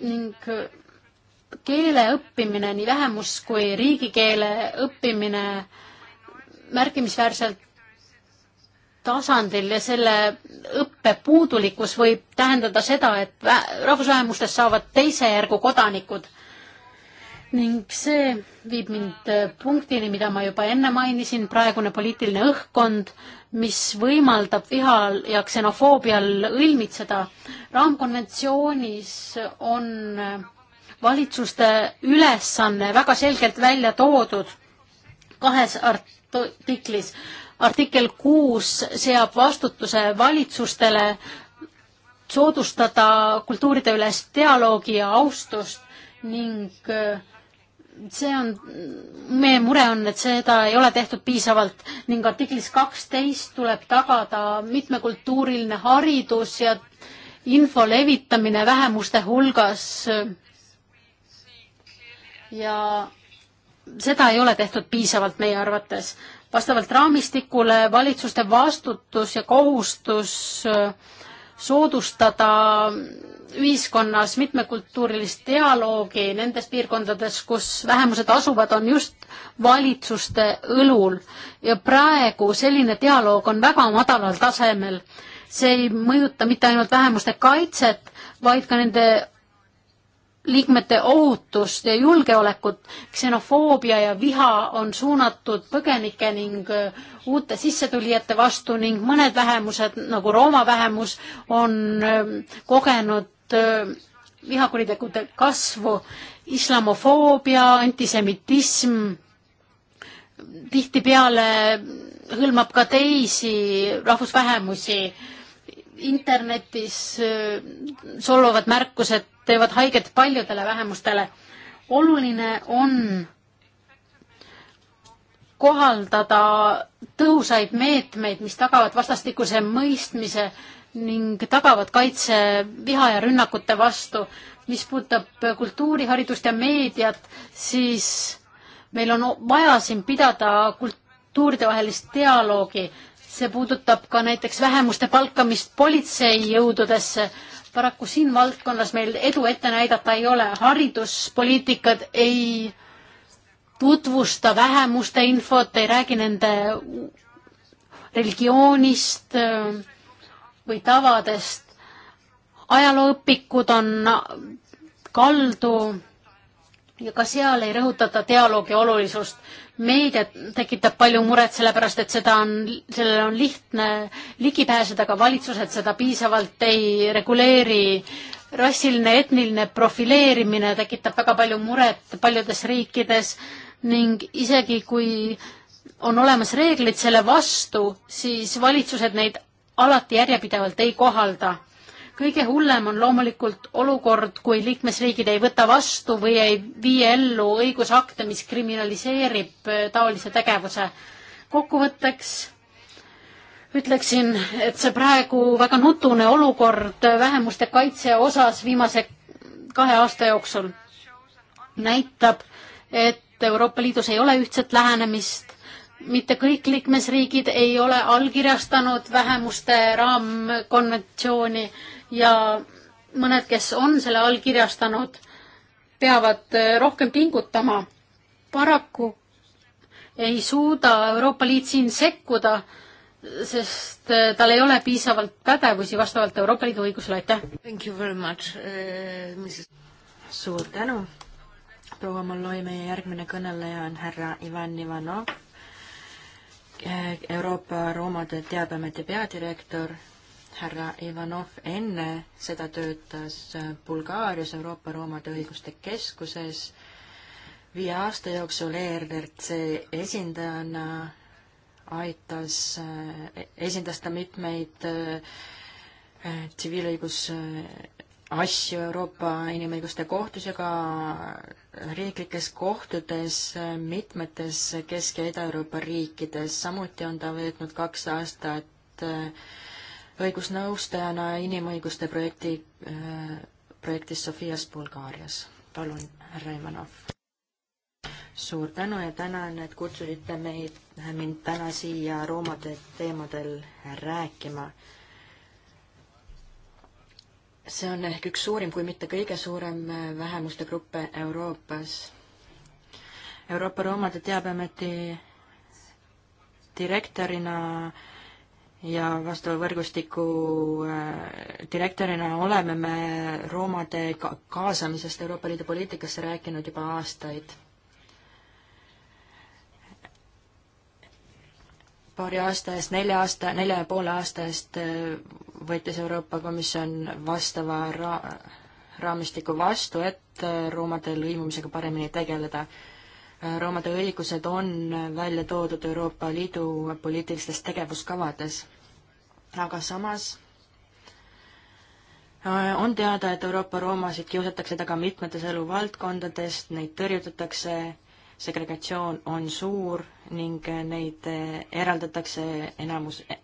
ning keele õppimine, nii vähemus kui riigikeele õppimine märkimisväärselt tasandil ja selle õppe puudulikkus võib tähendada seda, et rahvusvähemustest saavad teise järgu kodanikud. ning see viib mind punktini, mida ma juba enne mainisin, praegune poliitiline õhkkond, mis võimaldab vihal ja ksenofoobial õilmitseda. raamkonventsioonis on valitsuste ülesanne väga selgelt välja toodud kahes artiklis. artikkel kuus seab vastutuse valitsustele soodustada kultuuride üles dialoogi ja austust ning äh, see on, meie mure on, et seda ei ole tehtud piisavalt ning artiklis kaksteist tuleb tagada mitmekultuuriline haridus ja info levitamine vähemuste hulgas äh, ja seda ei ole tehtud piisavalt meie arvates. vastavalt raamistikule valitsuste vastutus ja kohustus äh, soodustada ühiskonnas mitmekultuurilist dialoogi nendes piirkondades, kus vähemused asuvad, on just valitsuste õlul. ja praegu selline dialoog on väga madalal tasemel. see ei mõjuta mitte ainult vähemuste kaitset, vaid ka nende liikmete ohutust ja julgeolekut. ksenofoobia ja viha on suunatud põgenike ning äh, uute sissetulijate vastu ning mõned vähemused, nagu Rooma vähemus, on ähm, kogenud äh, vihakuritegude kasvu, islamofoobia, antisemitism tihtipeale hõlmab ka teisi rahvusvähemusi internetis äh, solvavad märkused teevad haiget paljudele vähemustele. oluline on kohaldada tõhusaid meetmeid, mis tagavad vastastikuse mõistmise ning tagavad kaitse viha ja rünnakute vastu. mis puudutab kultuuri, haridust ja meediat, siis meil on vaja siin pidada kultuuridevahelist dialoogi. see puudutab ka näiteks vähemuste palkamist politseijõududesse paraku siin valdkonnas meil edu ette näidata ei ole, hariduspoliitikad ei tutvusta vähemuste infot, ei räägi nende religioonist äh, või tavadest. ajalooõpikud on kaldu ja ka seal ei rõhutata dialoogi olulisust meedia tekitab palju muret, sellepärast et seda on, sellele on lihtne ligi pääseda, aga valitsused seda piisavalt ei reguleeri. rassiline, etniline profileerimine tekitab väga palju muret paljudes riikides ning isegi kui on olemas reeglid selle vastu, siis valitsused neid alati järjepidevalt ei kohalda kõige hullem on loomulikult olukord, kui liikmesriigid ei võta vastu või ei vii ellu õigusakte, mis kriminaliseerib äh, taolise tegevuse. kokkuvõtteks ütleksin, et see praegu väga nutune olukord äh, vähemuste kaitse osas viimase kahe aasta jooksul näitab, et Euroopa Liidus ei ole ühtset lähenemist, mitte kõik liikmesriigid ei ole allkirjastanud vähemuste raamkonventsiooni ja mõned, kes on selle allkirjastanud, peavad äh, rohkem pingutama. paraku ei suuda Euroopa Liit siin sekkuda, sest äh, tal ei ole piisavalt pädevusi vastavalt Euroopa Liidu õigusele, aitäh! Thank you very much uh,, äh, Mrs. suur tänu, proua Molloi, meie järgmine kõneleja on härra Ivan Ivanov, Euroopa Roomade Teabeameti peadirektor härra Ivanov enne seda töötas Bulgaarias Euroopa Roomade Õiguste Keskuses viie aasta jooksul ERRC esindajana aitas, esindas ta mitmeid äh, tsiviilõigusasju Euroopa Inimõiguste Kohtus ja ka riiklikes kohtutes mitmetes Kesk- ja Ida-Euroopa riikides. samuti on ta veetnud kaks aastat äh, õigusnõustajana inimõiguste projekti, äh, projektis Sofias Bulgaarias. palun, härra Ivanov. suur tänu ja tänan, et kutsusite meid, mind täna siia roomade teemadel rääkima see on ehk üks suurim, kui mitte kõige suurem äh, vähemuste gruppe Euroopas. Euroopa Roomade Teabeameti direktorina ja vastava võrgustiku äh, direktorina oleme me roomade kaasamisest Euroopa Liidu poliitikasse rääkinud juba aastaid. paari aasta eest, nelja aasta, nelja ja poole aasta eest äh, võttis Euroopa Komisjon vastava ra-, raamistiku vastu, et äh, roomade lõimumisega paremini tegeleda roomade õigused on välja toodud Euroopa Liidu poliitilistes tegevuskavades aga samas äh, on teada, et Euroopa roomasid kiusatakse taga mitmetes eluvaldkondades, neid tõrjutatakse, segregatsioon on suur ning neid äh, eraldatakse enamus, e,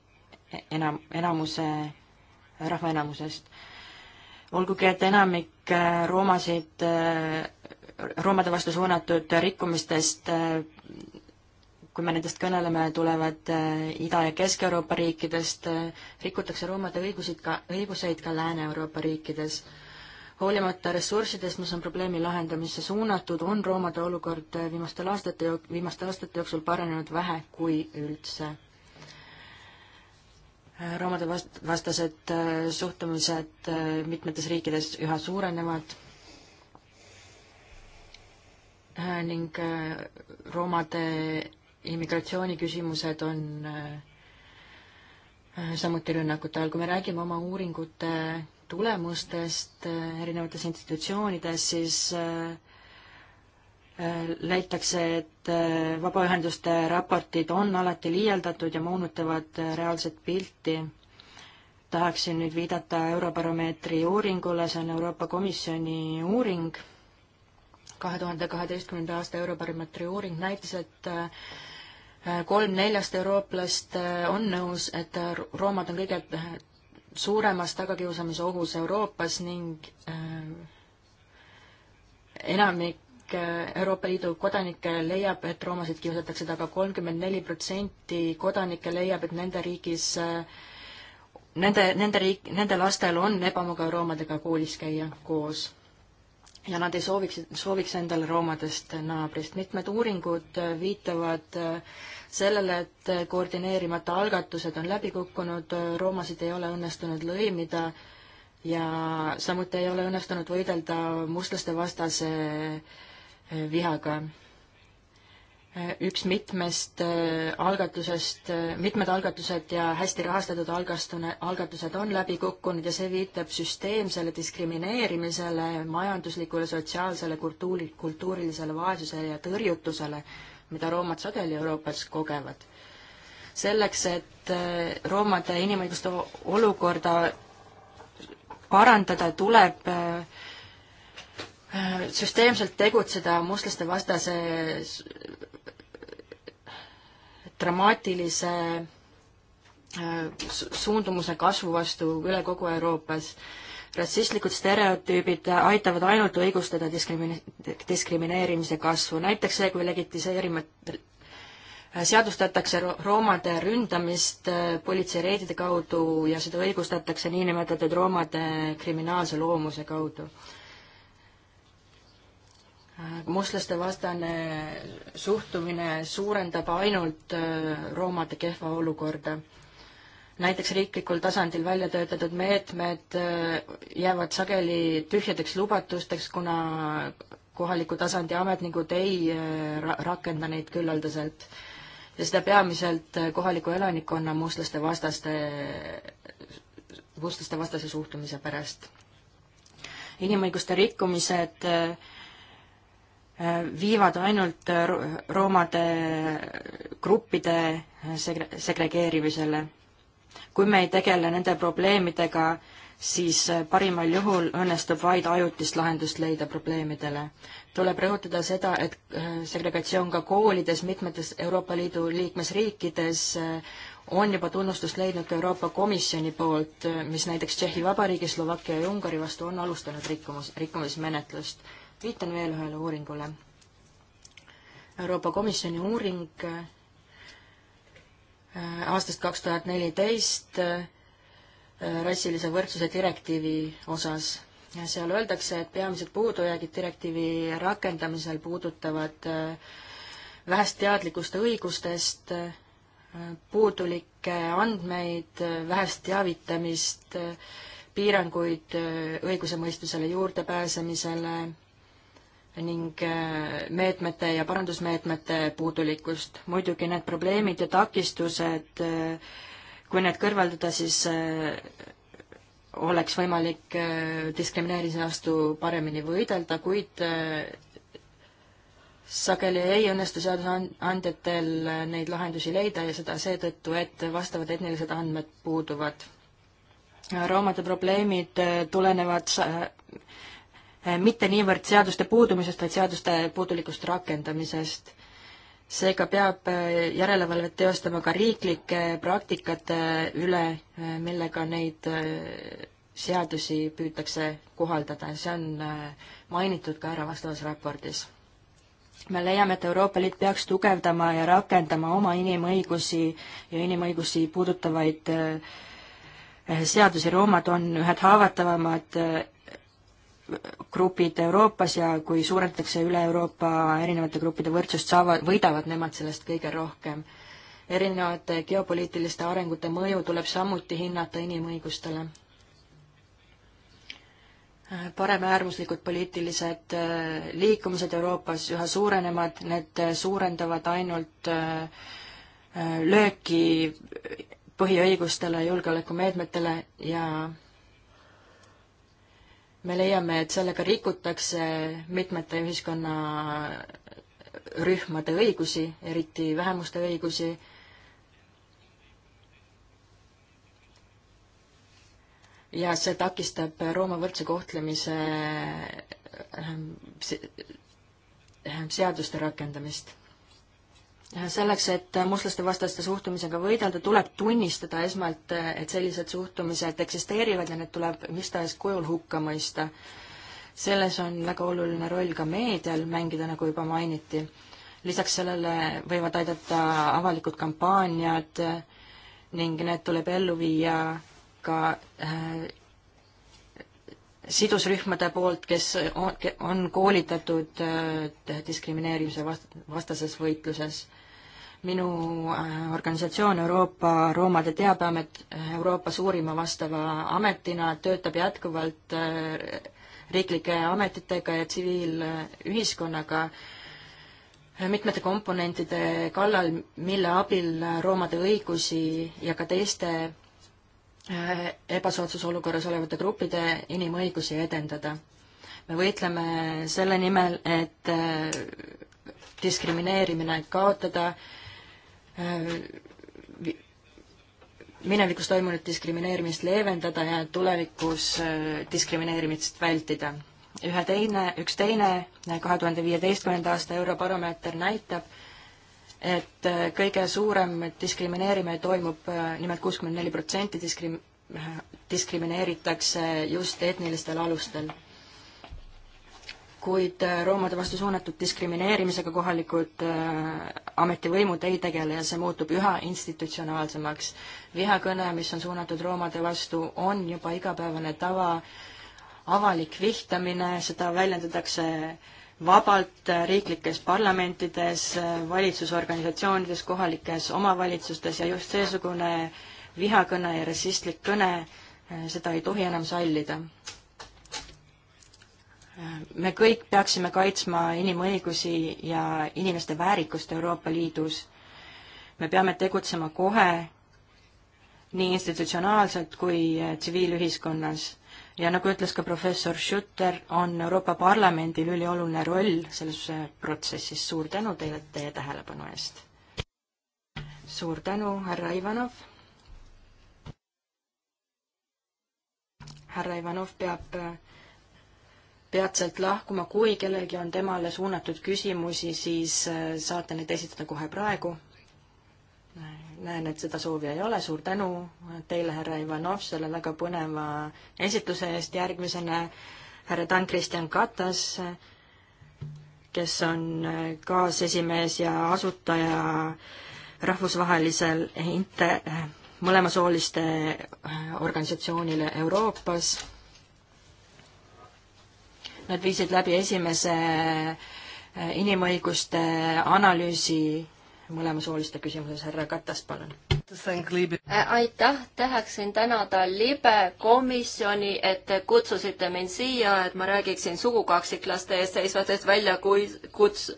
e, enam, enamuse, rahva enamusest. olgugi, et enamik äh, roomasid, roomade vastu suunatud rikkumistest kui me nendest kõneleme, tulevad eh, Ida- ja Kesk-Euroopa riikidest, eh, rikutakse roomade õigusid ka, õiguseid ka Lääne-Euroopa riikides. hoolimata ressurssidest, mis on probleemi lahendamisse suunatud, on roomade olukord eh, viimastel aastate jook-, viimaste aastate jooksul paranenud vähe kui üldse. roomade vast-, vastased suhtumised mitmetes riikides üha suurenevad ning roomade immigratsiooniküsimused on äh, samuti rünnakute all. kui me räägime oma uuringute tulemustest äh, erinevates institutsioonides, siis äh, leitakse, et vabaühenduste raportid on alati liialdatud ja moonutavad reaalset pilti. tahaksin nüüd viidata Eurobaromeetri uuringule, see on Euroopa Komisjoni uuring kahe tuhande kaheteistkümnenda aasta Eurobaromeetri uuring näitas, et äh, kolm neljast eurooplast äh, on nõus, et äh, roomad on kõige suuremas tagakiusamise ohus Euroopas ning enamik Euroopa Liidu kodanikke leiab, et roomasid kiusatakse taga, kolmkümmend neli protsenti kodanikke leiab, et nende riigis Nende, nende riik, nende lastel on ebamugav roomadega koolis käia koos ja nad ei sooviks, sooviks endale roomadest naabrist. mitmed uuringud viitavad äh, sellele, et äh, koordineerimata algatused on läbi kukkunud, äh, roomasid ei ole õnnestunud lõimida ja samuti ei ole õnnestunud võidelda mustlaste vastase vihaga Äh, üks mitmest äh, algatusest, äh, mitmed algatused ja hästi rahastatud algastune, algatused on läbi kukkunud ja see viitab süsteemsele diskrimineerimisele, majanduslikule, sotsiaalsele, kultuuri, kultuurilisele vaesusele ja tõrjutusele, mida roomad sageli Euroopas kogevad. selleks, et roomade inimõiguste olukorda parandada, tuleb süsteemselt tegutseda mustlaste vastase dramaatilise äh, suundumuse kasvu vastu üle kogu Euroopas. rassistlikud stereotüübid aitavad ainult õigustada diskrimi-, diskrimineerimise kasvu, näiteks see, kui legitiseerima-, seadustatakse roomade ründamist äh, politseireidide kaudu ja seda õigustatakse niinimetatud roomade kriminaalse loomuse kaudu mustlaste vastane suhtumine suurendab ainult äh, roomade kehva olukorda. näiteks riiklikul tasandil välja töötatud meetmed äh, jäävad sageli tühjadeks lubatusteks, kuna kohaliku tasandi ametnikud ei äh, ra rakenda neid küllaldaselt. ja seda peamiselt kohaliku elanikkonna mustlaste vastaste, mustlaste vastase suhtumise pärast. inimõiguste rikkumised äh, viivad ainult äh, roomade gruppide segre-, segregeerimisele. kui me ei tegele nende probleemidega, siis äh, parimal juhul õnnestub vaid ajutist lahendust leida probleemidele. tuleb rõhutada seda, et äh, segregatsioon ka koolides mitmetes Euroopa Liidu liikmesriikides on juba tunnustust leidnud ka Euroopa Komisjoni poolt, mis näiteks Tšehhi Vabariigi, Slovakkia ja Ungari vastu on alustanud rikkumus, rikkumismenetlust viitan veel ühele uuringule. Euroopa Komisjoni uuring äh, aastast kaks tuhat neliteist äh, rassilise võrdsuse direktiivi osas. seal öeldakse, et peamised puudujäägid direktiivi rakendamisel puudutavad äh, vähest teadlikkust õigustest, puudulikke andmeid, vähest teavitamist, piiranguid õigusemõistusele juurdepääsemisele ning äh, meetmete ja parandusmeetmete puudulikkust. muidugi need probleemid ja takistused, äh, kui need kõrvaldada, siis äh, oleks võimalik diskrimineerimise vastu paremini võidelda, kuid sageli ei õnnestu seadusandjatel neid lahendusi leida ja seda seetõttu, et vastavad etnilised andmed puuduvad. roomade probleemid tulenevad Eh, mitte niivõrd seaduste puudumisest, vaid seaduste puudulikust rakendamisest. seega peab eh, järelevalvet teostama ka riiklike praktikate üle, eh, millega neid seadusi püütakse kohaldada ja see on mainitud ka ära vastavas raportis me leiame, et Euroopa Liit peaks tugevdama ja rakendama oma inimõigusi ja inimõigusi puudutavaid seadusi. roomad on ühed haavatavamad grupid Euroopas ja kui suurendatakse üle Euroopa erinevate gruppide võrdsust, saavad, võidavad nemad sellest kõige rohkem. erinevate geopoliitiliste arengute mõju tuleb samuti hinnata inimõigustele. paremäärmuslikud poliitilised äh, liikumised Euroopas üha suurenevad, need äh, suurendavad ainult äh, lööki põhiõigustele, julgeolekumeetmetele ja me leiame, et sellega rikutakse mitmete ühiskonnarühmade õigusi, eriti vähemuste õigusi. ja see takistab Rooma võrdse kohtlemise ehm, ehm, seaduste rakendamist selleks, et mustlaste vastaste suhtumisega võidelda, tuleb tunnistada esmalt, et sellised suhtumised eksisteerivad ja need tuleb mis tahes kujul hukka mõista. selles on väga oluline roll ka meedial mängida, nagu juba mainiti. lisaks sellele võivad aidata avalikud kampaaniad ning need tuleb ellu viia ka äh, sidusrühmade poolt, kes on, on koolitatud äh, diskrimineerimise vastases võitluses minu äh, organisatsioon Euroopa Roomade Teabeamet Euroopa suurima vastava ametina töötab jätkuvalt äh, riiklike ametitega ja tsiviilühiskonnaga äh, mitmete komponentide kallal, mille abil roomade õigusi ja ka teiste ebasoodsas olukorras olevate gruppide inimõigusi edendada. me võitleme selle nimel, et diskrimineerimine kaotada Äh, minevikus toimunud diskrimineerimist leevendada ja tulevikus äh, diskrimineerimist vältida. ühe teine, üks teine äh, kahe tuhande viieteistkümnenda aasta Eurobaromeeter näitab, et kõige suurem diskrimineerimine toimub nimelt kuuskümmend neli protsenti diskrim-, diskrimineeritakse just etnilistel alustel kuid äh, roomade vastu suunatud diskrimineerimisega kohalikud äh, ametivõimud ei tegele ja see muutub üha institutsionaalsemaks. vihakõne, mis on suunatud roomade vastu, on juba igapäevane tava, avalik vihtamine, seda väljendatakse vabalt äh, riiklikes parlamentides, valitsusorganisatsioonides, kohalikes omavalitsustes ja just seesugune vihakõne ja rassistlik kõne, seda ei tohi enam sallida me kõik peaksime kaitsma inimõigusi ja inimeste väärikust Euroopa Liidus. me peame tegutsema kohe, nii institutsionaalselt kui eh, tsiviilühiskonnas. ja nagu ütles ka professor Schütter, on Euroopa Parlamendil ülioluline roll selles eh, protsessis. suur tänu teile teie tähelepanu eest! suur tänu, härra Ivanov! härra Ivanov peab eh, peatselt lahkuma, kui kellelgi on temale suunatud küsimusi, siis äh, saate neid esitada kohe praegu. näen, et seda soovi ei ole, suur tänu teile, härra Ivanov, selle väga põneva esitluse eest, järgmisena härra Dan Kristjan Katas, kes on äh, kaasesimees ja asutaja rahvusvahelisel inter-, äh, mõlemasooliste organisatsioonile Euroopas Nad viisid läbi esimese eh, inimõiguste analüüsi mõlemasooliste küsimuses, härra Katas, palun. Äh, aitäh, tahaksin tänada libe komisjoni, et te kutsusite mind siia, et ma räägiksin sugukaksiklaste ees seisvatest väljakuts-,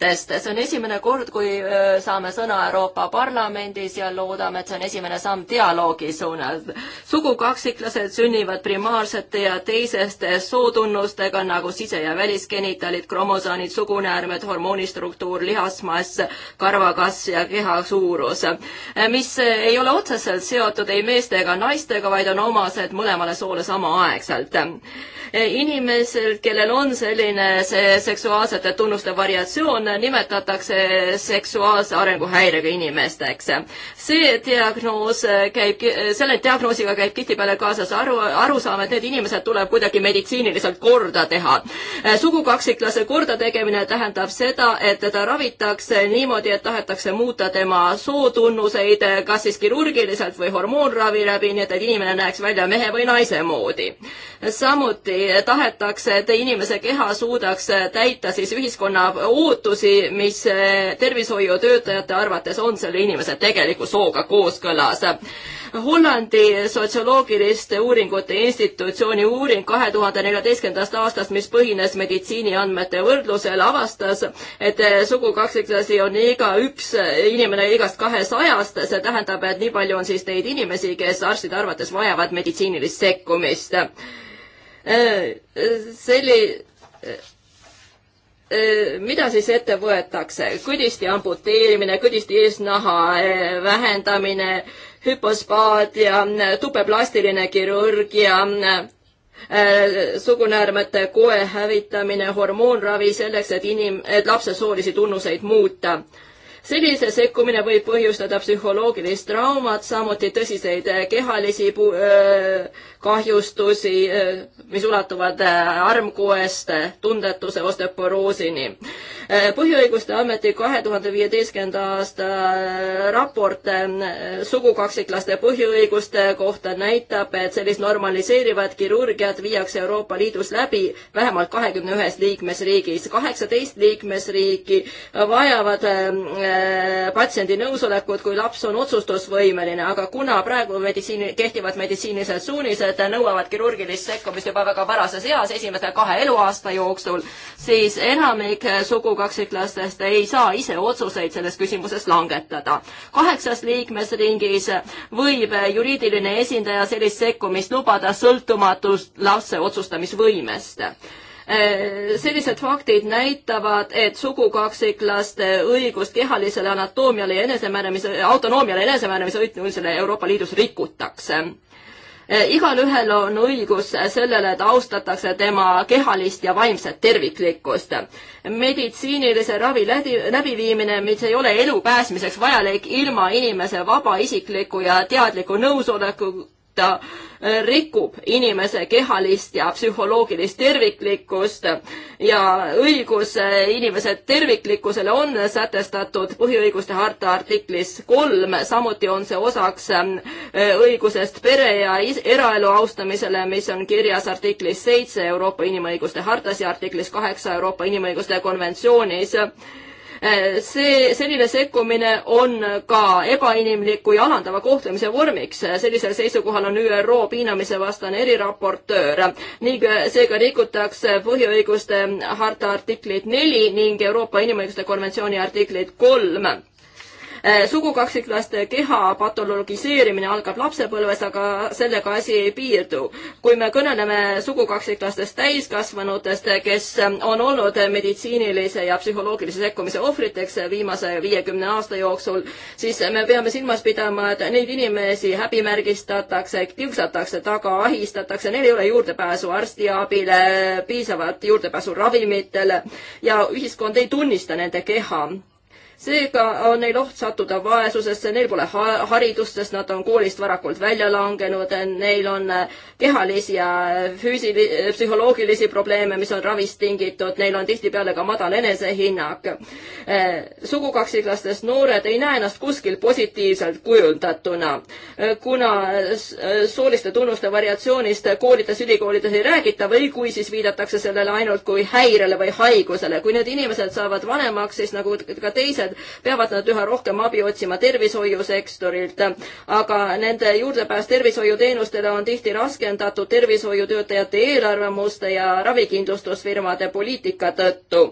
mõtetest. see on esimene kord, kui saame sõna Euroopa Parlamendis ja loodame, et see on esimene samm dialoogi suunas. sugukaksiklased sünnivad primaarsete ja teiseste sootunnustega nagu sise- ja välisgenitaalid, kromosoonid, sugunäärmed, hormoonistruktuur, lihasmass, karvakasv ja keha suurus, mis ei ole otseselt seotud ei meeste ega naistega, vaid on omased mõlemale soole samaaegselt. inimesel, kellel on selline see seksuaalsete tunnuste variatsioon, nimetatakse seksuaalse arenguhäirega inimesteks. see diagnoos käib, selle diagnoosiga käib tihtipeale kaasas aru, arusaam, et need inimesed tuleb kuidagi meditsiiniliselt korda teha. sugukaksiklase kordategemine tähendab seda, et teda ravitakse niimoodi, et tahetakse muuta tema sootunnuseid, kas siis kirurgiliselt või hormoonravi läbi, nii et, et inimene näeks välja mehe või naise moodi. samuti tahetakse, et inimese keha suudaks täita siis ühiskonna ootusi, tingimusi, mis eh, tervishoiutöötajate arvates on selle inimese tegeliku sooga kooskõlas. Hollandi sotsioloogiliste uuringute institutsiooni uuring kahe tuhande neljateistkümnendast aastast, mis põhines meditsiiniandmete võrdlusel, avastas, et eh, sugukaksiklassi on igaüks inimene igast kahesajast, see tähendab, et nii palju on siis neid inimesi, kes arstide arvates vajavad meditsiinilist sekkumist. Eh, selli-, Äh, mida siis ette võetakse? kõdisti amputeerimine, kõdisti eesnaha äh, vähendamine, hüpospaadia, äh, tubeplastiline kirurgia, sugunäärmete koe hävitamine, hormoonravi selleks, et inim-, et lapse soolisi tunnuseid muuta selline sekkumine võib põhjustada psühholoogilist traumat, samuti tõsiseid eh, kehalisi eh, kahjustusi, eh, mis ulatuvad armkoest tundetuse osteoporoosini. põhiõiguste ameti kahe tuhande viieteistkümnenda aasta raport sugukaksiklaste põhiõiguste kohta näitab, et sellist normaliseerivat kirurgiat viiakse Euroopa Liidus läbi vähemalt kahekümne ühes liikmesriigis. kaheksateist liikmesriiki vajavad patsiendi nõusolekut, kui laps on otsustusvõimeline, aga kuna praegu meditsiini, kehtivad meditsiinilised suunised nõuavad kirurgilist sekkumist juba väga varases eas, esimese kahe eluaasta jooksul, siis enamik sugukaksiklastest ei saa ise otsuseid selles küsimuses langetada. kaheksas liikmesringis võib juriidiline esindaja sellist sekkumist lubada sõltumatust lapse otsustamisvõimest Äh, sellised faktid näitavad, et sugukaksiklaste õigust kehalisele anatoomiale ja enesemääramise, autonoomiale ja enesemääramise õigusele Euroopa Liidus rikutakse äh, igalühel on õigus sellele, et austatakse tema kehalist ja vaimset terviklikkust. meditsiinilise ravi läbi, läbiviimine, mis ei ole elu päästmiseks vajalik ilma inimese vaba isikliku ja teadliku nõusoleku ta äh, rikub inimese kehalist ja psühholoogilist terviklikkust ja õigus äh, inimese terviklikkusele on sätestatud põhiõiguste harta artiklis kolm, samuti on see osaks ähm, äh, õigusest pere ja eraelu austamisele, mis on kirjas artiklis seitse Euroopa inimõiguste hartas ja artiklis kaheksa Euroopa inimõiguste konventsioonis see, selline sekkumine on ka ebainimliku ja alandava kohtlemise vormiks. sellisel seisukohal on ÜRO piinamise vastane eriraportöör ning seega rikutakse põhiõiguste harta artiklit neli ning Euroopa Inimõiguste konventsiooni artiklit kolm Eh, sugukaksiklaste keha patologiseerimine algab lapsepõlves, aga sellega asi ei piirdu. kui me kõneleme sugukaksiklastest täiskasvanutest, kes eh, on olnud meditsiinilise ja psühholoogilise sekkumise ohvriteks viimase viiekümne aasta jooksul, siis me peame silmas pidama, et neid inimesi häbimärgistatakse, kiusatakse taga, ahistatakse, neil ei ole juurdepääsu arstiabile, piisavat juurdepääsu ravimitele ja ühiskond ei tunnista nende keha seega on neil oht sattuda vaesusesse, neil pole haridust, sest nad on koolist varakult välja langenud, neil on kehalisi ja füüsili-, psühholoogilisi probleeme, mis on ravist tingitud, neil on tihtipeale ka madal enesehinnak. sugukaksiklastest noored ei näe ennast kuskil positiivselt kujundatuna, kuna sooliste tunnuste variatsioonist koolides, ülikoolides ei räägita või kui, siis viidatakse sellele ainult kui häirele või haigusele. kui need inimesed saavad vanemaks, siis nagu ka teised inimesed, peavad nad üha rohkem abi otsima tervishoiusektorilt, aga nende juurdepääs tervishoiuteenustele on tihti raskendatud tervishoiutöötajate eelarvamuste ja ravikindlustusfirmade poliitika tõttu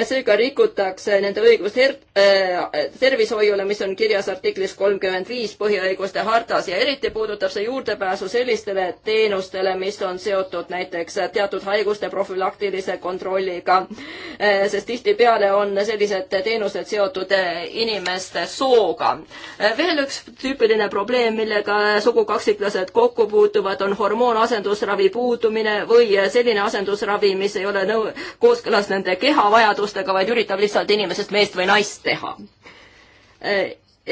seega rikutakse nende õigust her-, äh, tervishoiule, mis on kirjas artiklis kolmkümmend viis põhiõiguste hartas ja eriti puudutab see juurdepääsu sellistele teenustele, mis on seotud näiteks teatud haiguste profülaktilise kontrolliga. Äh, sest tihtipeale on sellised teenused seotud äh, inimeste sooga. veel üks tüüpiline probleem, millega sugukaksiklased kokku puutuvad, on hormoonasendusravi puudumine või selline asendusravi, mis ei ole nõu-, kooskõlas nende kehavajadusega, seadustega, vaid üritab lihtsalt inimesest meest või naist teha.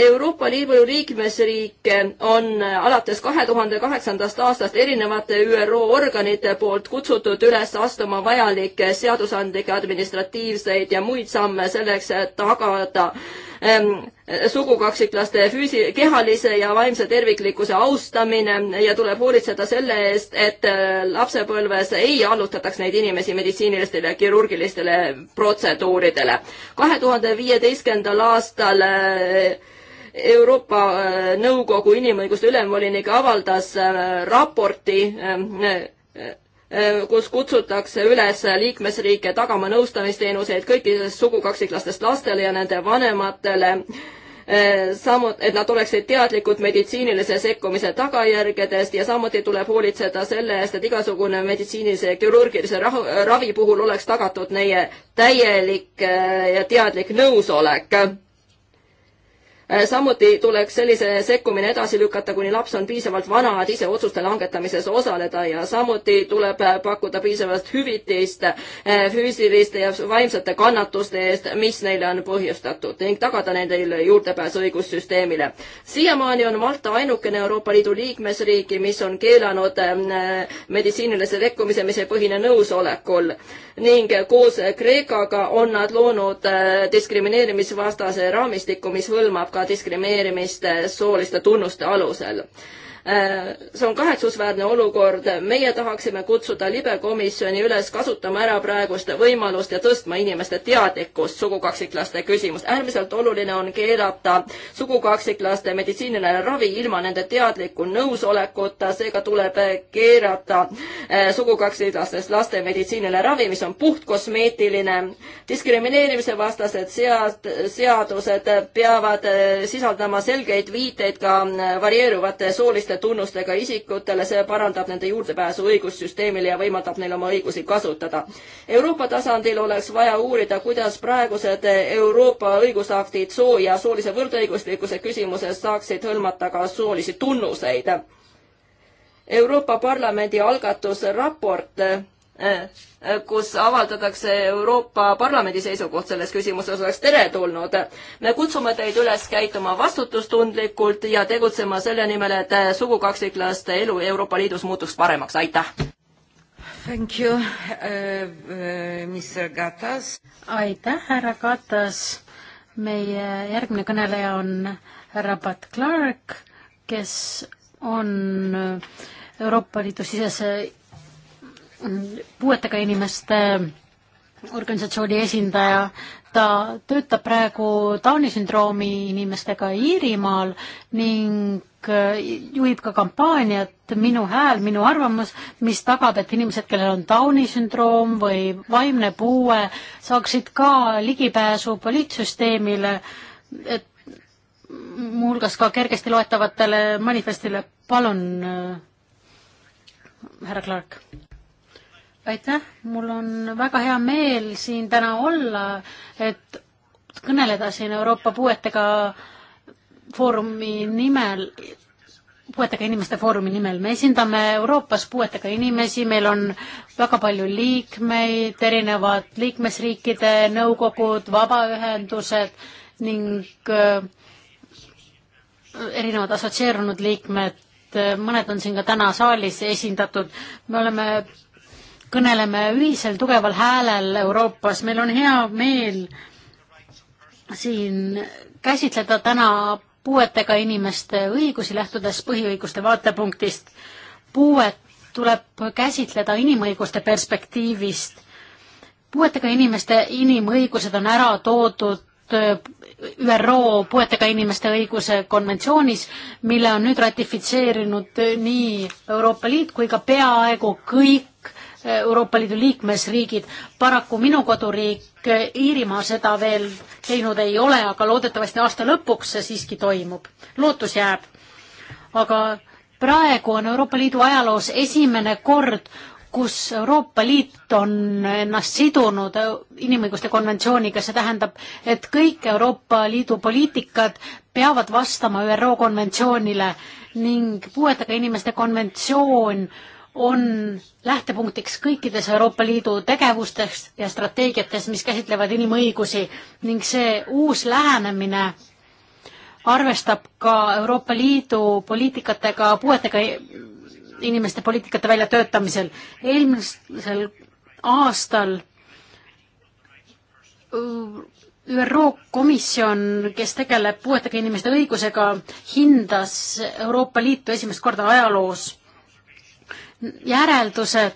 Euroopa Liidu liikmesriike on alates kahe tuhande kaheksandast aastast erinevate ÜRO organite poolt kutsutud üles astuma vajalikke seadusandlikke, administratiivseid ja muid samme selleks, et tagada Ehm, sugukaksiklaste füüsi-, kehalise ja vaimse terviklikkuse austamine ja tuleb hoolitseda selle eest, et äh, lapsepõlves ei allutataks neid inimesi meditsiinilistele ja kirurgilistele protseduuridele. kahe tuhande viieteistkümnendal aastal äh, Euroopa äh, Nõukogu inimõiguste ülemvolinik avaldas raporti Äh, kus kutsutakse üles liikmesriike tagama nõustamisteenuseid kõikidest sugukaksiklastest lastele ja nende vanematele, äh, samu-, et nad oleksid teadlikud meditsiinilise sekkumise tagajärgedest ja samuti tuleb hoolitseda selle eest, et igasugune meditsiinilise ja kirurgilise rahu, ravi puhul oleks tagatud neie täielik äh, ja teadlik nõusolek Äh, samuti tuleks sellise sekkumine edasi lükata, kuni laps on piisavalt vana, et ise otsuste langetamises osaleda ja samuti tuleb äh, pakkuda piisavast hüvitist äh, füüsiliste ja vaimsete kannatuste eest, mis neile on põhjustatud ning tagada nendele juurdepääs õigussüsteemile. siiamaani on Malta ainukene Euroopa Liidu liikmesriiki, mis on keelanud meditsiinilise sekkumise, mis ei põhine nõusolekul ning koos Kreekaga on nad loonud diskrimineerimisvastase raamistiku, mis hõlmab ka ka diskrimineerimist sooliste tunnuste alusel. Äh, see on kahetsusväärne olukord, meie tahaksime kutsuda libekomisjoni üles kasutama ära praegust võimalust ja tõstma inimeste teadlikkust sugukaksiklaste küsimus. äärmiselt oluline on keelata sugukaksiklaste meditsiiniline ravi ilma nende teadliku nõusolekuta, seega tuleb keerata äh, sugukaksiklastest laste meditsiiniline ravi, mis on puhtkosmeetiline. diskrimineerimise vastased sead-, seadused peavad äh, sisaldama selgeid viiteid ka varieeruvate sooliste oluliste tunnustega isikutele, see parandab nende juurdepääsu õigussüsteemile ja võimaldab neil oma õigusi kasutada. Euroopa tasandil oleks vaja uurida, kuidas praegused Euroopa õigusaktid soo ja soolise võrdõiguslikkuse küsimuses saaksid hõlmata ka soolisi tunnuseid. Euroopa Parlamendi algatusraport äh, kus avaldatakse Euroopa Parlamendi seisukoht selles küsimuses, oleks teretulnud. me kutsume teid üles käituma vastutustundlikult ja tegutsema selle nimel, et sugukaksiklaste elu Euroopa Liidus muutuks paremaks, aitäh! Thank you uh,, uh, Mr Katas. aitäh, härra Katas. meie järgmine kõneleja on härra Pat Clark, kes on Euroopa Liidu sisese puuetega inimeste organisatsiooni esindaja, ta töötab praegu Downi sündroomi inimestega Iirimaal ning äh, juhib ka kampaaniat Minu hääl, minu arvamus, mis tagab, et inimesed, kellel on Downi sündroom või vaimne puue, saaksid ka ligipääsu poliitsüsteemile, et muuhulgas ka kergesti loetavatele manifestile. palun, äh, härra Clark aitäh, mul on väga hea meel siin täna olla, et kõneleda siin Euroopa Puuetega Foorumi nimel, puuetega inimeste foorumi nimel. me esindame Euroopas puuetega inimesi, meil on väga palju liikmeid, erinevad liikmesriikide nõukogud, vabaühendused ning äh, erinevad assotsieerunud liikmed, äh, mõned on siin ka täna saalis esindatud. me oleme kõneleme ühisel tugeval häälel Euroopas, meil on hea meel siin käsitleda täna puuetega inimeste õigusi, lähtudes põhiõiguste vaatepunktist. puuet tuleb käsitleda inimõiguste perspektiivist. puuetega inimeste inimõigused on ära toodud ÜRO puuetega inimeste õiguse konventsioonis, mille on nüüd ratifitseerinud nii Euroopa Liit kui ka peaaegu kõik Euroopa Liidu liikmesriigid. paraku minu koduriik eh, Iirimaa seda veel teinud ei ole, aga loodetavasti aasta lõpuks see siiski toimub. lootus jääb. aga praegu on Euroopa Liidu ajaloos esimene kord, kus Euroopa Liit on ennast sidunud inimõiguste konventsiooniga, see tähendab, et kõik Euroopa Liidu poliitikad peavad vastama ÜRO konventsioonile ning puuetega inimeste konventsioon äh, on lähtepunktiks kõikides Euroopa Liidu tegevustes ja strateegiates, mis käsitlevad inimõigusi ning see uus lähenemine arvestab ka Euroopa Liidu poliitikatega, puuetega inimeste poliitikate väljatöötamisel. eelmisel aastal ÜRO komisjon, kes tegeleb puuetega inimeste õigusega, hindas Euroopa Liitu esimest korda ajaloos järeldused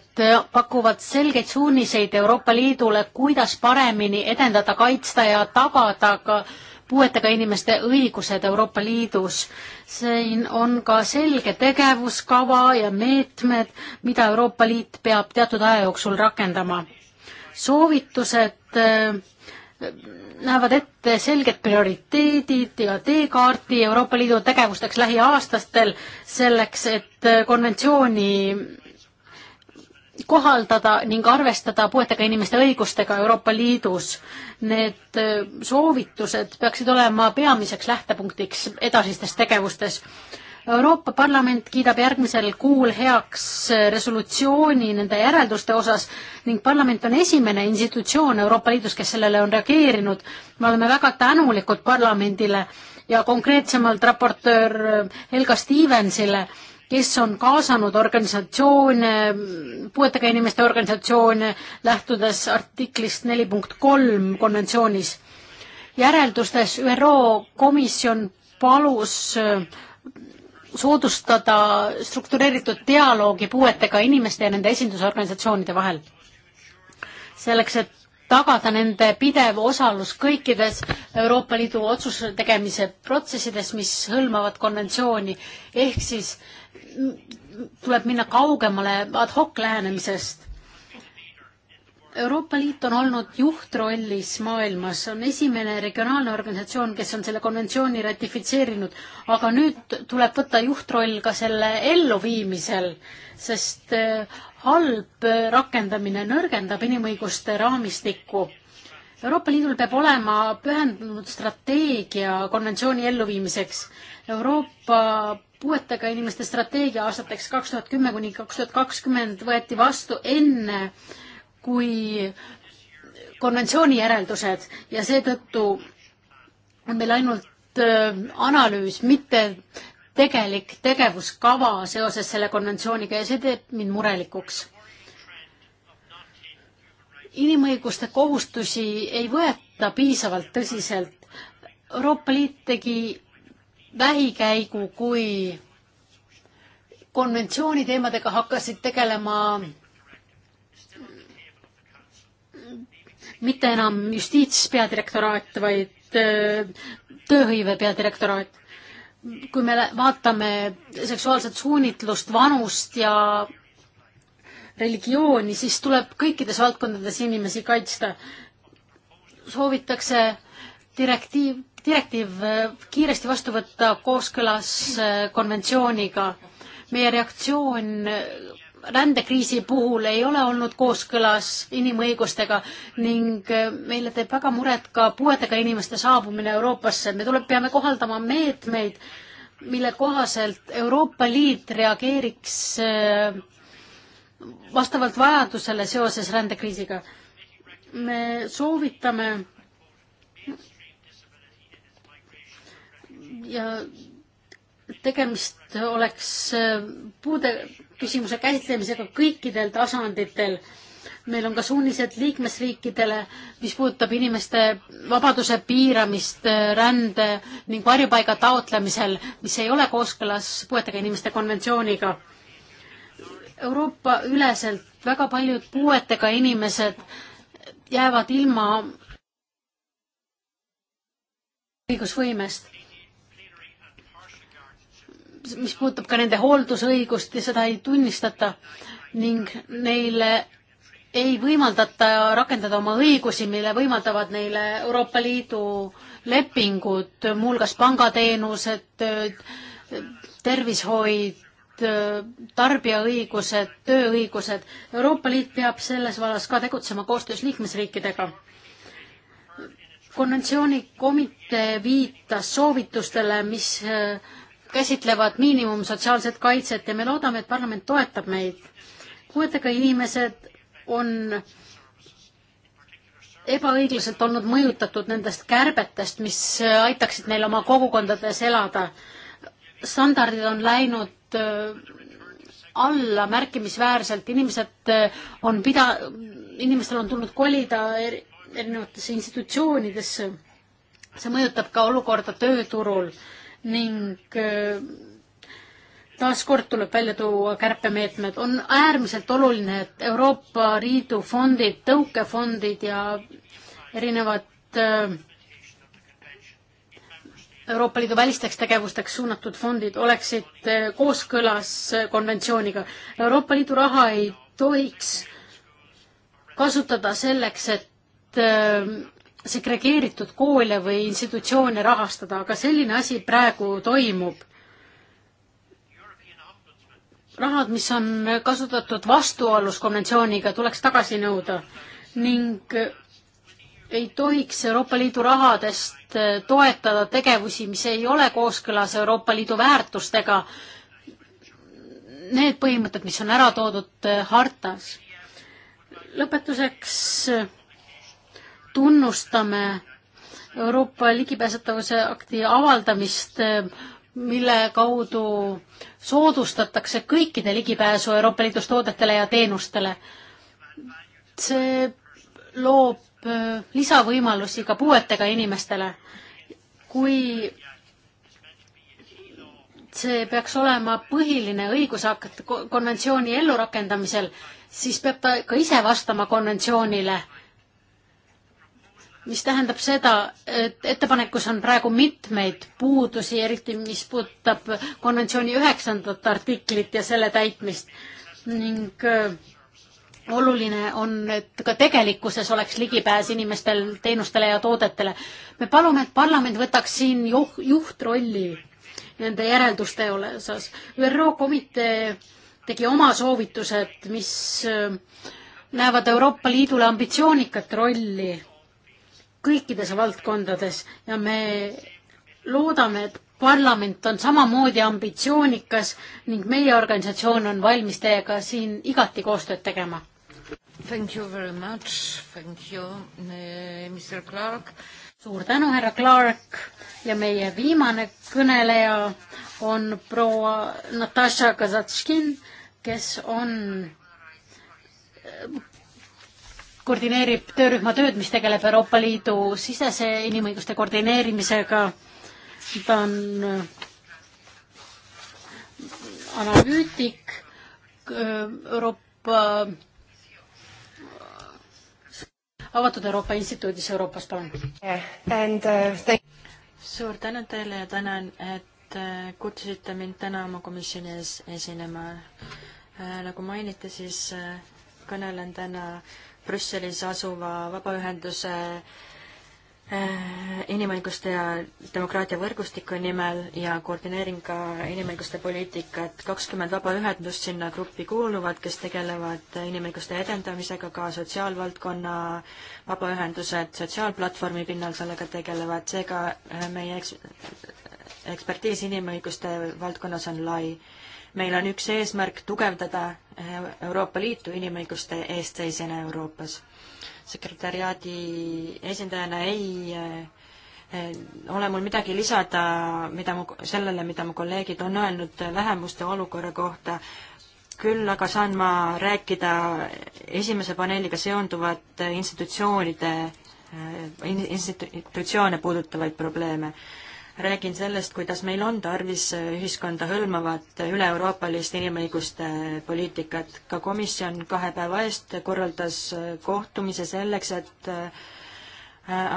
pakuvad selgeid suuniseid Euroopa Liidule, kuidas paremini edendada, kaitsta ja tagada ka puuetega inimeste õigused Euroopa Liidus. siin on ka selge tegevuskava ja meetmed, mida Euroopa Liit peab teatud aja jooksul rakendama. soovitused äh, näevad ette selged prioriteedid ja teekaarti Euroopa Liidu tegevusteks lähiaastastel selleks, et konventsiooni kohaldada ning arvestada puuetega inimeste õigustega Euroopa Liidus. Need soovitused peaksid olema peamiseks lähtepunktiks edasistes tegevustes Euroopa Parlament kiidab järgmisel kuul heaks resolutsiooni nende järelduste osas ning parlament on esimene institutsioon Euroopa Liidus, kes sellele on reageerinud. me oleme väga tänulikud parlamendile ja konkreetsemalt raportöör Helga Stevensile, kes on kaasanud organisatsioone, puuetega inimeste organisatsioone, lähtudes artiklist neli punkt kolm konventsioonis. järeldustes ÜRO komisjon palus soodustada struktureeritud dialoogi puuetega inimeste ja nende esindusorganisatsioonide vahel. selleks, et tagada nende pidev osalus kõikides Euroopa Liidu otsuse tegemise protsessides, mis hõlmavad konventsiooni, ehk siis tuleb minna kaugemale ad hoc lähenemisest. Euroopa Liit on olnud juhtrollis maailmas, on esimene regionaalne organisatsioon, kes on selle konventsiooni ratifitseerinud, aga nüüd tuleb võtta juhtroll ka selle elluviimisel, sest äh, halb rakendamine nõrgendab inimõiguste raamistikku. Euroopa Liidul peab olema pühendunud strateegia konventsiooni elluviimiseks. Euroopa puuetega inimeste strateegia aastateks kaks tuhat kümme kuni kaks tuhat kakskümmend võeti vastu enne äh, kui konventsiooni järeldused ja seetõttu on meil ainult äh, analüüs, mitte tegelik tegevuskava seoses selle konventsiooniga ja see teeb mind murelikuks. inimõiguste kohustusi ei võeta piisavalt tõsiselt. Euroopa Liit tegi vähikäigu, kui konventsiooni teemadega hakkasid tegelema mitte enam justiitspeadirektoraat, vaid äh, tööhõive peadirektoraat. kui me vaatame seksuaalset suunitlust, vanust ja religiooni, siis tuleb kõikides valdkondades inimesi kaitsta. soovitakse direktiiv, direktiiv äh, kiiresti vastu võtta kooskõlas äh, konventsiooniga. meie reaktsioon rändekriisi puhul ei ole olnud kooskõlas inimõigustega ning äh, meile teeb väga muret ka puuetega inimeste saabumine Euroopasse. me tuleb, peame kohaldama meetmeid, mille kohaselt Euroopa Liit reageeriks äh, vastavalt vajadusele seoses rändekriisiga. me soovitame ja tegemist oleks äh, puude küsimuse käsitlemisega kõikidel tasanditel. meil on ka suunised liikmesriikidele, mis puudutab inimeste vabaduse piiramist äh, rände ning varjupaiga taotlemisel, mis ei ole kooskõlas puuetega inimeste konventsiooniga. Euroopa üleselt väga paljud puuetega inimesed jäävad ilma õigusvõimest mis puudutab ka nende hooldusõigust ja seda ei tunnistata ning neile ei võimaldata rakendada oma õigusi, mille võimaldavad neile Euroopa Liidu lepingud, muuhulgas pangateenused, tervishoid, tarbijaõigused, tööõigused. Euroopa Liit peab selles vallas ka tegutsema koostöös liikmesriikidega. konventsiooni komitee viitas soovitustele, mis käsitlevad miinimumsotsiaalset kaitset ja me loodame, et parlament toetab meid. puuetega inimesed on ebaõiglaselt olnud mõjutatud nendest kärbetest, mis aitaksid neil oma kogukondades elada. standardid on läinud äh, alla märkimisväärselt, inimesed äh, on pida-, inimestel on tulnud kolida erinevatesse institutsioonidesse. see mõjutab ka olukorda tööturul ning äh, taaskord tuleb välja tuua kärpemeetmed. on äärmiselt oluline, et Euroopa Liidu fondid, tõukefondid ja erinevad äh, Euroopa Liidu välisteks tegevusteks suunatud fondid oleksid äh, kooskõlas konventsiooniga. Euroopa Liidu raha ei tohiks kasutada selleks, et segregeeritud koole või institutsioone rahastada, aga selline asi praegu toimub. rahad, mis on kasutatud vastuolus konventsiooniga, tuleks tagasi nõuda ning ei tohiks Euroopa Liidu rahadest toetada tegevusi, mis ei ole kooskõlas Euroopa Liidu väärtustega. Need põhimõtted, mis on ära toodud hartas. lõpetuseks tunnustame Euroopa ligipääsetavuse akti avaldamist, mille kaudu soodustatakse kõikide ligipääsu Euroopa Liidus toodetele ja teenustele. see loob äh, lisavõimalusi ka puuetega inimestele. kui see peaks olema põhiline õigusakt konventsiooni ellurakendamisel, siis peab ta ka ise vastama konventsioonile mis tähendab seda, et ettepanekus on praegu mitmeid puudusi, eriti mis puudutab konventsiooni üheksandat artiklit ja selle täitmist ning äh, oluline on, et ka tegelikkuses oleks ligipääs inimestel teenustele ja toodetele. me palume, et parlament võtaks siin juhtrolli nende järelduste osas. ÜRO komitee tegi oma soovitused, mis äh, näevad Euroopa Liidule ambitsioonikat rolli kõikides valdkondades ja me loodame, et parlament on samamoodi ambitsioonikas ning meie organisatsioon on valmis teiega siin igati koostööd tegema. Thank you very much, thank you, eh, Mr Clark. suur tänu, härra Clark ja meie viimane kõneleja on proua Natasha Kazatškin, kes on koordineerib töörühma tööd, mis tegeleb Euroopa Liidu sisese inimõiguste koordineerimisega. ta on äh, analüütik äh, Euroopa, avatud Euroopa Instituudis Euroopas, palun yeah.. Uh, suur tänu teile ja tänan, et äh, kutsusite mind täna oma komisjoni ees esinema. nagu mainiti, siis kõnelen täna Brüsselis asuva vabaühenduse äh, inimõiguste ja demokraatia võrgustiku nimel ja koordineerin ka inimõiguste poliitikat. kakskümmend vabaühendust sinna gruppi kuuluvad, kes tegelevad inimõiguste edendamisega, ka sotsiaalvaldkonna vabaühendused sotsiaalplatvormi pinnal sellega tegelevad, seega äh, meie eks-, ekspertiis inimõiguste valdkonnas on lai. meil on üks eesmärk tugevdada eh, Euroopa Liitu inimõiguste eestseisjana Euroopas. sekretäriaadi esindajana ei eh, eh, ole mul midagi lisada, mida mu, sellele, mida mu kolleegid on öelnud vähemuste olukorra kohta, küll aga saan ma rääkida esimese paneeliga seonduvat institutsioonide, institutsioone puudutavaid probleeme räägin sellest, kuidas meil on tarvis ühiskonda hõlmavat üle-euroopalist inimõiguste poliitikat. ka komisjon kahe päeva eest korraldas kohtumise selleks, et äh,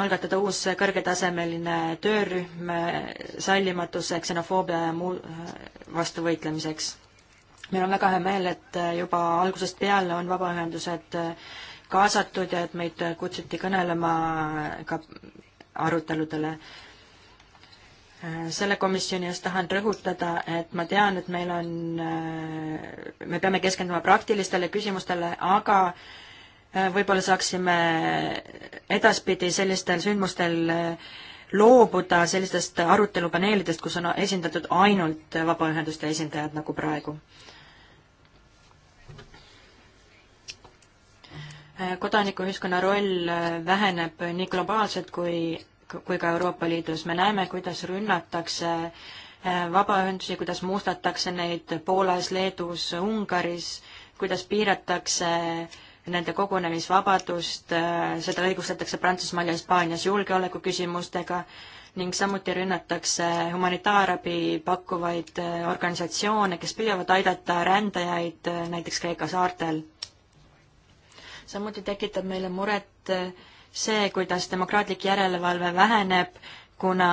algatada uus kõrgetasemeline töörühm sallimatuse, ksenofoobia ja muu äh, vastu võitlemiseks. meil on väga hea meel, et äh, juba algusest peale on vabaühendused kaasatud ja et meid kutsuti kõnelema ka aruteludele. Äh, selle komisjoni ees tahan rõhutada, et ma tean, et meil on, äh, me peame keskenduma praktilistele küsimustele, aga äh, võib-olla saaksime edaspidi sellistel sündmustel loobuda sellistest arutelupaneelidest, kus on esindatud ainult vabaühenduste esindajad, nagu praegu. kodanikuühiskonna roll väheneb nii globaalselt kui kui ka Euroopa Liidus. me näeme, kuidas rünnatakse eh, vabaühendusi, kuidas mustatakse neid Poolas, Leedus, Ungaris, kuidas piiratakse nende kogunemisvabadust, eh, seda õigustatakse Prantsusmaal ja Hispaanias julgeolekuküsimustega ning samuti rünnatakse humanitaarabi pakkuvaid eh, organisatsioone, kes püüavad aidata rändajaid näiteks Kreeka saartel. samuti tekitab meile muret see, kuidas demokraatlik järelevalve väheneb, kuna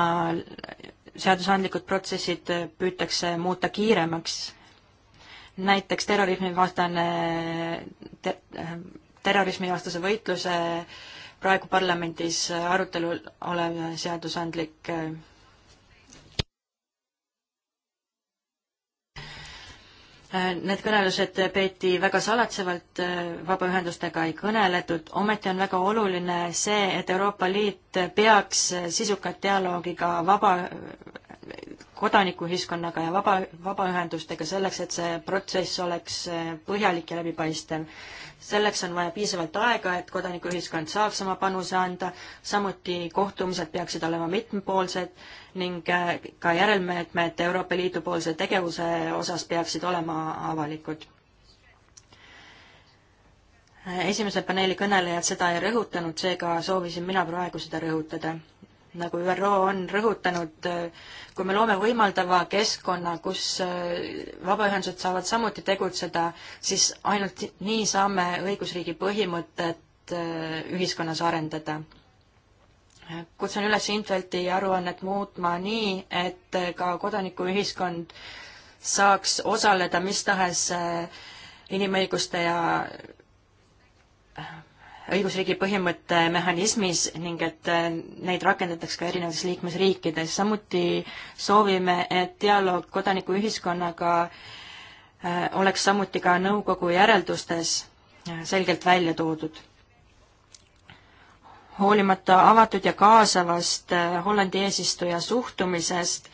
seadusandlikud protsessid püütakse muuta kiiremaks. näiteks terrorismivastane ter,, terrorismivastase võitluse praegu parlamendis arutelul olev seadusandlik äh, Äh, need kõnelused peeti väga salatsevalt, äh, vabaühendustega ei kõneletud, ometi on väga oluline see, et Euroopa Liit peaks sisukat dialoogi ka vaba, kodanikuühiskonnaga ja vaba, vabaühendustega selleks, et see protsess oleks äh, põhjalik ja läbipaistev. selleks on vaja piisavalt aega, et kodanikuühiskond saaks oma panuse anda, samuti kohtumised peaksid olema mitmepoolsed ning äh, ka järelmeetmed Euroopa Liidu poolse tegevuse osas peaksid olema avalikud. Äh, esimese paneeli kõnelejad seda ei rõhutanud, seega soovisin mina praegu seda rõhutada. nagu ÜRO on rõhutanud, äh, kui me loome võimaldava keskkonna, kus vabaühendused saavad samuti tegutseda, siis ainult nii saame õigusriigi põhimõtet ühiskonnas arendada kutsun üles Infelti aruannet muutma nii, et ka kodanikuühiskond saaks osaleda mis tahes äh, inimõiguste ja äh, õigusriigi põhimõtte mehhanismis ning et äh, neid rakendataks ka erinevates liikmesriikides. samuti soovime, et dialoog kodanikuühiskonnaga oleks samuti ka nõukogu järeldustes selgelt välja toodud hoolimata avatud ja kaasavast äh, Hollandi eesistuja suhtumisest,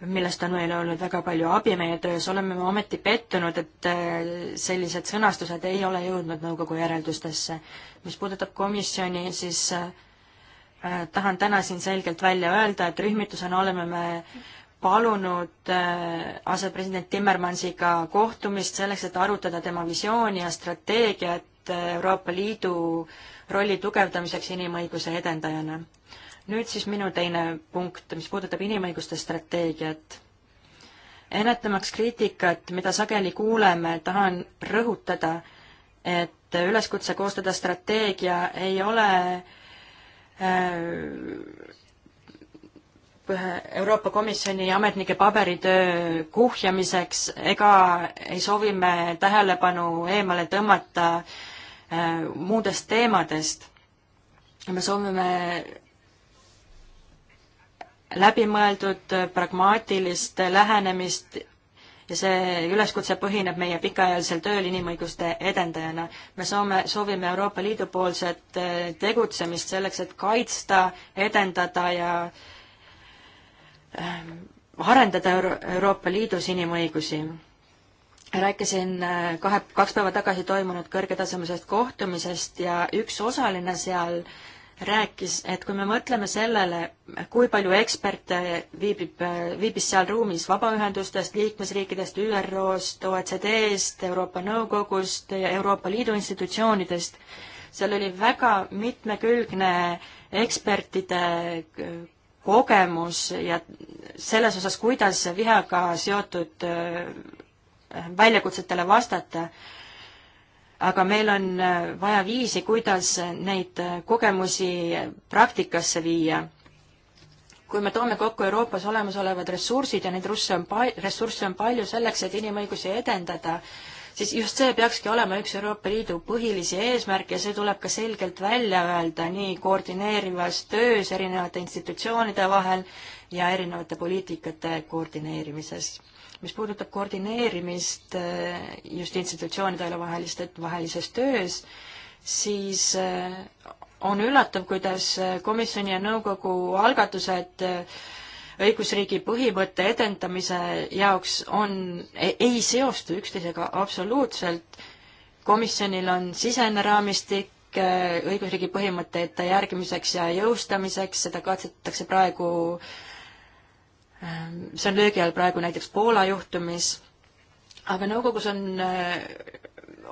millest on meile olnud väga palju abi meie töös, oleme me ometi pettunud, et äh, sellised sõnastused ei ole jõudnud nõukogu järeldustesse. mis puudutab komisjoni, siis äh, tahan täna siin selgelt välja öelda, et rühmitusena oleme me palunud asepresident Timmermansiga kohtumist selleks, et arutada tema visiooni ja strateegiat Euroopa Liidu rolli tugevdamiseks inimõiguse edendajana. nüüd siis minu teine punkt, mis puudutab inimõiguste strateegiat. ennetamaks kriitikat, mida sageli kuuleme, tahan rõhutada, et üleskutse koostada strateegia ei ole äh, Euroopa Komisjoni ametnike paberitöö kuhjamiseks ega ei soovi me tähelepanu eemale tõmmata äh, Äh, muudest teemadest. me soovime läbimõeldud äh, pragmaatilist lähenemist ja see üleskutse põhineb meie pikaajalisel tööl inimõiguste edendajana. me soome, soovime Euroopa Liidu poolset äh, tegutsemist selleks, et kaitsta, edendada ja ähm, arendada Euro Euroopa Liidus inimõigusi rääkisin äh, kahe, kaks päeva tagasi toimunud kõrgetasemelisest kohtumisest ja üks osaline seal rääkis, et kui me mõtleme sellele, kui palju eksperte viibib, äh, viibis seal ruumis vabaühendustest, liikmesriikidest, ÜRO-st, OECD-st, Euroopa Nõukogust ja Euroopa Liidu institutsioonidest, seal oli väga mitmekülgne ekspertide äh, kogemus ja selles osas, kuidas vihaga seotud väljakutsetele vastata. aga meil on äh, vaja viisi, kuidas neid äh, kogemusi praktikasse viia. kui me toome kokku Euroopas olemasolevad ressursid ja neid ressursse on pa-, ressursse on palju selleks, et inimõigusi edendada, siis just see peakski olema üks Euroopa Liidu põhilisi eesmärke ja see tuleb ka selgelt välja öelda nii koordineerivas töös erinevate institutsioonide vahel ja erinevate poliitikate koordineerimises mis puudutab koordineerimist eh, justiitsinstitutsioonide vaheliste, vahelises töös, siis eh, on üllatav, kuidas eh, komisjoni ja nõukogu algatused õigusriigi põhimõtte edendamise jaoks on, ei seostu üksteisega absoluutselt. komisjonil on sisene raamistik õigusriigi põhimõtete järgimiseks ja jõustamiseks, seda katsetakse praegu äh, Ähm, see on löögi all praegu näiteks Poola juhtumis, aga nõukogus on äh,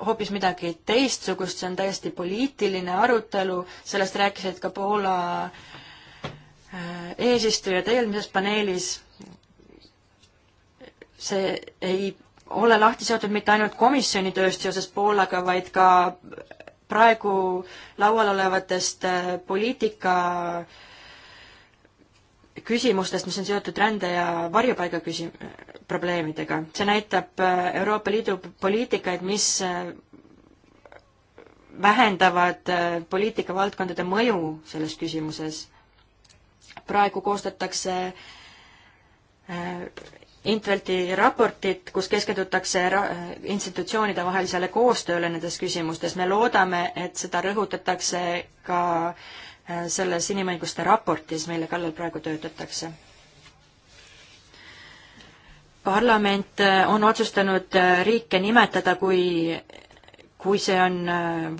hoopis midagi teistsugust, see on täiesti poliitiline arutelu, sellest rääkisid ka Poola äh, eesistujad eelmises paneelis. see ei ole lahti seotud mitte ainult komisjoni tööst seoses Poolaga, vaid ka praegu laual olevatest äh, poliitika äh, küsimustest, mis on seotud rände ja varjupaiga küsi-, probleemidega. see näitab äh, Euroopa Liidu poliitikaid, mis äh, vähendavad äh, poliitikavaldkondade mõju selles küsimuses. praegu koostatakse Intvelti raportit, kus keskendutakse ra-, institutsioonide vahelisele koostööle nendes küsimustes. me loodame, et seda rõhutatakse ka äh, Äh, selles inimõiguste raportis, mille kallal praegu töötatakse. parlament äh, on otsustanud äh, riike nimetada kui, kui see on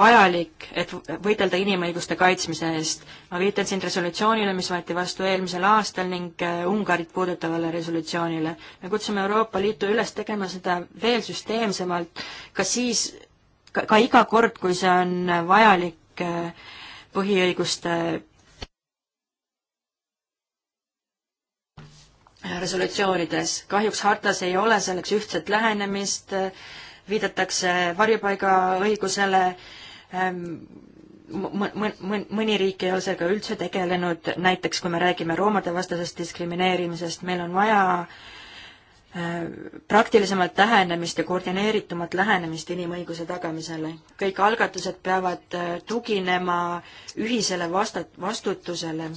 vajalik, et võidelda inimõiguste kaitsmise eest. ma viitan siin resolutsioonile, mis võeti vastu eelmisel aastal ning Ungarit puudutavale resolutsioonile. me kutsume Euroopa Liitu üles tegema seda veel süsteemsemalt, ka siis, ka iga kord, kui see on vajalik äh, põhiõiguste resolutsioonides. kahjuks hartas ei ole selleks ühtset lähenemist, viidatakse varjupaigaõigusele, ehm, mõni riik ei ole sellega üldse tegelenud, näiteks kui me räägime roomade vastasest diskrimineerimisest, meil on vaja äh, praktilisemat lähenemist ja koordineeritumat lähenemist inimõiguse tagamisele. kõik algatused peavad äh, tuginema ühisele vasta-, vastutusele,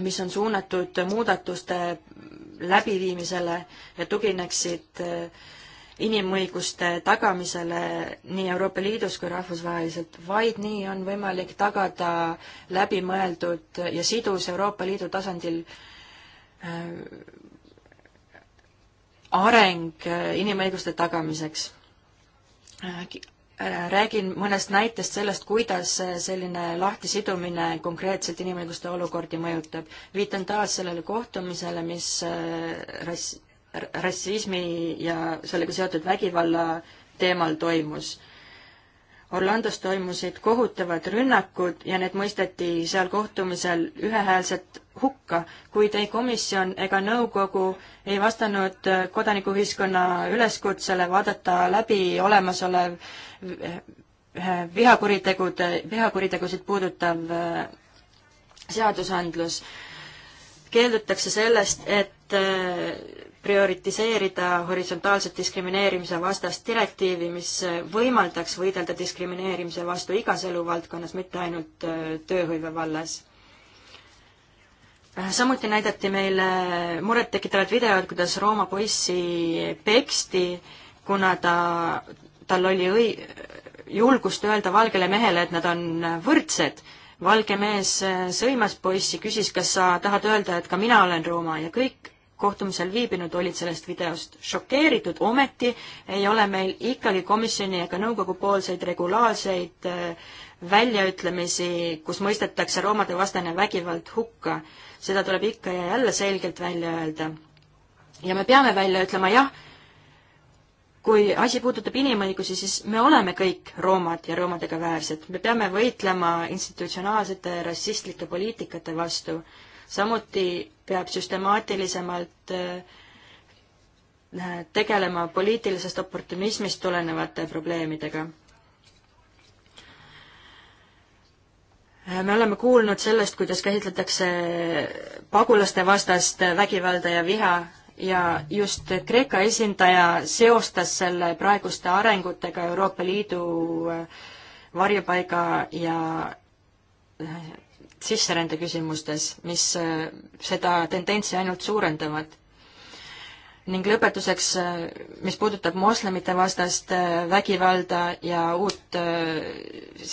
mis on suunatud muudatuste läbiviimisele ja tugineksid äh, inimõiguste tagamisele nii Euroopa Liidus kui rahvusvaheliselt. vaid nii on võimalik tagada läbimõeldud ja sidus Euroopa Liidu tasandil äh, areng äh, inimõiguste tagamiseks. Äh, äh, räägin mõnest näitest sellest, kuidas selline lahtisidumine konkreetselt inimõiguste olukordi mõjutab. viitan taas sellele kohtumisele, mis rass-, rassismi ja sellega seotud vägivalla teemal toimus Orlandos toimusid kohutavad rünnakud ja need mõisteti seal kohtumisel ühehäälselt hukka, kuid ei komisjon ega nõukogu ei vastanud kodanikuühiskonna üleskutsele vaadata läbi olemasolev eh, vihakuritegude, vihakuritegusid puudutav eh, seadusandlus. keeldutakse sellest, et eh, prioritiseerida horisontaalset diskrimineerimise vastast direktiivi, mis võimaldaks võidelda diskrimineerimise vastu igas eluvaldkonnas, mitte ainult äh, tööhõive vallas äh, samuti näidati meile murettekitavat videot, kuidas Rooma poissi peksti, kuna ta, tal oli õi-, julgust öelda valgele mehele, et nad on võrdsed. valge mees äh, sõimas poissi, küsis, kas sa tahad öelda, et ka mina olen Rooma ja kõik kohtumisel viibinud olid sellest videost šokeeritud, ometi ei ole meil ikkagi komisjoni ega nõukogu poolseid regulaarseid äh, väljaütlemisi, kus mõistetakse roomade vastane vägivald hukka. seda tuleb ikka ja jälle selgelt välja öelda. ja me peame välja ütlema jah, kui asi puudutab inimõigusi, siis me oleme kõik roomad ja roomadega väärsed. me peame võitlema institutsionaalsete rassistlike poliitikate vastu. samuti peab süstemaatilisemalt äh, tegelema poliitilisest oportunismist tulenevate probleemidega. me oleme kuulnud sellest, kuidas käsitletakse pagulaste vastast vägivalda ja viha ja just Kreeka esindaja seostas selle praeguste arengutega Euroopa Liidu äh, varjupaiga ja äh, sisserände küsimustes, mis äh, seda tendentsi ainult suurendavad. ning lõpetuseks, äh, mis puudutab moslemite vastast äh, vägivalda ja uut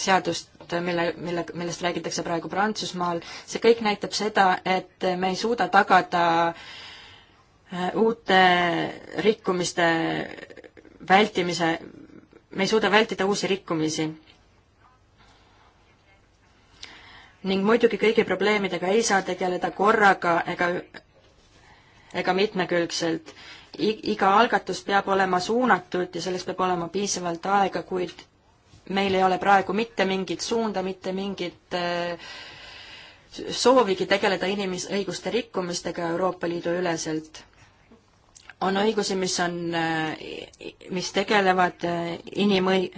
seadust, mille, mille, millest räägitakse praegu Prantsusmaal, see kõik näitab seda, et me ei suuda tagada uute rikkumiste vältimise, me ei suuda vältida uusi rikkumisi ning muidugi kõigi probleemidega ei saa tegeleda korraga ega, ega mitmekülgselt. iga algatus peab olema suunatud ja selleks peab olema piisavalt aega, kuid meil ei ole praegu mitte mingit suunda, mitte mingit äh, soovigi tegeleda inimõiguste rikkumistega Euroopa Liidu üleselt. on õigusi, mis on, äh, mis tegelevad äh, inimõi-,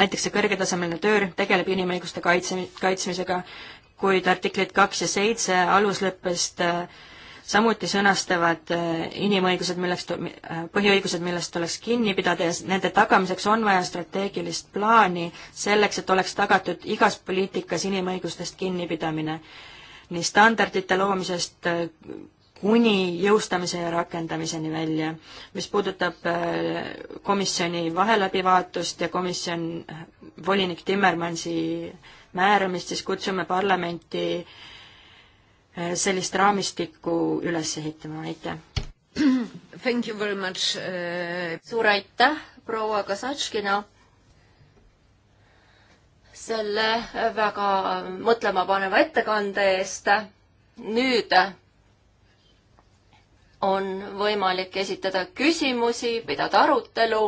näiteks see kõrgetasemeline töörühm tegeleb inimõiguste kaitse, kaitsmisega, kuid artiklid kaks ja seitse alusleppest äh, samuti sõnastavad äh, inimõigused, millest, äh, põhiõigused, millest tuleks kinni pidada ja nende tagamiseks on vaja strateegilist plaani selleks, et oleks tagatud igas poliitikas inimõigustest kinnipidamine. nii standardite loomisest kuni jõustamise ja rakendamiseni välja. mis puudutab äh, komisjoni vaheläbivaatust ja komisjon, äh, volinik Timmermansi määramist, siis kutsume parlamenti äh, sellist raamistikku üles ehitama, aitäh! Thank you very much uh...! suur aitäh, proua Kasatškina, selle väga mõtlemapaneva ettekande eest, nüüd on võimalik esitada küsimusi, pidada arutelu.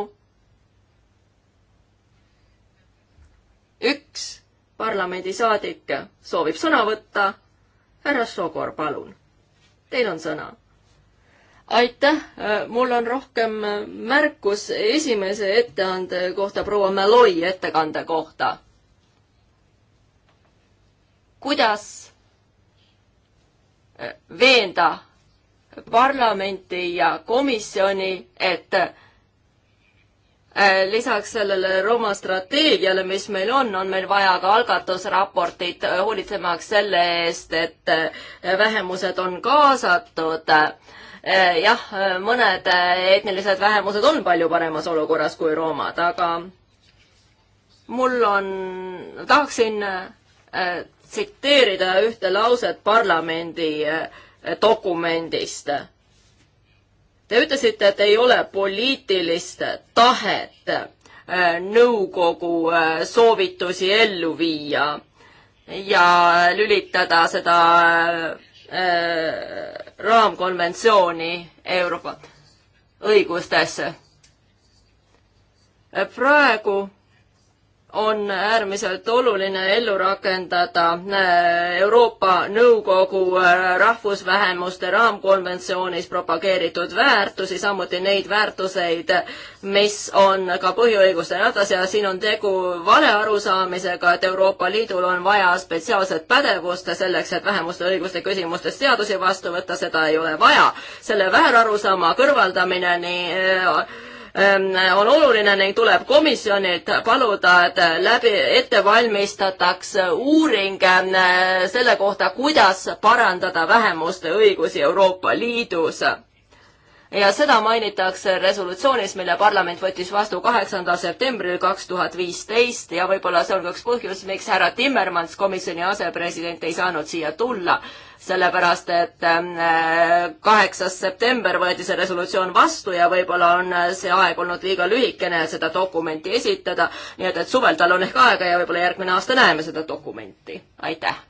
üks parlamendisaadik soovib sõna võtta. härra Sogor, palun, teil on sõna. aitäh, mul on rohkem märkus esimese etteande kohta, proua Maloi ettekande kohta. kuidas veenda parlamenti ja komisjoni, et äh, lisaks sellele Rooma strateegiale, mis meil on, on meil vaja ka algatusraportit, äh, hoolitsemaks selle eest, et äh, vähemused on kaasatud. jah, mõned etnilised vähemused on palju paremas olukorras kui roomad, aga mul on, tahaksin tsiteerida ühte lauset parlamendi äh, dokumendist. Te ütlesite, et ei ole poliitilist tahet äh, nõukogu äh, soovitusi ellu viia ja lülitada seda äh, raamkonventsiooni Euroopa õigustesse. praegu on äärmiselt oluline ellu rakendada äh, Euroopa Nõukogu äh, rahvusvähemuste raamkonventsioonis propageeritud väärtusi, samuti neid väärtuseid, mis on ka põhiõiguste hädas ja siin on tegu valearusaamisega, et Euroopa Liidul on vaja spetsiaalset pädevust selleks, et vähemuste õiguste küsimustes seadusi vastu võtta, seda ei ole vaja. selle väärarusaama kõrvaldamine nii äh, Ehm, on oluline ning tuleb komisjonilt paluda, et läbi, ette valmistataks uuring ehm, selle kohta, kuidas parandada vähemuste õigusi Euroopa Liidus. ja seda mainitakse resolutsioonis, mille parlament võttis vastu kaheksandal septembril kaks tuhat viisteist ja võib-olla see on ka üks põhjus, miks härra Timmermans, komisjoni asepresident, ei saanud siia tulla sellepärast et ähm, kaheksas september võeti see resolutsioon vastu ja võib-olla on see aeg olnud liiga lühikene seda dokumenti esitada, nii et, et suvel tal on ehk aega ja võib-olla järgmine aasta näeme seda dokumenti. aitäh!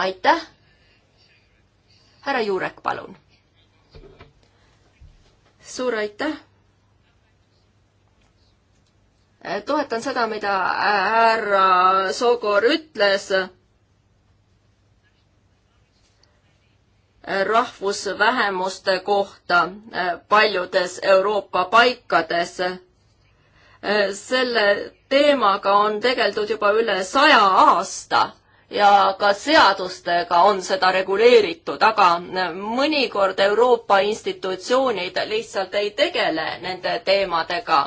aitäh! härra Juurek, palun! suur aitäh! toetan seda, mida äh, härra Sogor ütles rahvusvähemuste kohta äh, paljudes Euroopa paikades. Äh, selle teemaga on tegeldud juba üle saja aasta ja ka seadustega on seda reguleeritud, aga äh, mõnikord Euroopa institutsioonid lihtsalt ei tegele nende teemadega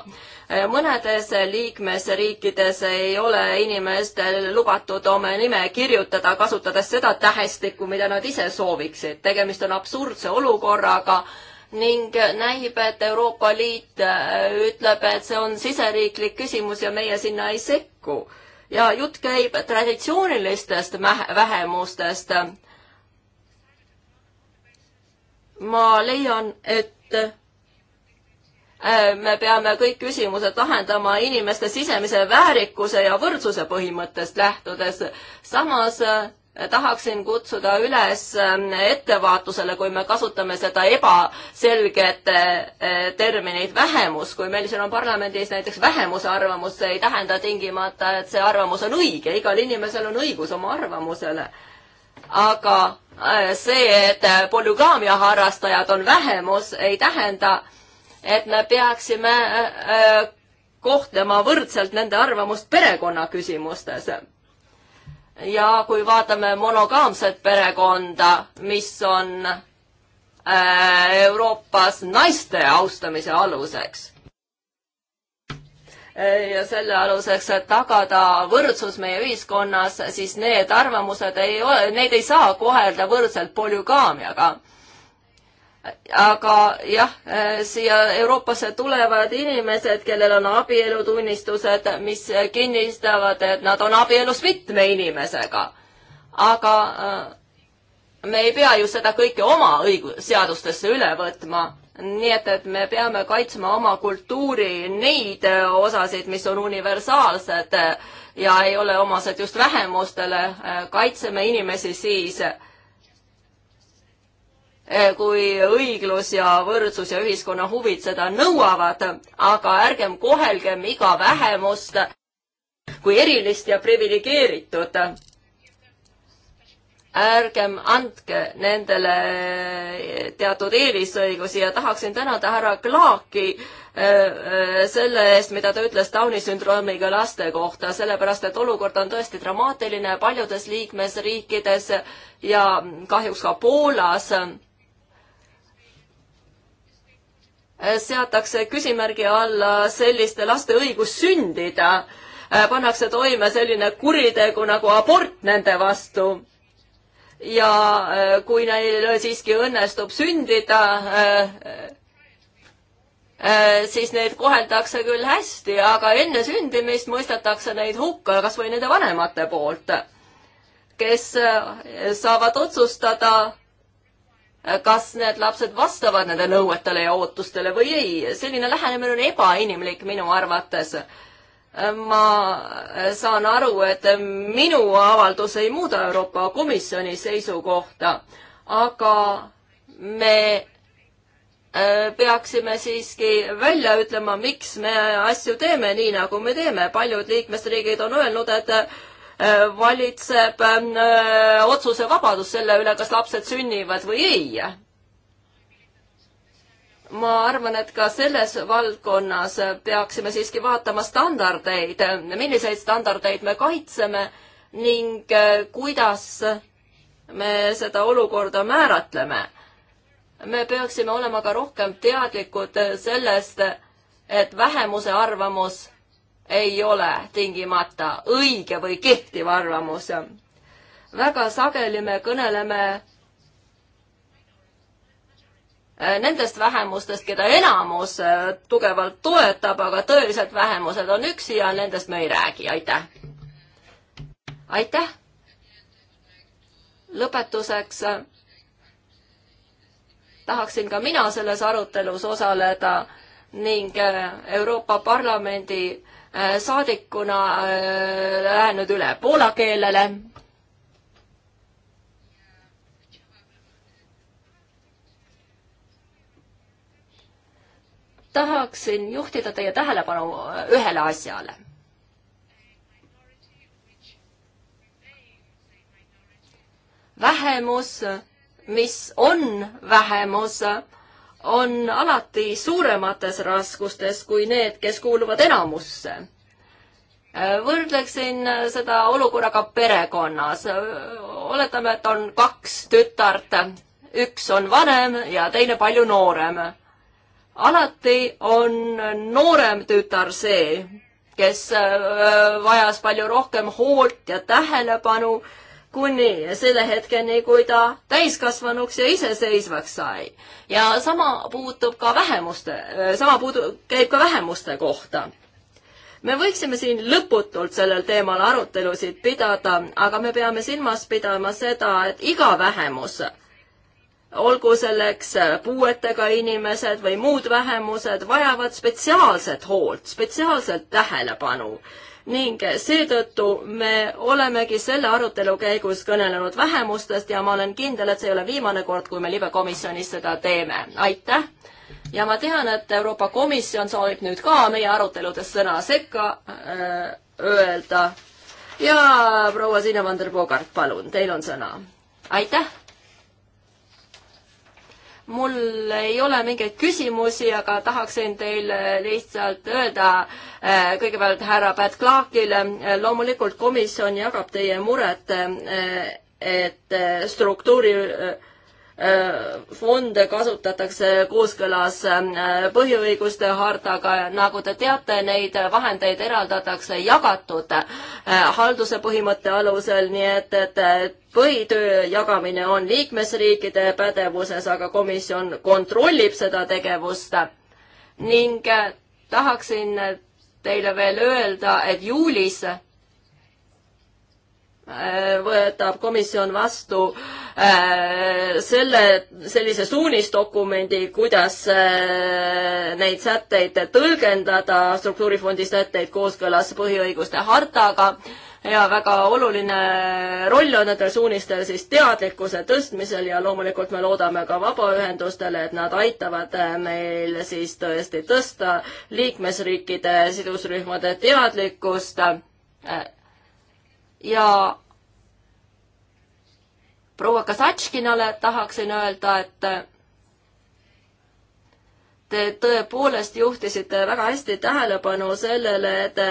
mõnedes liikmesriikides ei ole inimestel lubatud oma nime kirjutada, kasutades seda tähestikku, mida nad ise sooviksid. tegemist on absurdse olukorraga ning näib, et Euroopa Liit äh, ütleb, et see on siseriiklik küsimus ja meie sinna ei sekku. ja jutt käib traditsioonilistest vähemustest. ma leian, et Äh, me peame kõik küsimused lahendama inimeste sisemise väärikuse ja võrdsuse põhimõttest lähtudes. samas äh, tahaksin kutsuda üles äh, ettevaatusele, kui me kasutame seda ebaselget terminit vähemus, kui meil siin on parlamendis näiteks vähemuse arvamus, see ei tähenda tingimata, et see arvamus on õige, igal inimesel on õigus oma arvamusele. aga see, et polügaamia harrastajad on vähemus, ei tähenda, et me peaksime äh, äh, kohtlema võrdselt nende arvamust perekonna küsimustes. ja kui vaatame monogaamset perekonda, mis on äh, Euroopas naiste austamise aluseks, ja selle aluseks, et tagada võrdsus meie ühiskonnas, siis need arvamused ei ole, neid ei saa kohelda võrdselt polügaamiaga aga jah, eh, siia Euroopasse tulevad inimesed, kellel on abielutunnistused, mis kinnistavad, et nad on abielus mitme inimesega. aga eh, me ei pea ju seda kõike oma õigus, seadustesse üle võtma nii et, et me peame kaitsma oma kultuuri neid eh, osasid, mis on universaalsed ja ei ole omased just vähemustele, kaitseme inimesi siis Eh, kui õiglus ja võrdsus ja ühiskonna huvid seda nõuavad, aga ärgem kohelgem iga vähemust kui erilist ja priviligeeritud. ärgem andke nendele teatud eelisõigusi ja tahaksin tänada härra Klaaki eh, eh, selle eest, mida ta ütles Downi sündroomiga laste kohta, sellepärast et olukord on tõesti dramaatiline paljudes liikmesriikides ja kahjuks ka Poolas seatakse küsimärgi alla selliste laste õigus sündida, äh, pannakse toime selline kuritegu nagu abort nende vastu. ja äh, kui neil siiski õnnestub sündida, äh, siis neid koheldakse küll hästi, aga enne sündimist mõistetakse neid hukka kas või nende vanemate poolt, kes saavad otsustada kas need lapsed vastavad nende nõuetele ja ootustele või ei. selline lähenemine on ebainimlik minu arvates. ma saan aru, et minu avaldus ei muuda Euroopa Komisjoni seisukohta, aga me äh, peaksime siiski välja ütlema, miks me asju teeme nii, nagu me teeme. paljud liikmesriigid on öelnud, et Äh, valitseb äh, otsusevabadus selle üle, kas lapsed sünnivad või ei. ma arvan, et ka selles valdkonnas peaksime siiski vaatama standardeid, milliseid standardeid me kaitseme ning äh, kuidas me seda olukorda määratleme. me peaksime olema ka rohkem teadlikud sellest, et vähemuse arvamus ei ole tingimata õige või kehtiv arvamus. väga sageli me kõneleme äh, nendest vähemustest, keda enamus äh, tugevalt toetab, aga tõeliselt vähemused on üksi ja nendest me ei räägi, aitäh. aitäh. lõpetuseks äh, tahaksin ka mina selles arutelus osaleda ning Euroopa Parlamendi Äh, saadikuna äh, lähen nüüd üle poola keelele. tahaksin juhtida teie tähelepanu äh, ühele asjale vähemus, mis on vähemus, on alati suuremates raskustes kui need, kes kuuluvad enamusse. võrdleksin seda olukorraga perekonnas. oletame, et on kaks tütart, üks on vanem ja teine palju noorem. alati on noorem tütar see, kes äh, vajas palju rohkem hoolt ja tähelepanu kuni selle hetkeni, kui ta täiskasvanuks ja iseseisvaks sai. ja sama puutub ka vähemuste, äh, sama puudu-, käib ka vähemuste kohta. me võiksime siin lõputult sellel teemal arutelusid pidada, aga me peame silmas pidama seda, et iga vähemus, olgu selleks puuetega inimesed või muud vähemused, vajavad spetsiaalset hoolt, spetsiaalset tähelepanu ning seetõttu me olemegi selle arutelu käigus kõnelenud vähemustest ja ma olen kindel, et see ei ole viimane kord, kui me libekomisjonis seda teeme. aitäh! ja ma tean, et Euroopa Komisjon soovib nüüd ka meie aruteludes sõna sekka öö, äh, öelda. ja proua Signe Vanderpogart, palun, teil on sõna. aitäh! mul ei ole mingeid küsimusi, aga tahaksin teile lihtsalt öelda äh, kõigepealt härra Pat Clarkile, äh, loomulikult komisjon jagab teie muret, äh, et struktuuri Äh, fonde kasutatakse kooskõlas äh, põhiõiguste hartaga, nagu te teate, neid vahendeid eraldatakse jagatud äh, halduse põhimõtte alusel, nii et, et põhitöö jagamine on liikmesriikide pädevuses, aga komisjon kontrollib seda tegevust ning tahaksin teile veel öelda, et juulis Äh, võtab komisjon vastu äh, selle, sellise suunisdokumendi, kuidas äh, neid sätteid tõlgendada, struktuurifondi sätteid kooskõlas põhiõiguste hartaga ja väga oluline roll on nendel suunistel siis teadlikkuse tõstmisel ja loomulikult me loodame ka vabaühendustele, et nad aitavad meil siis tõesti tõsta liikmesriikide sidusrühmade teadlikkust ja proua Kasatškinale tahaksin öelda, et te tõepoolest juhtisite väga hästi tähelepanu sellele, et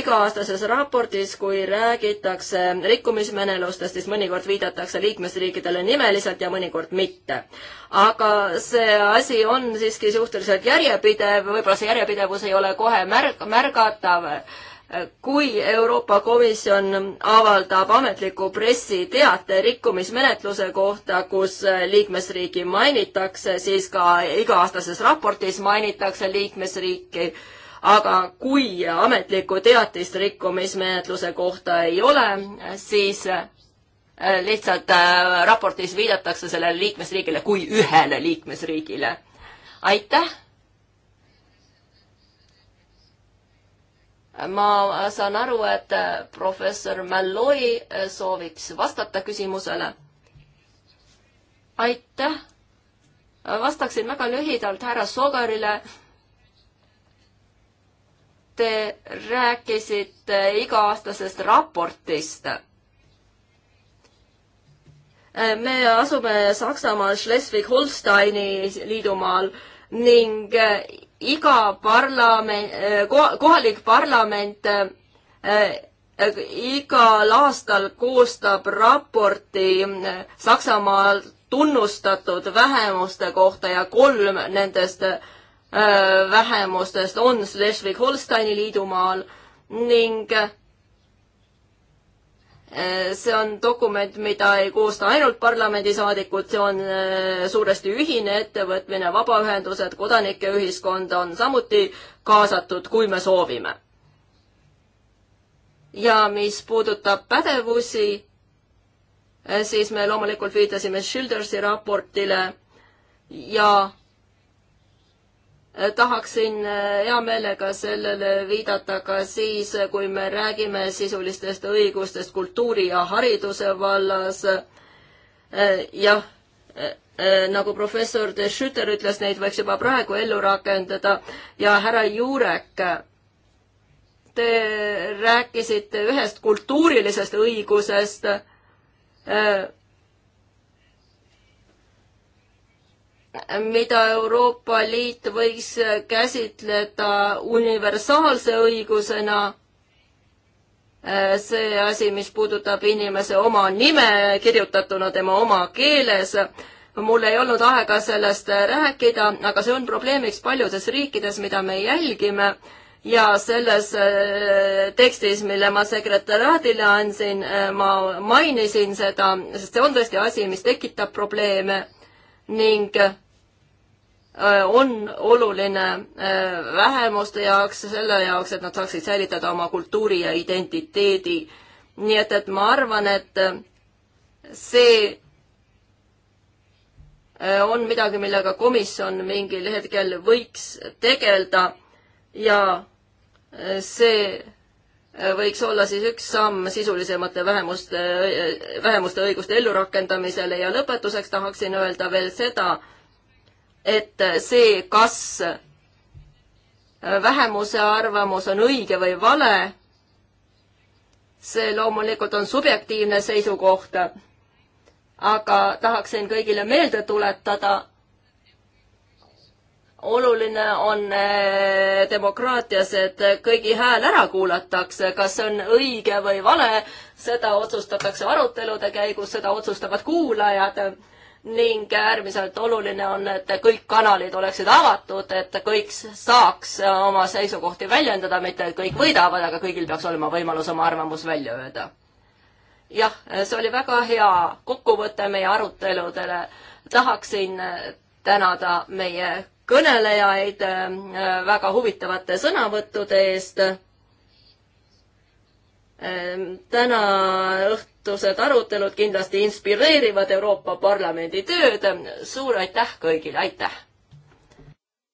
iga-aastases raportis, kui räägitakse rikkumismenetlustest, siis mõnikord viidatakse liikmesriikidele nimeliselt ja mõnikord mitte. aga see asi on siiski suhteliselt järjepidev, võib-olla see järjepidevus ei ole kohe märg-, märgatav kui Euroopa Komisjon avaldab ametliku pressiteate rikkumismenetluse kohta, kus liikmesriiki mainitakse, siis ka iga-aastases raportis mainitakse liikmesriiki, aga kui ametlikku teatist rikkumismenetluse kohta ei ole, siis äh, lihtsalt äh, raportis viidatakse sellele liikmesriigile kui ühele liikmesriigile. aitäh! ma saan aru, et äh, professor Malloi äh, sooviks vastata küsimusele. aitäh. vastaksin väga lühidalt härra Sogarile. Te rääkisite iga-aastasest raportist. Äh, me asume Saksamaal Schleswig-Holsteini liidumaal ning iga parlament, äh, kohalik parlament äh, äh, igal aastal koostab raporti Saksamaal tunnustatud vähemuste kohta ja kolm nendest vähemustest on Schleswig-Holsteini liidumaal ning Äh, see on dokument, mida ei koosta ainult parlamendisaadikud, see on äh, suuresti ühine ettevõtmine, vabaühendused, kodanike ühiskond on samuti kaasatud, kui me soovime. ja mis puudutab pädevusi, äh, siis me loomulikult viitasime Schildersi raportile ja tahaksin äh, hea meelega sellele viidata ka siis, kui me räägime sisulistest õigustest kultuuri ja hariduse vallas. Äh, jah, äh, nagu professor De Schütter ütles, neid võiks juba praegu ellu rakendada ja härra Juurek, te rääkisite ühest kultuurilisest õigusest mida Euroopa Liit võiks käsitleda universaalse õigusena, see asi, mis puudutab inimese oma nime kirjutatuna tema oma keeles, mul ei olnud aega sellest rääkida, aga see on probleemiks paljudes riikides, mida me jälgime ja selles äh, tekstis, mille ma sekretäraadile andsin, äh, ma mainisin seda, sest see on tõesti asi, mis tekitab probleeme ning Äh, on oluline äh, vähemuste jaoks, selle jaoks, et nad saaksid säilitada oma kultuuri ja identiteedi. nii et, et ma arvan, et äh, see on midagi, millega komisjon mingil hetkel võiks tegeleda ja see võiks olla siis üks samm sisulisemate vähemuste, vähemuste õiguste ellurakendamisele ja lõpetuseks tahaksin öelda veel seda, et see, kas vähemuse arvamus on õige või vale, see loomulikult on subjektiivne seisukoht, aga tahaksin kõigile meelde tuletada, oluline on eh, demokraatias, et kõigi hääl ära kuulatakse, kas see on õige või vale, seda otsustatakse arutelude käigus, seda otsustavad kuulajad ning äärmiselt oluline on, et kõik kanalid oleksid avatud, et kõik saaks oma seisukohti väljendada, mitte et kõik võidavad, aga kõigil peaks olema võimalus oma arvamus välja öelda. jah, see oli väga hea kokkuvõte meie aruteludele. tahaksin tänada meie kõnelejaid äh, väga huvitavate sõnavõttude eest Ehm, tänaõhtused arutelud kindlasti inspireerivad Euroopa Parlamendi tööd. suur aitäh kõigile, aitäh!